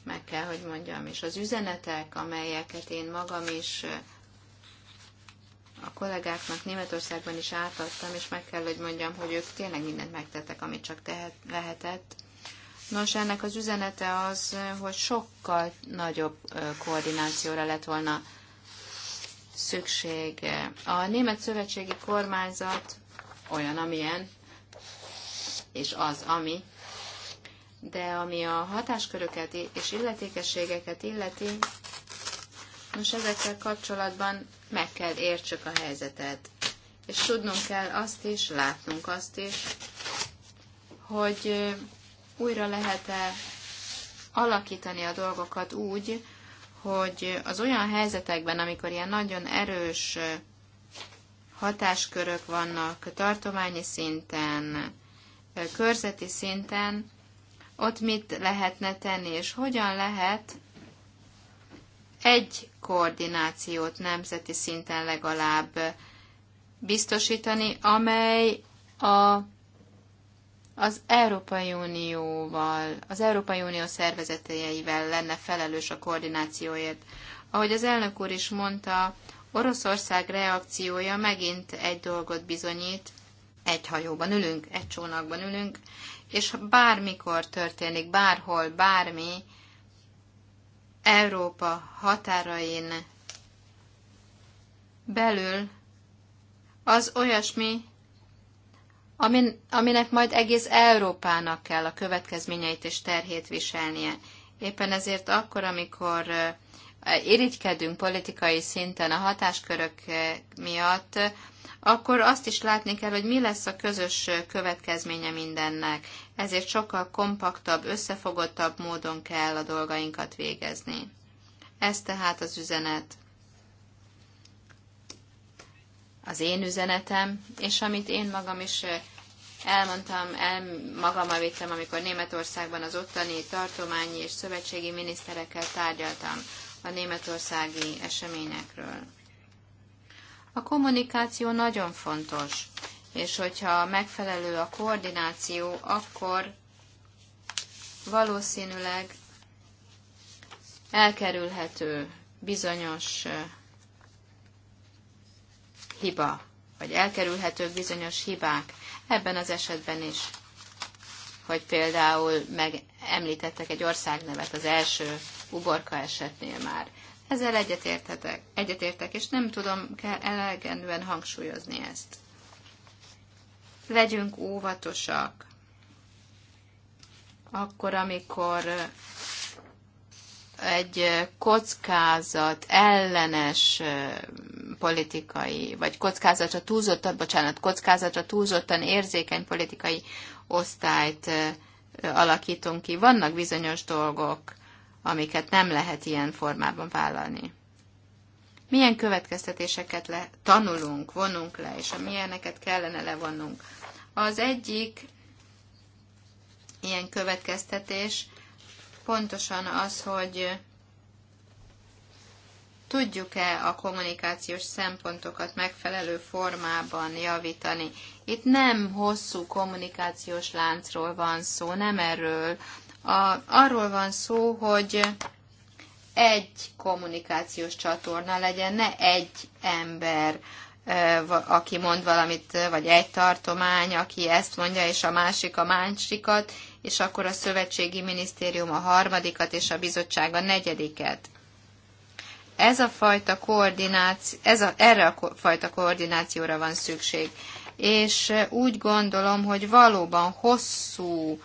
meg kell, hogy mondjam. És az üzenetek, amelyeket én magam is a kollégáknak Németországban is átadtam, és meg kell, hogy mondjam, hogy ők tényleg mindent megtettek, amit csak tehet, lehetett. Nos, ennek az üzenete az, hogy sokkal nagyobb koordinációra lett volna szükség. A német szövetségi kormányzat olyan, amilyen, és az, ami, de ami a hatásköröket és illetékességeket illeti, most ezekkel kapcsolatban meg kell értsük a helyzetet. És tudnunk kell azt is, látnunk azt is, hogy újra lehet-e alakítani a dolgokat úgy, hogy az olyan helyzetekben, amikor ilyen nagyon erős hatáskörök vannak tartományi szinten, körzeti szinten, ott mit lehetne tenni, és hogyan lehet egy koordinációt nemzeti szinten legalább biztosítani, amely a, az Európai Unióval, az Európai Unió szervezeteivel lenne felelős a koordinációért. Ahogy az elnök úr is mondta, Oroszország reakciója megint egy dolgot bizonyít, egy hajóban ülünk, egy csónakban ülünk, és bármikor történik, bárhol, bármi, Európa határain belül az olyasmi, amin, aminek majd egész Európának kell a következményeit és terhét viselnie. Éppen ezért akkor, amikor eh, irigykedünk politikai szinten a hatáskörök eh, miatt, akkor azt is látni kell, hogy mi lesz a közös eh, következménye mindennek ezért sokkal kompaktabb, összefogottabb módon kell a dolgainkat végezni. Ez tehát az üzenet. Az én üzenetem, és amit én magam is eh, elmondtam, el magam vittem, amikor Németországban az ottani tartományi és szövetségi miniszterekkel tárgyaltam a németországi eseményekről. A kommunikáció nagyon fontos, és hogyha megfelelő a koordináció, akkor valószínűleg elkerülhető bizonyos hiba, vagy elkerülhető bizonyos hibák ebben az esetben is, hogy például megemlítettek egy országnevet az első uborka esetnél már. Ezzel egyetértek, egyetértek, és nem tudom kell elegendően hangsúlyozni ezt legyünk óvatosak, akkor, amikor eh, egy eh, kockázat ellenes eh, politikai, vagy kockázatra túlzottan, bocsánat, kockázatra túlzottan érzékeny politikai osztályt alakítunk ki. Vannak bizonyos dolgok, amiket nem lehet ilyen formában vállalni milyen következtetéseket le, tanulunk, vonunk le, és a milyeneket kellene levonnunk. Az egyik ilyen következtetés pontosan az, hogy tudjuk-e a kommunikációs szempontokat megfelelő formában javítani. Itt nem hosszú kommunikációs láncról van szó, nem erről. A, arról van szó, hogy egy kommunikációs csatorna legyen, ne egy ember, aki mond valamit, vagy egy tartomány, aki ezt mondja, és a másik a másikat, és akkor a szövetségi minisztérium a harmadikat, és a bizottság a negyediket. Ez a fajta koordináció, ez a, erre a fajta koordinációra van szükség. És úgy gondolom, hogy valóban hosszú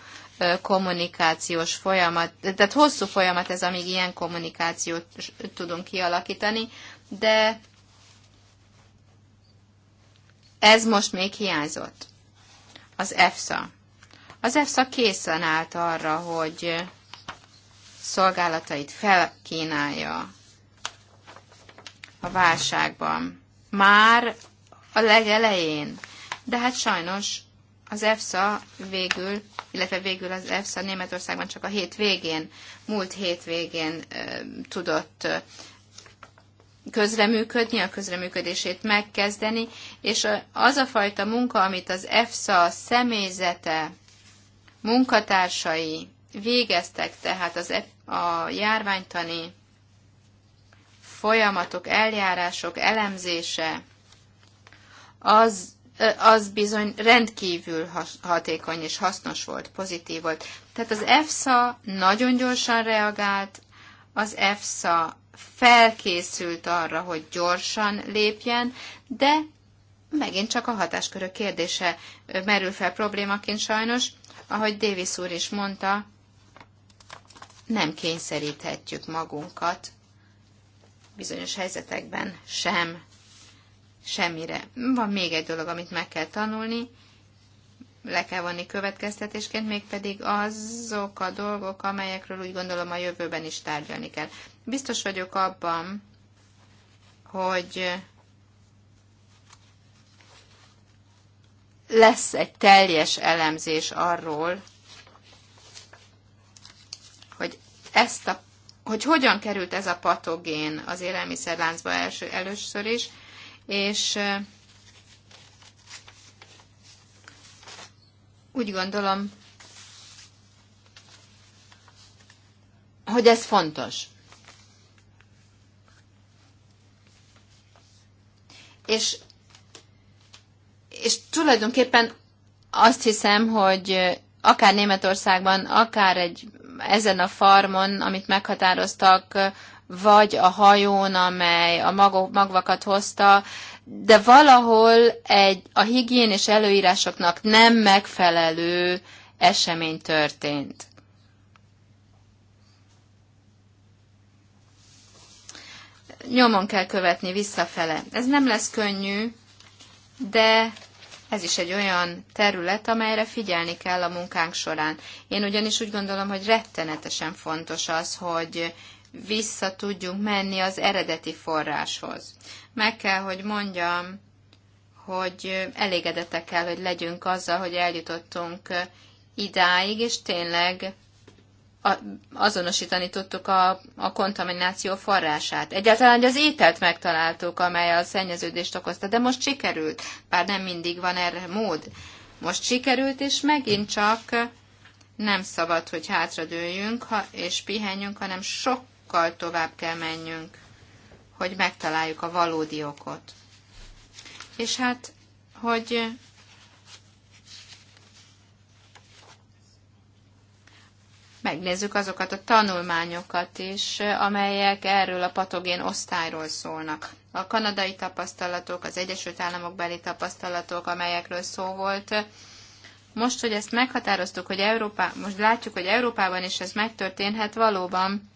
kommunikációs folyamat, tehát hosszú folyamat ez, amíg ilyen kommunikációt tudunk kialakítani, de ez most még hiányzott. Az EFSA. Az EFSA készen állt arra, hogy szolgálatait felkínálja a válságban. Már a legelején. De hát sajnos az EFSA végül, illetve végül az EFSA Németországban csak a hét végén, múlt hét végén tudott közreműködni, a közreműködését megkezdeni, és az a fajta munka, amit az EFSA személyzete, munkatársai végeztek, tehát az, e-, a járványtani folyamatok, eljárások elemzése, az az bizony rendkívül hatékony és hasznos volt, pozitív volt. Tehát az EFSA nagyon gyorsan reagált, az EFSA felkészült arra, hogy gyorsan lépjen, de megint csak a hatáskörök kérdése merül fel problémaként sajnos. Ahogy Davis úr is mondta, nem kényszeríthetjük magunkat bizonyos helyzetekben sem semmire. Van még egy dolog, amit meg kell tanulni, le kell vonni következtetésként, mégpedig azok a dolgok, amelyekről úgy gondolom a jövőben is tárgyalni kell. Biztos vagyok abban, hogy lesz egy teljes elemzés arról, hogy ezt a, hogy hogyan került ez a patogén az élelmiszerláncba első, először is, és úgy gondolom, hogy ez fontos. És, és tulajdonképpen azt hiszem, hogy akár Németországban, akár egy ezen a farmon, amit meghatároztak, vagy a hajón, amely a magvakat hozta, de valahol egy a higién és előírásoknak nem megfelelő esemény történt. Nyomon kell követni visszafele. Ez nem lesz könnyű, de ez is egy olyan terület, amelyre figyelni kell a munkánk során. Én ugyanis úgy gondolom, hogy rettenetesen fontos az, hogy vissza tudjunk menni az eredeti forráshoz. Meg kell, hogy mondjam, hogy elégedetek kell, hogy legyünk azzal, hogy eljutottunk idáig, és tényleg azonosítani tudtuk a, a kontamináció forrását. Egyáltalán hogy az ételt megtaláltuk, amely a szennyeződést okozta, de most sikerült, bár nem mindig van erre mód. Most sikerült, és megint csak nem szabad, hogy hátradőljünk ha, és pihenjünk, hanem sok sokkal tovább kell menjünk, hogy megtaláljuk a valódi okot. És hát, hogy megnézzük azokat a tanulmányokat is, amelyek erről a patogén osztályról szólnak. A kanadai tapasztalatok, az Egyesült Államok beli tapasztalatok, amelyekről szó volt. Most, hogy ezt meghatároztuk, hogy Európa, most látjuk, hogy Európában is ez megtörténhet, valóban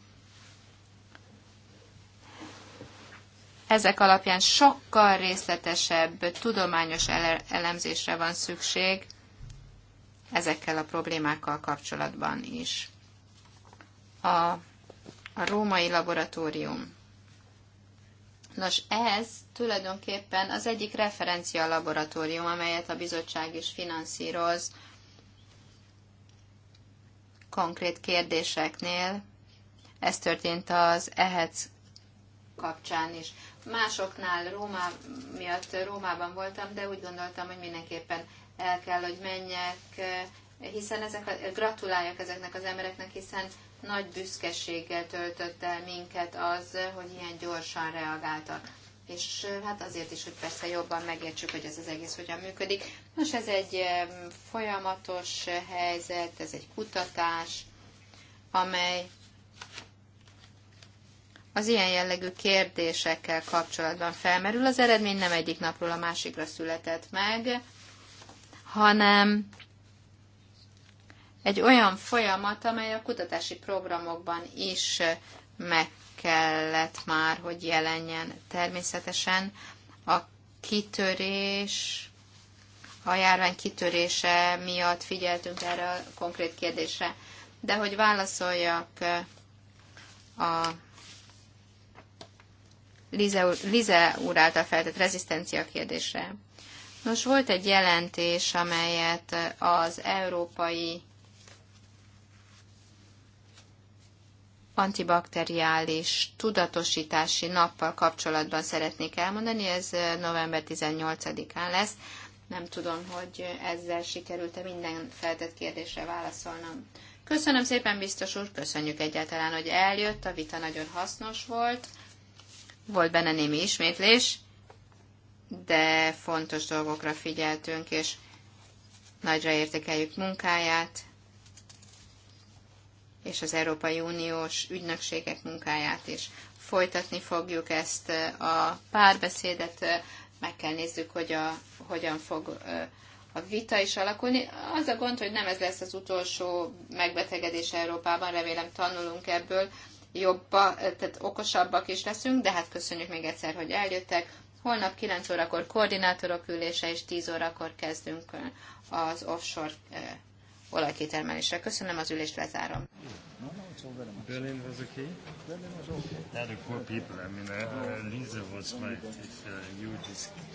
Ezek alapján sokkal részletesebb tudományos elemzésre van szükség ezekkel a problémákkal kapcsolatban is. A, a római laboratórium. Nos, ez tulajdonképpen az egyik referencia laboratórium, amelyet a bizottság is finanszíroz konkrét kérdéseknél. Ez történt az EHEC kapcsán is másoknál Róma miatt Rómában voltam, de úgy gondoltam, hogy mindenképpen el kell, hogy menjek, hiszen ezek, a, gratuláljak ezeknek az embereknek, hiszen nagy büszkeséggel töltött el minket az, hogy ilyen gyorsan reagáltak. És hát azért is, hogy persze jobban megértsük, hogy ez az egész hogyan működik. Most ez egy folyamatos helyzet, ez egy kutatás, amely az ilyen jellegű kérdésekkel kapcsolatban felmerül. Az eredmény nem egyik napról a másikra született meg, hanem egy olyan folyamat, amely a kutatási programokban is meg kellett már, hogy jelenjen. Természetesen a kitörés, a járvány kitörése miatt figyeltünk erre a konkrét kérdésre. De hogy válaszoljak a Lize, Lize úr által feltett rezisztencia kérdésre. Nos, volt egy jelentés, amelyet az európai antibakteriális tudatosítási nappal kapcsolatban szeretnék elmondani. Ez eh, november 18-án lesz. Nem tudom, hogy ezzel sikerült-e minden feltett kérdésre válaszolnom. Köszönöm szépen, biztos úr, köszönjük egyáltalán, hogy eljött, a vita nagyon hasznos volt. Volt benne némi ismétlés, de fontos dolgokra figyeltünk, és nagyra értékeljük munkáját, és az Európai Uniós ügynökségek munkáját is. Folytatni fogjuk ezt a párbeszédet, meg kell nézzük, hogy a, hogyan fog a vita is alakulni. Az a gond, hogy nem ez lesz az utolsó megbetegedés Európában, remélem tanulunk ebből, jobba, tehát okosabbak is leszünk, de hát köszönjük még egyszer, hogy eljöttek. Holnap 9 órakor koordinátorok ülése, és 10 órakor kezdünk az offshore eh, olajkitermelésre. Köszönöm, az ülést lezárom. Berlin was okay? Berlin was okay. Yeah, the poor people. I mean, uh, Lisa was my uh, huge